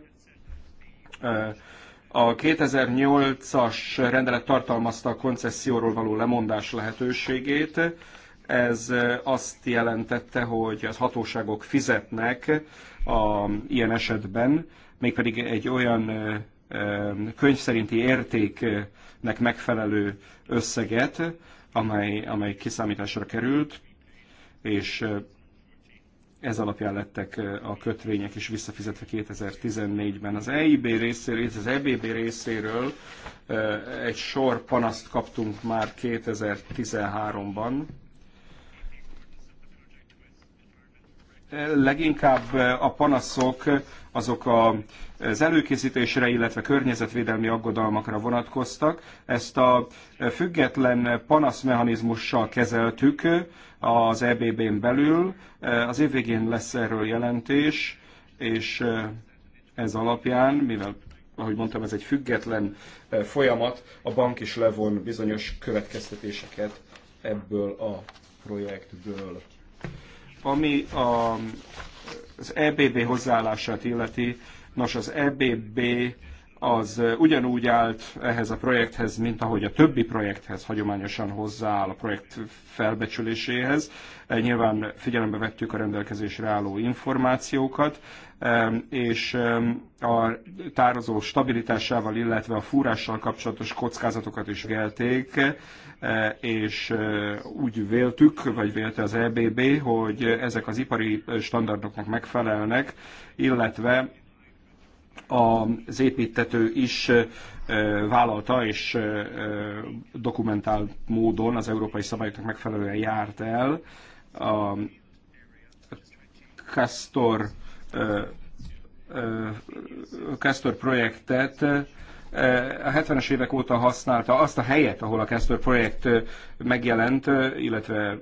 A 2008-as rendelet tartalmazta a koncesszióról való lemondás lehetőségét. Ez azt jelentette, hogy az hatóságok fizetnek a, ilyen esetben, mégpedig egy olyan könyv szerinti értéknek megfelelő összeget, amely, amely kiszámításra került és ez alapján lettek a kötvények is visszafizetve 2014-ben. Az EIB részéről, az EBB részéről egy sor panaszt kaptunk már 2013-ban. Leginkább a panaszok azok a, az előkészítésre, illetve környezetvédelmi aggodalmakra vonatkoztak. Ezt a független panaszmechanizmussal kezeltük, az EBB-n belül. Az év végén lesz erről jelentés, és ez alapján, mivel ahogy mondtam, ez egy független folyamat, a bank is levon bizonyos következtetéseket ebből a projektből. Ami a, az EBB hozzáállását illeti, nos az EBB az ugyanúgy állt ehhez a projekthez, mint ahogy a többi projekthez hagyományosan hozzááll a projekt felbecsüléséhez. Nyilván figyelembe vettük a rendelkezésre álló információkat, és a tározó stabilitásával, illetve a fúrással kapcsolatos kockázatokat is gelték, és úgy véltük, vagy vélte az EBB, hogy ezek az ipari standardoknak megfelelnek, illetve az építető is vállalta és dokumentált módon az európai szabályoknak megfelelően járt el. A Castor Castor projektet a 70-es évek óta használta azt a helyet, ahol a Castor projekt megjelent, illetve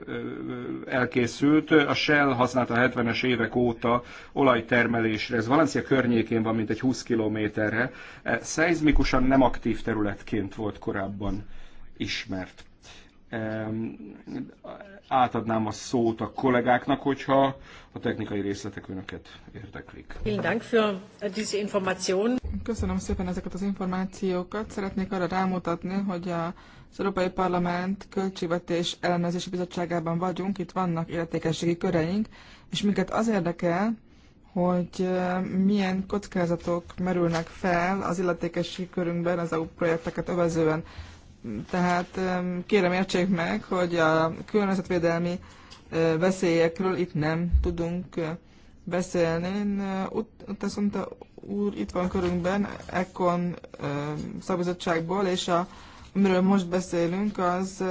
elkészült. A Shell használta a 70-es évek óta olajtermelésre. Ez Valencia környékén van, mint egy 20 kilométerre. E, szeizmikusan nem aktív területként volt korábban ismert átadnám a szót a kollégáknak, hogyha a technikai részletek önöket érdeklik. Köszönöm szépen ezeket az információkat. Szeretnék arra rámutatni, hogy az Európai Parlament Költségvetés Ellenőrzési Bizottságában vagyunk, itt vannak illetékességi köreink, és minket az érdekel, hogy milyen kockázatok merülnek fel az illetékességi körünkben az EU projekteket övezően. Tehát kérem értsék meg, hogy a környezetvédelmi veszélyekről itt nem tudunk beszélni. mondta, úr itt van körünkben, Ekon szakbizottságból, és a, amiről most beszélünk, az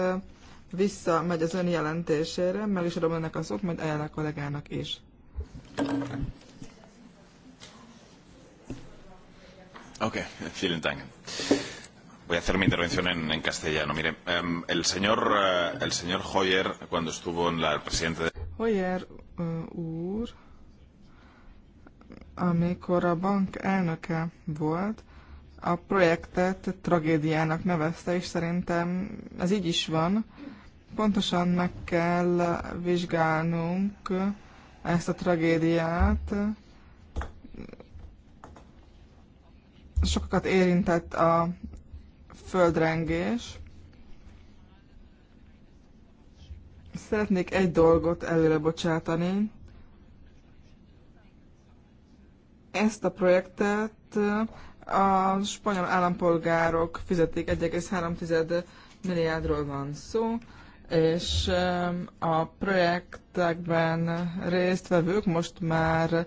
visszamegy az ön jelentésére, meg is adom ennek a szót, majd eljön a kollégának is. Oké, okay. vielen Dank. Voy a hacer mi intervención en, en castellano. Mire, um, el señor uh, el señor Hoyer cuando estuvo en la presidente de... Hoyer uh, úr, amikor a bank elnöke volt, a projektet tragédiának nevezte, és szerintem ez így is van. Pontosan meg kell vizsgálnunk ezt a tragédiát. Sokakat érintett a földrengés. Szeretnék egy dolgot előre bocsátani. Ezt a projektet a spanyol állampolgárok fizetik 1,3 milliárdról van szó, és a projektekben résztvevők most már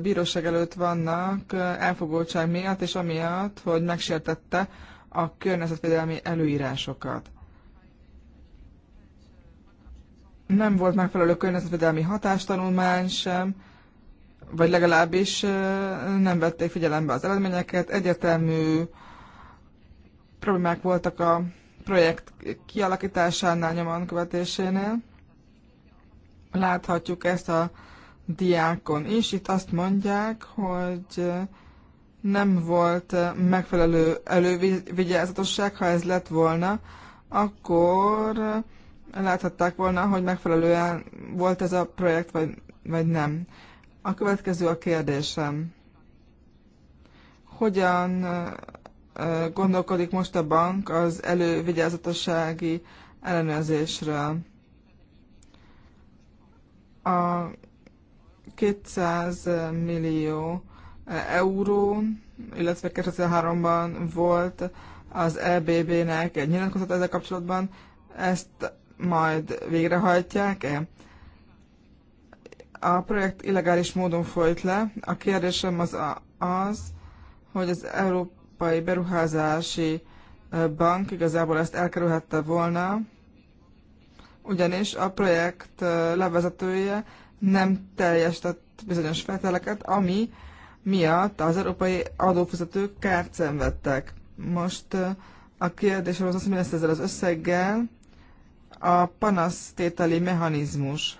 bíróság előtt vannak elfogultság miatt, és amiatt, hogy megsértette a környezetvédelmi előírásokat. Nem volt megfelelő környezetvédelmi hatástanulmány sem, vagy legalábbis nem vették figyelembe az eredményeket, egyetemű problémák voltak a projekt kialakításánál, nyomon követésénél. Láthatjuk ezt a diákon is. Itt azt mondják, hogy nem volt eh, megfelelő elővigyázatosság, ha ez lett volna, akkor eh, láthatták volna, hogy megfelelően volt ez a projekt, vagy, vagy nem. A következő a kérdésem. Hogyan eh, gondolkodik most a bank az elővigyázatossági ellenőrzésről? A 200 millió euró, illetve 2003-ban volt az EBB-nek egy nyilatkozat ezzel kapcsolatban, ezt majd végrehajtják-e? A projekt illegális módon folyt le. A kérdésem az, a, az hogy az Európai Beruházási Bank igazából ezt elkerülhette volna, ugyanis a projekt levezetője nem teljesített bizonyos feltételeket, ami miatt az európai adófizetők kárt szenvedtek. Most a kérdésem az az, mi lesz ezzel az összeggel, a panasztételi mechanizmus,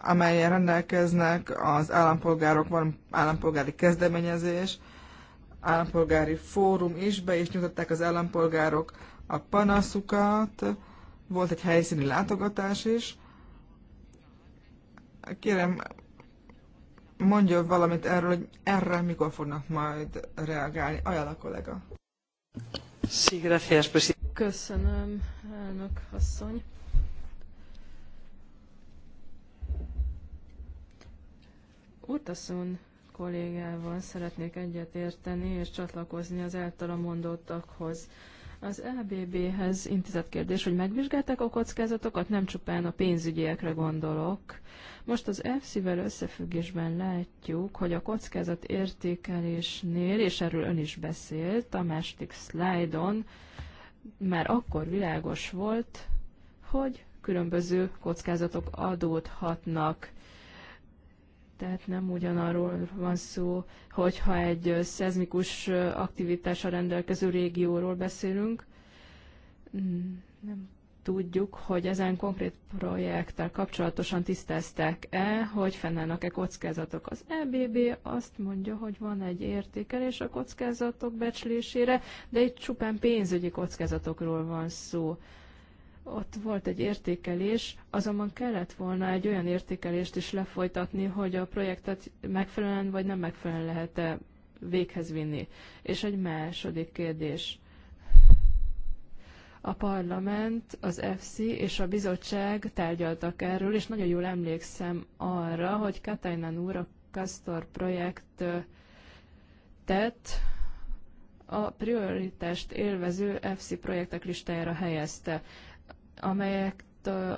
amelyen rendelkeznek az állampolgárok, van állampolgári kezdeményezés, állampolgári fórum is, be is nyújtották az állampolgárok a panaszukat, volt egy helyszíni látogatás is, Kérem, mondjon valamit erről, hogy erre mikor fognak majd reagálni. Ajánl a kollega. Köszönöm, elnök asszony. Urtaszun kollégával szeretnék egyetérteni és csatlakozni az általa mondottakhoz. Az EBB-hez intézett kérdés, hogy megvizsgálták a kockázatokat, nem csupán a pénzügyiekre gondolok. Most az EFSZ-vel összefüggésben látjuk, hogy a kockázat értékelésnél, és erről ön is beszélt a második szlájdon, már akkor világos volt, hogy különböző kockázatok adódhatnak. Tehát nem ugyanarról van szó, hogyha egy szezmikus aktivitással rendelkező régióról beszélünk. Hmm, nem tudjuk, hogy ezen konkrét projekttel kapcsolatosan tisztázták-e, hogy fennállnak-e kockázatok. Az EBB azt mondja, hogy van egy értékelés a kockázatok becslésére, de itt csupán pénzügyi kockázatokról van szó ott volt egy értékelés, azonban kellett volna egy olyan értékelést is lefolytatni, hogy a projektet megfelelően vagy nem megfelelően lehet-e véghez vinni. És egy második kérdés. A parlament, az FC és a bizottság tárgyaltak erről, és nagyon jól emlékszem arra, hogy Katajnán úr a Kastor projekt tett, a prioritást élvező FC projektek listájára helyezte amelyet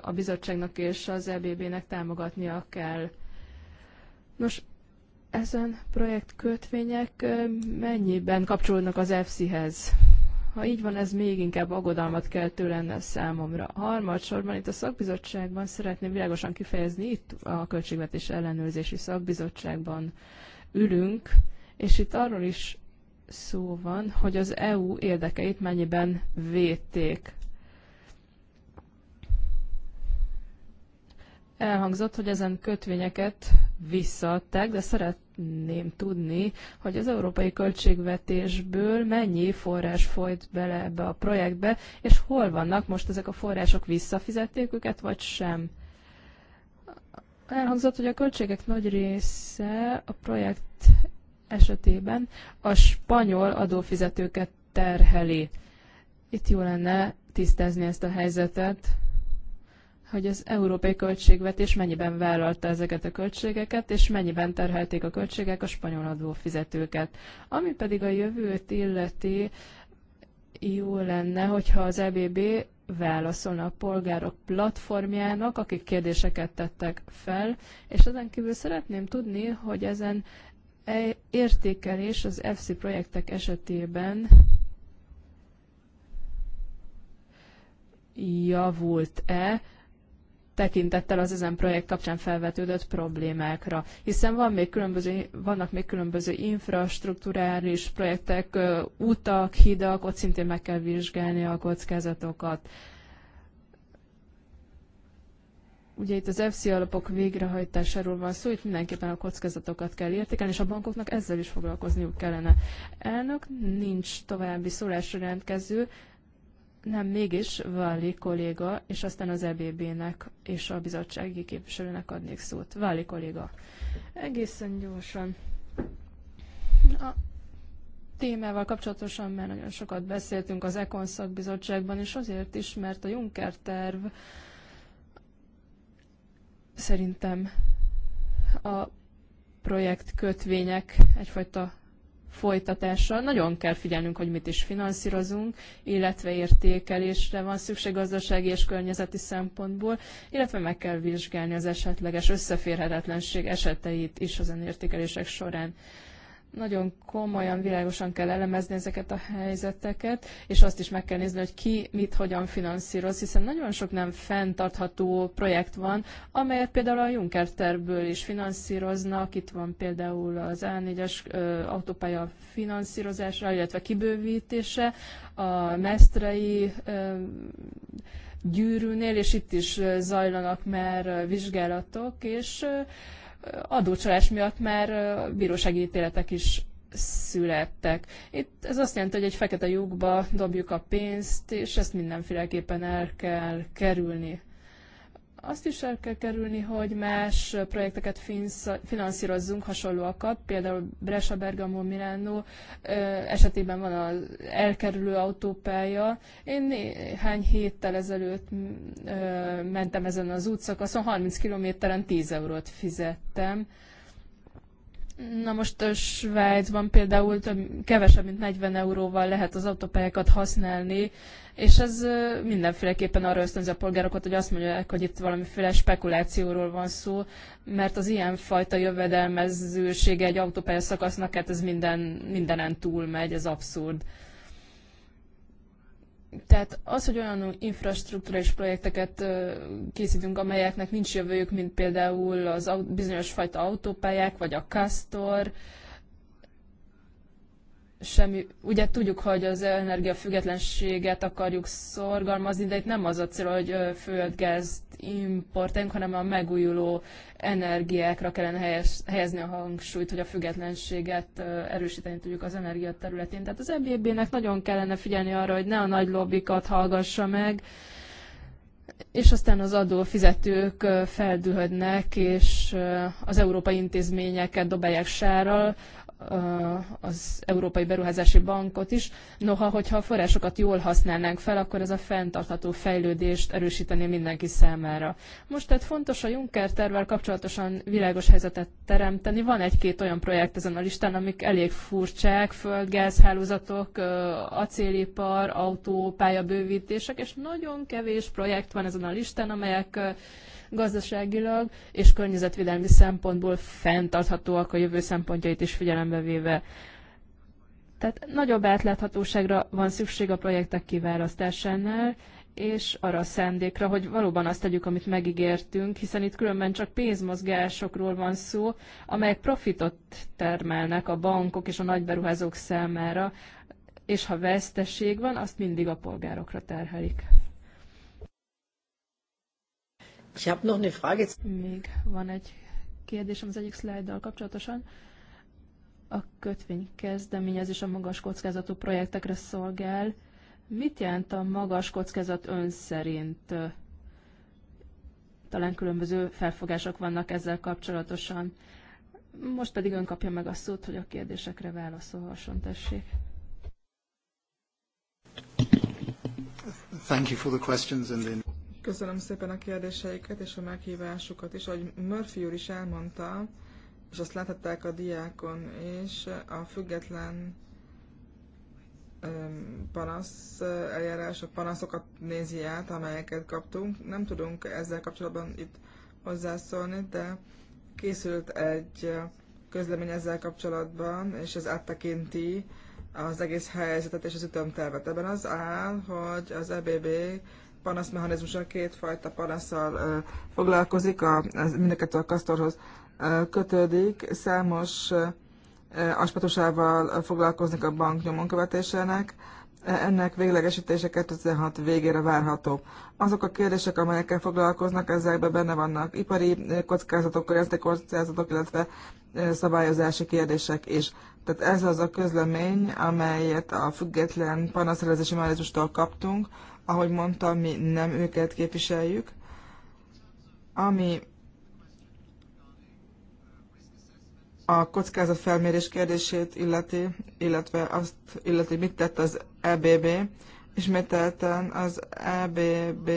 a bizottságnak és az EBB-nek támogatnia kell. Nos, ezen projektkötvények mennyiben kapcsolódnak az EFSI-hez? Ha így van, ez még inkább aggodalmat keltő lenne számomra. Harmadsorban itt a szakbizottságban szeretném világosan kifejezni, itt a Költségvetés Ellenőrzési Szakbizottságban ülünk, és itt arról is szó van, hogy az EU érdekeit mennyiben védték. Elhangzott, hogy ezen kötvényeket visszaadták, de szeretném tudni, hogy az európai költségvetésből mennyi forrás folyt bele ebbe a projektbe, és hol vannak most ezek a források, visszafizették őket, vagy sem? Elhangzott, hogy a költségek nagy része a projekt esetében a spanyol adófizetőket terheli. Itt jó lenne tisztázni ezt a helyzetet hogy az európai költségvetés mennyiben vállalta ezeket a költségeket, és mennyiben terhelték a költségek a spanyol adófizetőket. Ami pedig a jövőt illeti, jó lenne, hogyha az EBB válaszolna a polgárok platformjának, akik kérdéseket tettek fel, és ezen kívül szeretném tudni, hogy ezen e értékelés az FC projektek esetében javult-e, tekintettel az ezen projekt kapcsán felvetődött problémákra. Hiszen van még különböző, vannak még különböző infrastruktúrális projektek, utak, hidak, ott szintén meg kell vizsgálni a kockázatokat. Ugye itt az FC alapok végrehajtásáról van szó, itt mindenképpen a kockázatokat kell értékelni, és a bankoknak ezzel is foglalkozniuk kellene. Elnök nincs további szólásra rendkező, nem, mégis Váli kolléga, és aztán az EBB-nek és a bizottsági képviselőnek adnék szót. Váli kolléga. Egészen gyorsan. A témával kapcsolatosan már nagyon sokat beszéltünk az Econ szakbizottságban, és azért is, mert a Juncker terv szerintem a projekt kötvények egyfajta folytatása. Nagyon kell figyelnünk, hogy mit is finanszírozunk, illetve értékelésre van szükség gazdasági és környezeti szempontból, illetve meg kell vizsgálni az esetleges összeférhetetlenség eseteit is az értékelések során. Nagyon komolyan, világosan kell elemezni ezeket a helyzeteket, és azt is meg kell nézni, hogy ki mit hogyan finanszíroz, hiszen nagyon sok nem fenntartható projekt van, amelyet például a Juncker tervből is finanszíroznak. Itt van például az A4-es autópálya finanszírozásra, illetve kibővítése, a mesztrei ö, gyűrűnél, és itt is zajlanak már vizsgálatok, és adócsalás miatt már bírósági ítéletek is születtek. Itt ez azt jelenti, hogy egy fekete lyukba dobjuk a pénzt, és ezt mindenféleképpen el kell kerülni. Azt is el kell kerülni, hogy más projekteket finanszírozzunk, hasonlóakat, például Brescia Bergamo Milano esetében van az elkerülő autópálya. Én néhány héttel ezelőtt mentem ezen az útszakaszon, 30 kilométeren 10 eurót fizettem Na most a Svájcban például több, kevesebb, mint 40 euróval lehet az autópályákat használni, és ez mindenféleképpen arra ösztönzi a polgárokat, hogy azt mondják, hogy itt valamiféle spekulációról van szó, mert az ilyenfajta jövedelmezősége egy autópályaszakasznak, hát ez minden, mindenen túl megy, ez abszurd. Tehát az, hogy olyan infrastruktúrális projekteket készítünk, amelyeknek nincs jövőjük, mint például az bizonyos fajta autópályák, vagy a Castor, semmi, ugye tudjuk, hogy az energiafüggetlenséget akarjuk szorgalmazni, de itt nem az a cél, hogy földgázt importáljunk, hanem a megújuló energiákra kellene helyez, helyezni a hangsúlyt, hogy a függetlenséget erősíteni tudjuk az energia területén. Tehát az EBB-nek nagyon kellene figyelni arra, hogy ne a nagy lobbikat hallgassa meg, és aztán az adófizetők feldühödnek, és az európai intézményeket dobálják sárral, az Európai Beruházási Bankot is. Noha, hogyha a forrásokat jól használnánk fel, akkor ez a fenntartható fejlődést erősíteni mindenki számára. Most tehát fontos a Juncker tervvel kapcsolatosan világos helyzetet teremteni. Van egy-két olyan projekt ezen a listán, amik elég furcsák, földgázhálózatok, acélipar, autópálya bővítések, és nagyon kevés projekt van ezen a listán, amelyek gazdaságilag és környezetvédelmi szempontból fenntarthatóak a jövő szempontjait is figyelembe véve. Tehát nagyobb átláthatóságra van szükség a projektek kiválasztásánál, és arra a szándékra, hogy valóban azt tegyük, amit megígértünk, hiszen itt különben csak pénzmozgásokról van szó, amelyek profitot termelnek a bankok és a nagyberuházók számára, és ha veszteség van, azt mindig a polgárokra terhelik. Ich habe noch eine Frage. Még van egy kérdésem az egyik szlájddal kapcsolatosan. A kötvény kezdeményezés a magas kockázatú projektekre szolgál. Mit jelent a magas kockázat ön szerint? Talán különböző felfogások vannak ezzel kapcsolatosan. Most pedig ön kapja meg a szót, hogy a kérdésekre válaszolhasson, tessék. Thank you for the questions and the... Köszönöm szépen a kérdéseiket és a meghívásukat is. Ahogy Murphy úr is elmondta, és azt láthatták a diákon és a független panasz eljárás, a panaszokat nézi át, amelyeket kaptunk. Nem tudunk ezzel kapcsolatban itt hozzászólni, de készült egy közlemény ezzel kapcsolatban, és ez áttekinti az egész helyzetet és az ütemtervet. Ebben az áll, hogy az EBB két kétfajta panaszsal foglalkozik, a, ez mindeket a kasztorhoz kötődik, számos aspektusával foglalkoznak a bank nyomonkövetésének, ennek véglegesítése 2006 végére várható. Azok a kérdések, amelyekkel foglalkoznak, ezekben benne vannak ipari kockázatok, környezeti kockázatok, illetve szabályozási kérdések is. Tehát ez az a közlemény, amelyet a független panaszrezési mechanizmustól kaptunk, ahogy mondtam, mi nem őket képviseljük. Ami a kockázatfelmérés kérdését illeti, illetve azt illeti, mit tett az EBB. Ismételten az EBB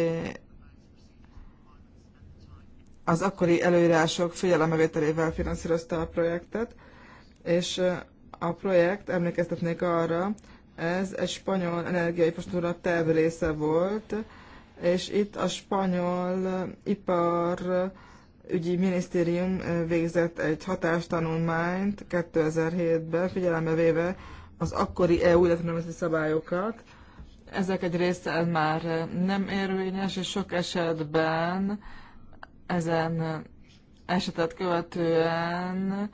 az akkori előírások figyelemevételével finanszírozta a projektet, és a projekt, emlékeztetnék arra, ez egy spanyol postura terv része volt, és itt a spanyol eh, ipar eh, ügyi minisztérium eh, végzett egy hatástanulmányt 2007-ben, figyelembe véve az akkori EU illetve szabályokat. Ezek egy része már nem érvényes, és sok esetben ezen esetet követően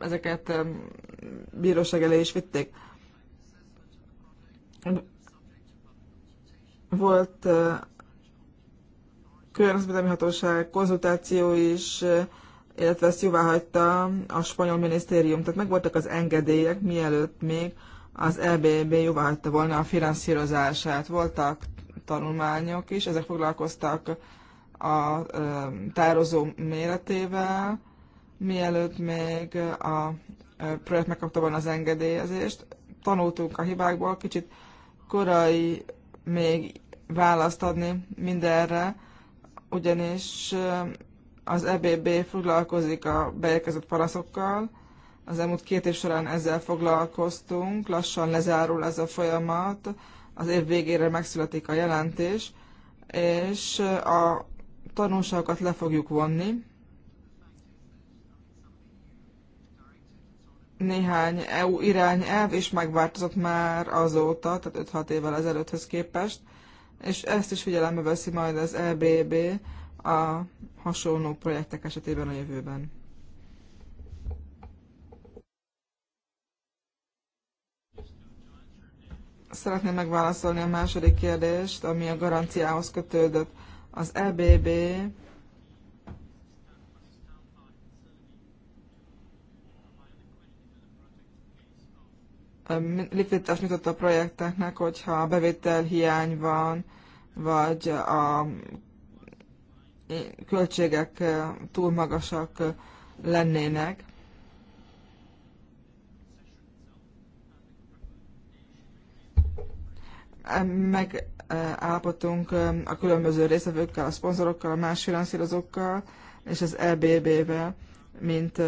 ezeket bíróság elé is vitték volt környezetvédelmi hatóság konzultáció is, illetve ezt jóvá hagyta a spanyol minisztérium. Tehát megvoltak az engedélyek, mielőtt még az EBB jóvá hagyta volna a finanszírozását. Voltak tanulmányok is, ezek foglalkoztak a tározó méretével, mielőtt még a projekt megkapta volna az engedélyezést. Tanultunk a hibákból, kicsit korai még választ adni mindenre, ugyanis az EBB foglalkozik a beérkezett paraszokkal. Az elmúlt két év során ezzel foglalkoztunk, lassan lezárul ez a folyamat, az év végére megszületik a jelentés, és a tanulságokat le fogjuk vonni, néhány EU irányelv is megváltozott már azóta, tehát 5-6 évvel ezelőtthöz képest, és ezt is figyelembe veszi majd az EBB a hasonló projektek esetében a jövőben. Szeretném megválaszolni a második kérdést, ami a garanciához kötődött. Az EBB likviditás nyitott a projekteknek, hogyha bevétel hiány van, vagy a eh, költségek eh, túl magasak eh, lennének. Megállapodtunk a különböző részvevőkkel, a szponzorokkal, a más finanszírozókkal és az EBB-vel, mint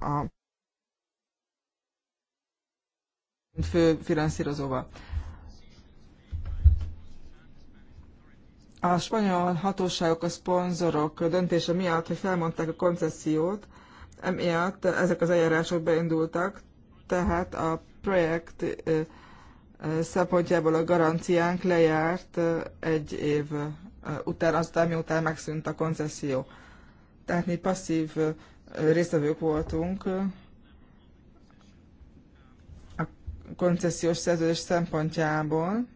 a fő finanszírozóval. A spanyol hatóságok, a szponzorok döntése miatt, hogy felmondták a koncesziót, emiatt ezek az eljárások beindultak, tehát a projekt szempontjából a garanciánk lejárt egy év után, azután miután megszűnt a koncesszió. Tehát mi passzív résztvevők voltunk koncesziós szerződés szempontjából.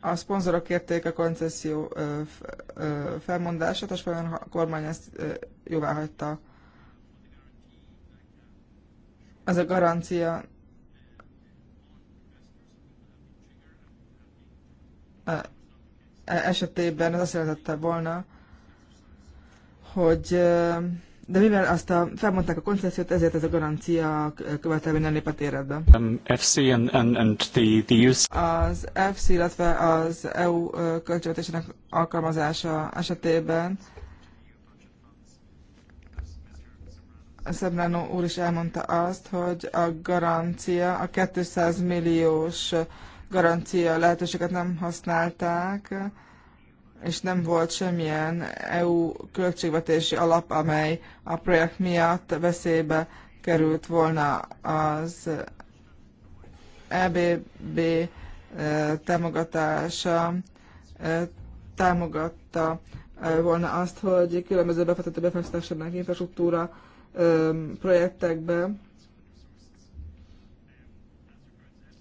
A szponzorok kérték a koncesszió felmondását, a spanyol kormány ezt jóvá hagyta. Ez a garancia e, esetében ez azt jelentette volna, hogy de mivel azt a, felmondták a koncesziót, ezért ez a garancia követelmény nem lépett életbe. Um, FC and, and, and the, the use... Az FC, illetve az EU költségvetésének alkalmazása esetében Szebránó úr is elmondta azt, hogy a garancia, a 200 milliós garancia lehetőséget nem használták, és nem volt semmilyen EU költségvetési alap, amely a projekt miatt veszélybe került volna az EBB e, támogatása e, támogatta e, volna azt, hogy különböző befektető befektetésnek infrastruktúra projektekbe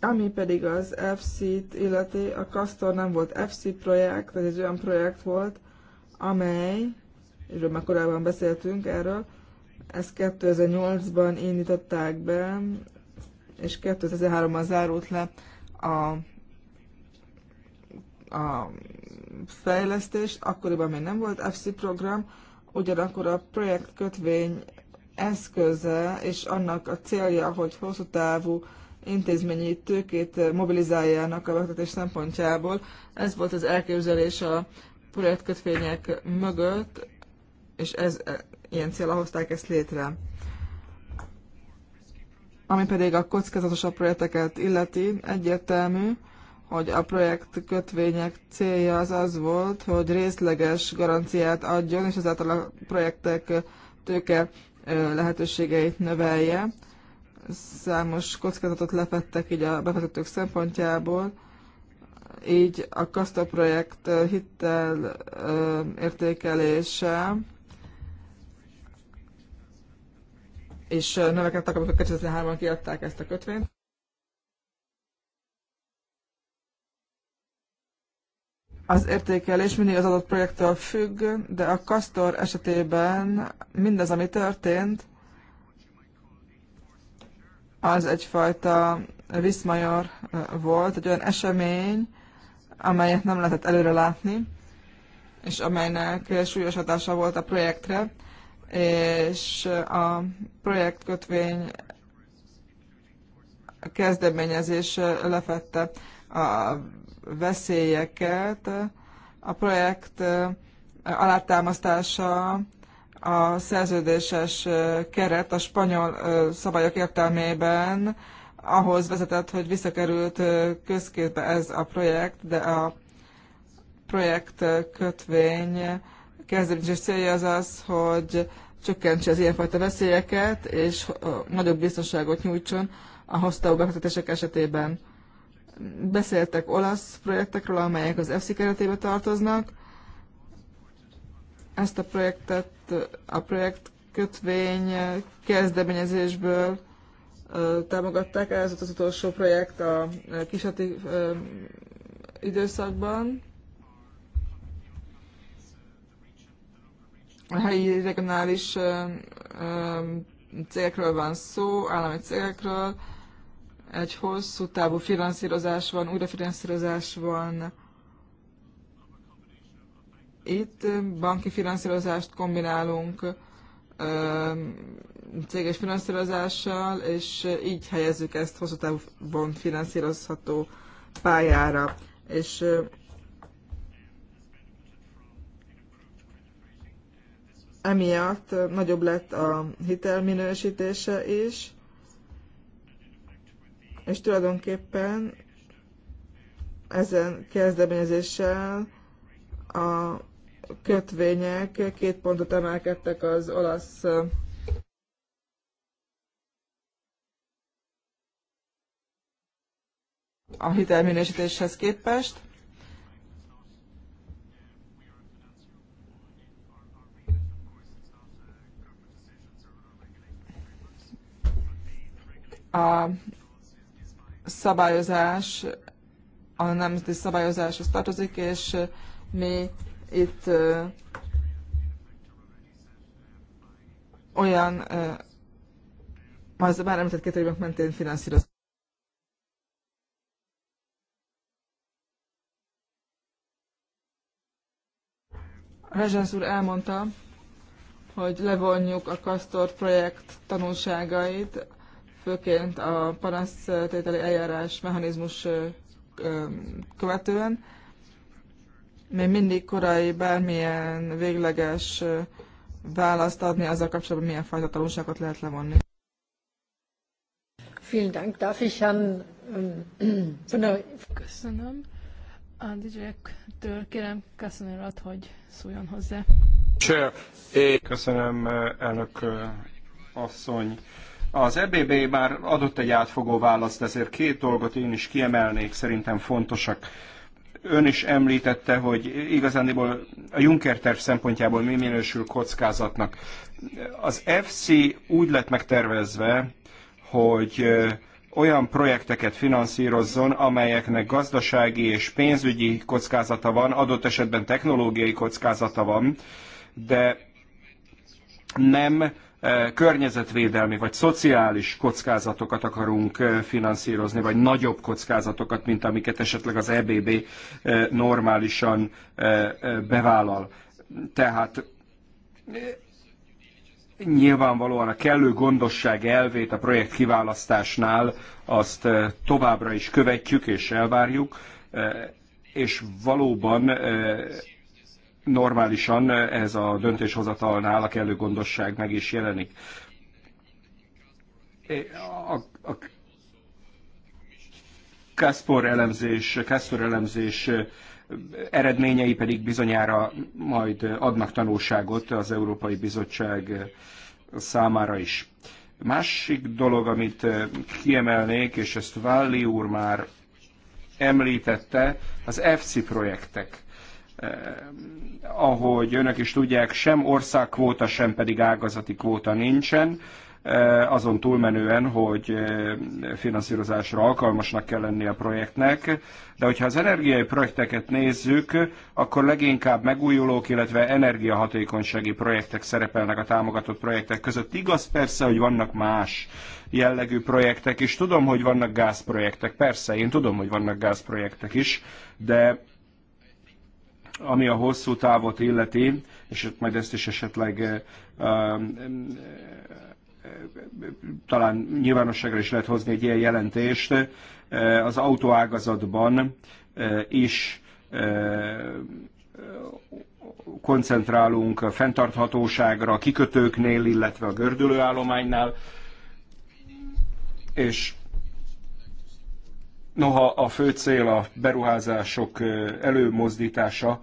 Ami pedig az FC-t illeti, a Castor nem volt FC projekt, vagy egy olyan projekt volt, amely, és már korábban beszéltünk erről, ezt 2008-ban indították be, és 2003-ban zárult le a, a fejlesztés, akkoriban még nem volt FC program, ugyanakkor a projekt kötvény eszköze és annak a célja, hogy hosszú távú intézményi tőkét mobilizáljának a befektetés szempontjából. Ez volt az elképzelés a projektkötvények mögött, és ez, e, ilyen célra hozták ezt létre. Ami pedig a kockázatosabb projekteket illeti, egyértelmű, hogy a projekt kötvények célja az az volt, hogy részleges garanciát adjon, és ezáltal a projektek tőke lehetőségeit növelje számos kockázatot lepettek így a befektetők szempontjából, így a Kasta projekt hittel értékelése és növekedett akkor, amikor 2003-ban kiadták ezt a kötvényt. Az értékelés mindig az adott projekttől függ, de a Kastor esetében mindez, ami történt, az egyfajta viszmajor volt, egy olyan esemény, amelyet nem lehetett előre látni, és amelynek súlyos hatása volt a projektre, és a projektkötvény kezdeményezés lefette a veszélyeket. A projekt alátámasztása a szerződéses keret a spanyol szabályok értelmében ahhoz vezetett, hogy visszakerült közkézbe ez a projekt, de a projekt kötvény kezdeményezés célja az az, hogy csökkentse az ilyenfajta veszélyeket, és nagyobb biztonságot nyújtson a hosszú befektetések esetében. Beszéltek olasz projektekről, amelyek az EFSI keretébe tartoznak, ezt a projektet, a projekt kötvény kezdeményezésből támogatták, ez volt az utolsó projekt a kisati időszakban. A helyi regionális cégekről van szó, állami cégekről, egy hosszú távú finanszírozás van, újrafinanszírozás van, itt banki finanszírozást kombinálunk céges finanszírozással, és így helyezzük ezt hosszú távon finanszírozható pályára. És emiatt nagyobb lett a hitelminősítése is, és tulajdonképpen ezen kezdeményezéssel a kötvények két pontot emelkedtek az olasz a hitelminősítéshez képest. A szabályozás, a nemzeti szabályozáshoz tartozik, és mi itt olyan, ö, ez a már említett évek mentén finanszírozott. Rezsensz úr elmondta, hogy levonjuk a Kastor projekt tanulságait, főként a panasztételi eljárás mechanizmus követően még mindig korai bármilyen végleges választ adni azzal kapcsolatban, milyen fajta tanulságot lehet levonni. Vielen Dank. Darf ich Herrn ähm, *clears throat* Köszönöm. A DJ-től kérem Kasszonérat, hogy szóljon hozzá. Köszönöm, elnök asszony. Az EBB már adott egy átfogó választ, ezért két dolgot én is kiemelnék, szerintem fontosak. Ön is említette, hogy igazániból a Juncker terv szempontjából mi minősül kockázatnak. Az FC úgy lett megtervezve, hogy olyan projekteket finanszírozzon, amelyeknek gazdasági és pénzügyi kockázata van, adott esetben technológiai kockázata van, de nem környezetvédelmi vagy szociális kockázatokat akarunk finanszírozni, vagy nagyobb kockázatokat, mint amiket esetleg az EBB normálisan bevállal. Tehát nyilvánvalóan a kellő gondosság elvét a projekt kiválasztásnál azt továbbra is követjük és elvárjuk, és valóban normálisan ez a döntéshozatalnál a kellő gondosság meg is jelenik. A, a Kaspor elemzés, Kaspor elemzés eredményei pedig bizonyára majd adnak tanulságot az Európai Bizottság számára is. Másik dolog, amit kiemelnék, és ezt Valli úr már említette, az EFSI projektek Eh, ahogy önök is tudják, sem országkvóta, sem pedig ágazati kvóta nincsen, eh, azon túlmenően, hogy eh, finanszírozásra alkalmasnak kell lenni a projektnek, de hogyha az energiai projekteket nézzük, akkor leginkább megújulók, illetve energiahatékonysági projektek szerepelnek a támogatott projektek között. Igaz persze, hogy vannak más jellegű projektek is, tudom, hogy vannak gázprojektek, persze, én tudom, hogy vannak gázprojektek is, de ami a hosszú távot illeti, és majd ezt is esetleg eh, eh, talán nyilvánosságra is lehet hozni egy ilyen jelentést, eh, az autóágazatban is koncentrálunk a fenntarthatóságra a kikötőknél, illetve a gördülőállománynál, és Noha a fő cél a beruházások előmozdítása,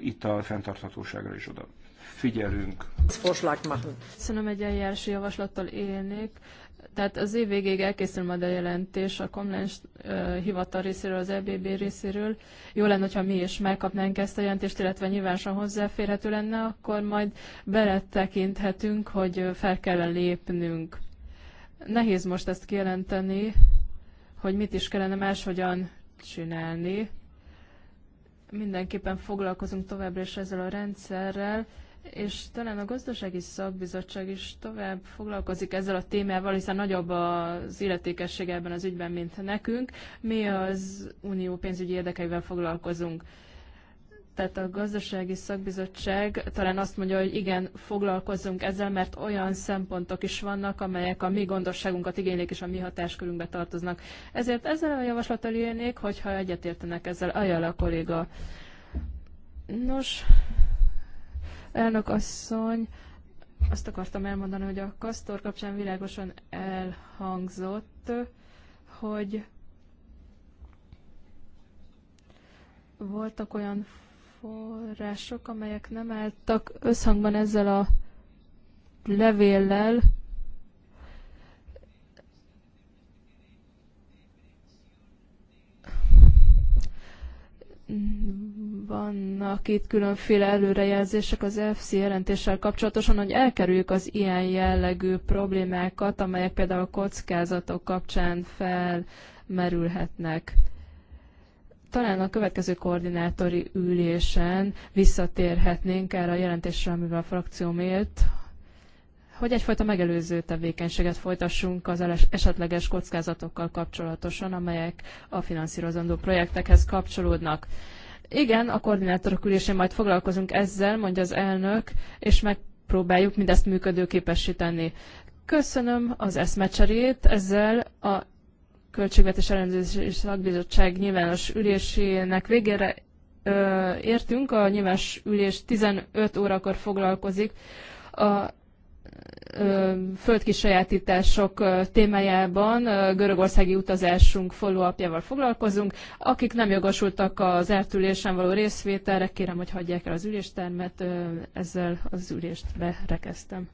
itt a fenntarthatóságra is oda figyelünk. Köszönöm egy eljárási javaslattal élnék. Tehát az év végéig elkészül majd a jelentés a Komlens hivatal részéről, az EBB részéről. Jó lenne, hogyha mi is megkapnánk ezt a jelentést, illetve nyilvánosan hozzáférhető lenne, akkor majd beletekinthetünk, hogy fel kell lépnünk. Nehéz most ezt kijelenteni, hogy mit is kellene máshogyan csinálni. Mindenképpen foglalkozunk továbbra is ezzel a rendszerrel, és talán a gazdasági szakbizottság is tovább foglalkozik ezzel a témával, hiszen nagyobb az illetékesség ebben az ügyben, mint nekünk. Mi az unió pénzügyi érdekeivel foglalkozunk. Tehát a gazdasági szakbizottság talán azt mondja, hogy igen, foglalkozzunk ezzel, mert olyan szempontok is vannak, amelyek a mi gondosságunkat igénylik és a mi hatáskörünkbe tartoznak. Ezért ezzel a javaslattal élnék, hogyha egyetértenek ezzel. ajánl a kolléga. Nos, elnök asszony, azt akartam elmondani, hogy a kasztor kapcsán világosan elhangzott, hogy voltak olyan források, amelyek nem álltak összhangban ezzel a levéllel, vannak itt különféle előrejelzések az FC jelentéssel kapcsolatosan, hogy elkerüljük az ilyen jellegű problémákat, amelyek például a kockázatok kapcsán felmerülhetnek. Talán a következő koordinátori ülésen visszatérhetnénk erre a jelentésre, amivel a frakció élt, hogy egyfajta megelőző tevékenységet folytassunk az esetleges kockázatokkal kapcsolatosan, amelyek a finanszírozandó projektekhez kapcsolódnak. Igen, a koordinátorok ülésén majd foglalkozunk ezzel, mondja az elnök, és megpróbáljuk mindezt működőképesíteni. Köszönöm az eszmecserét, ezzel a Költségvetés Ellenőrzési Szakbizottság nyilvános ülésének végére ö, értünk. A nyilvános ülés 15 órakor foglalkozik a földkisajátítások témájában görögországi utazásunk follow foglalkozunk. Akik nem jogosultak az eltülésen való részvételre, kérem, hogy hagyják el az üléstermet, ezzel az ülést berekeztem.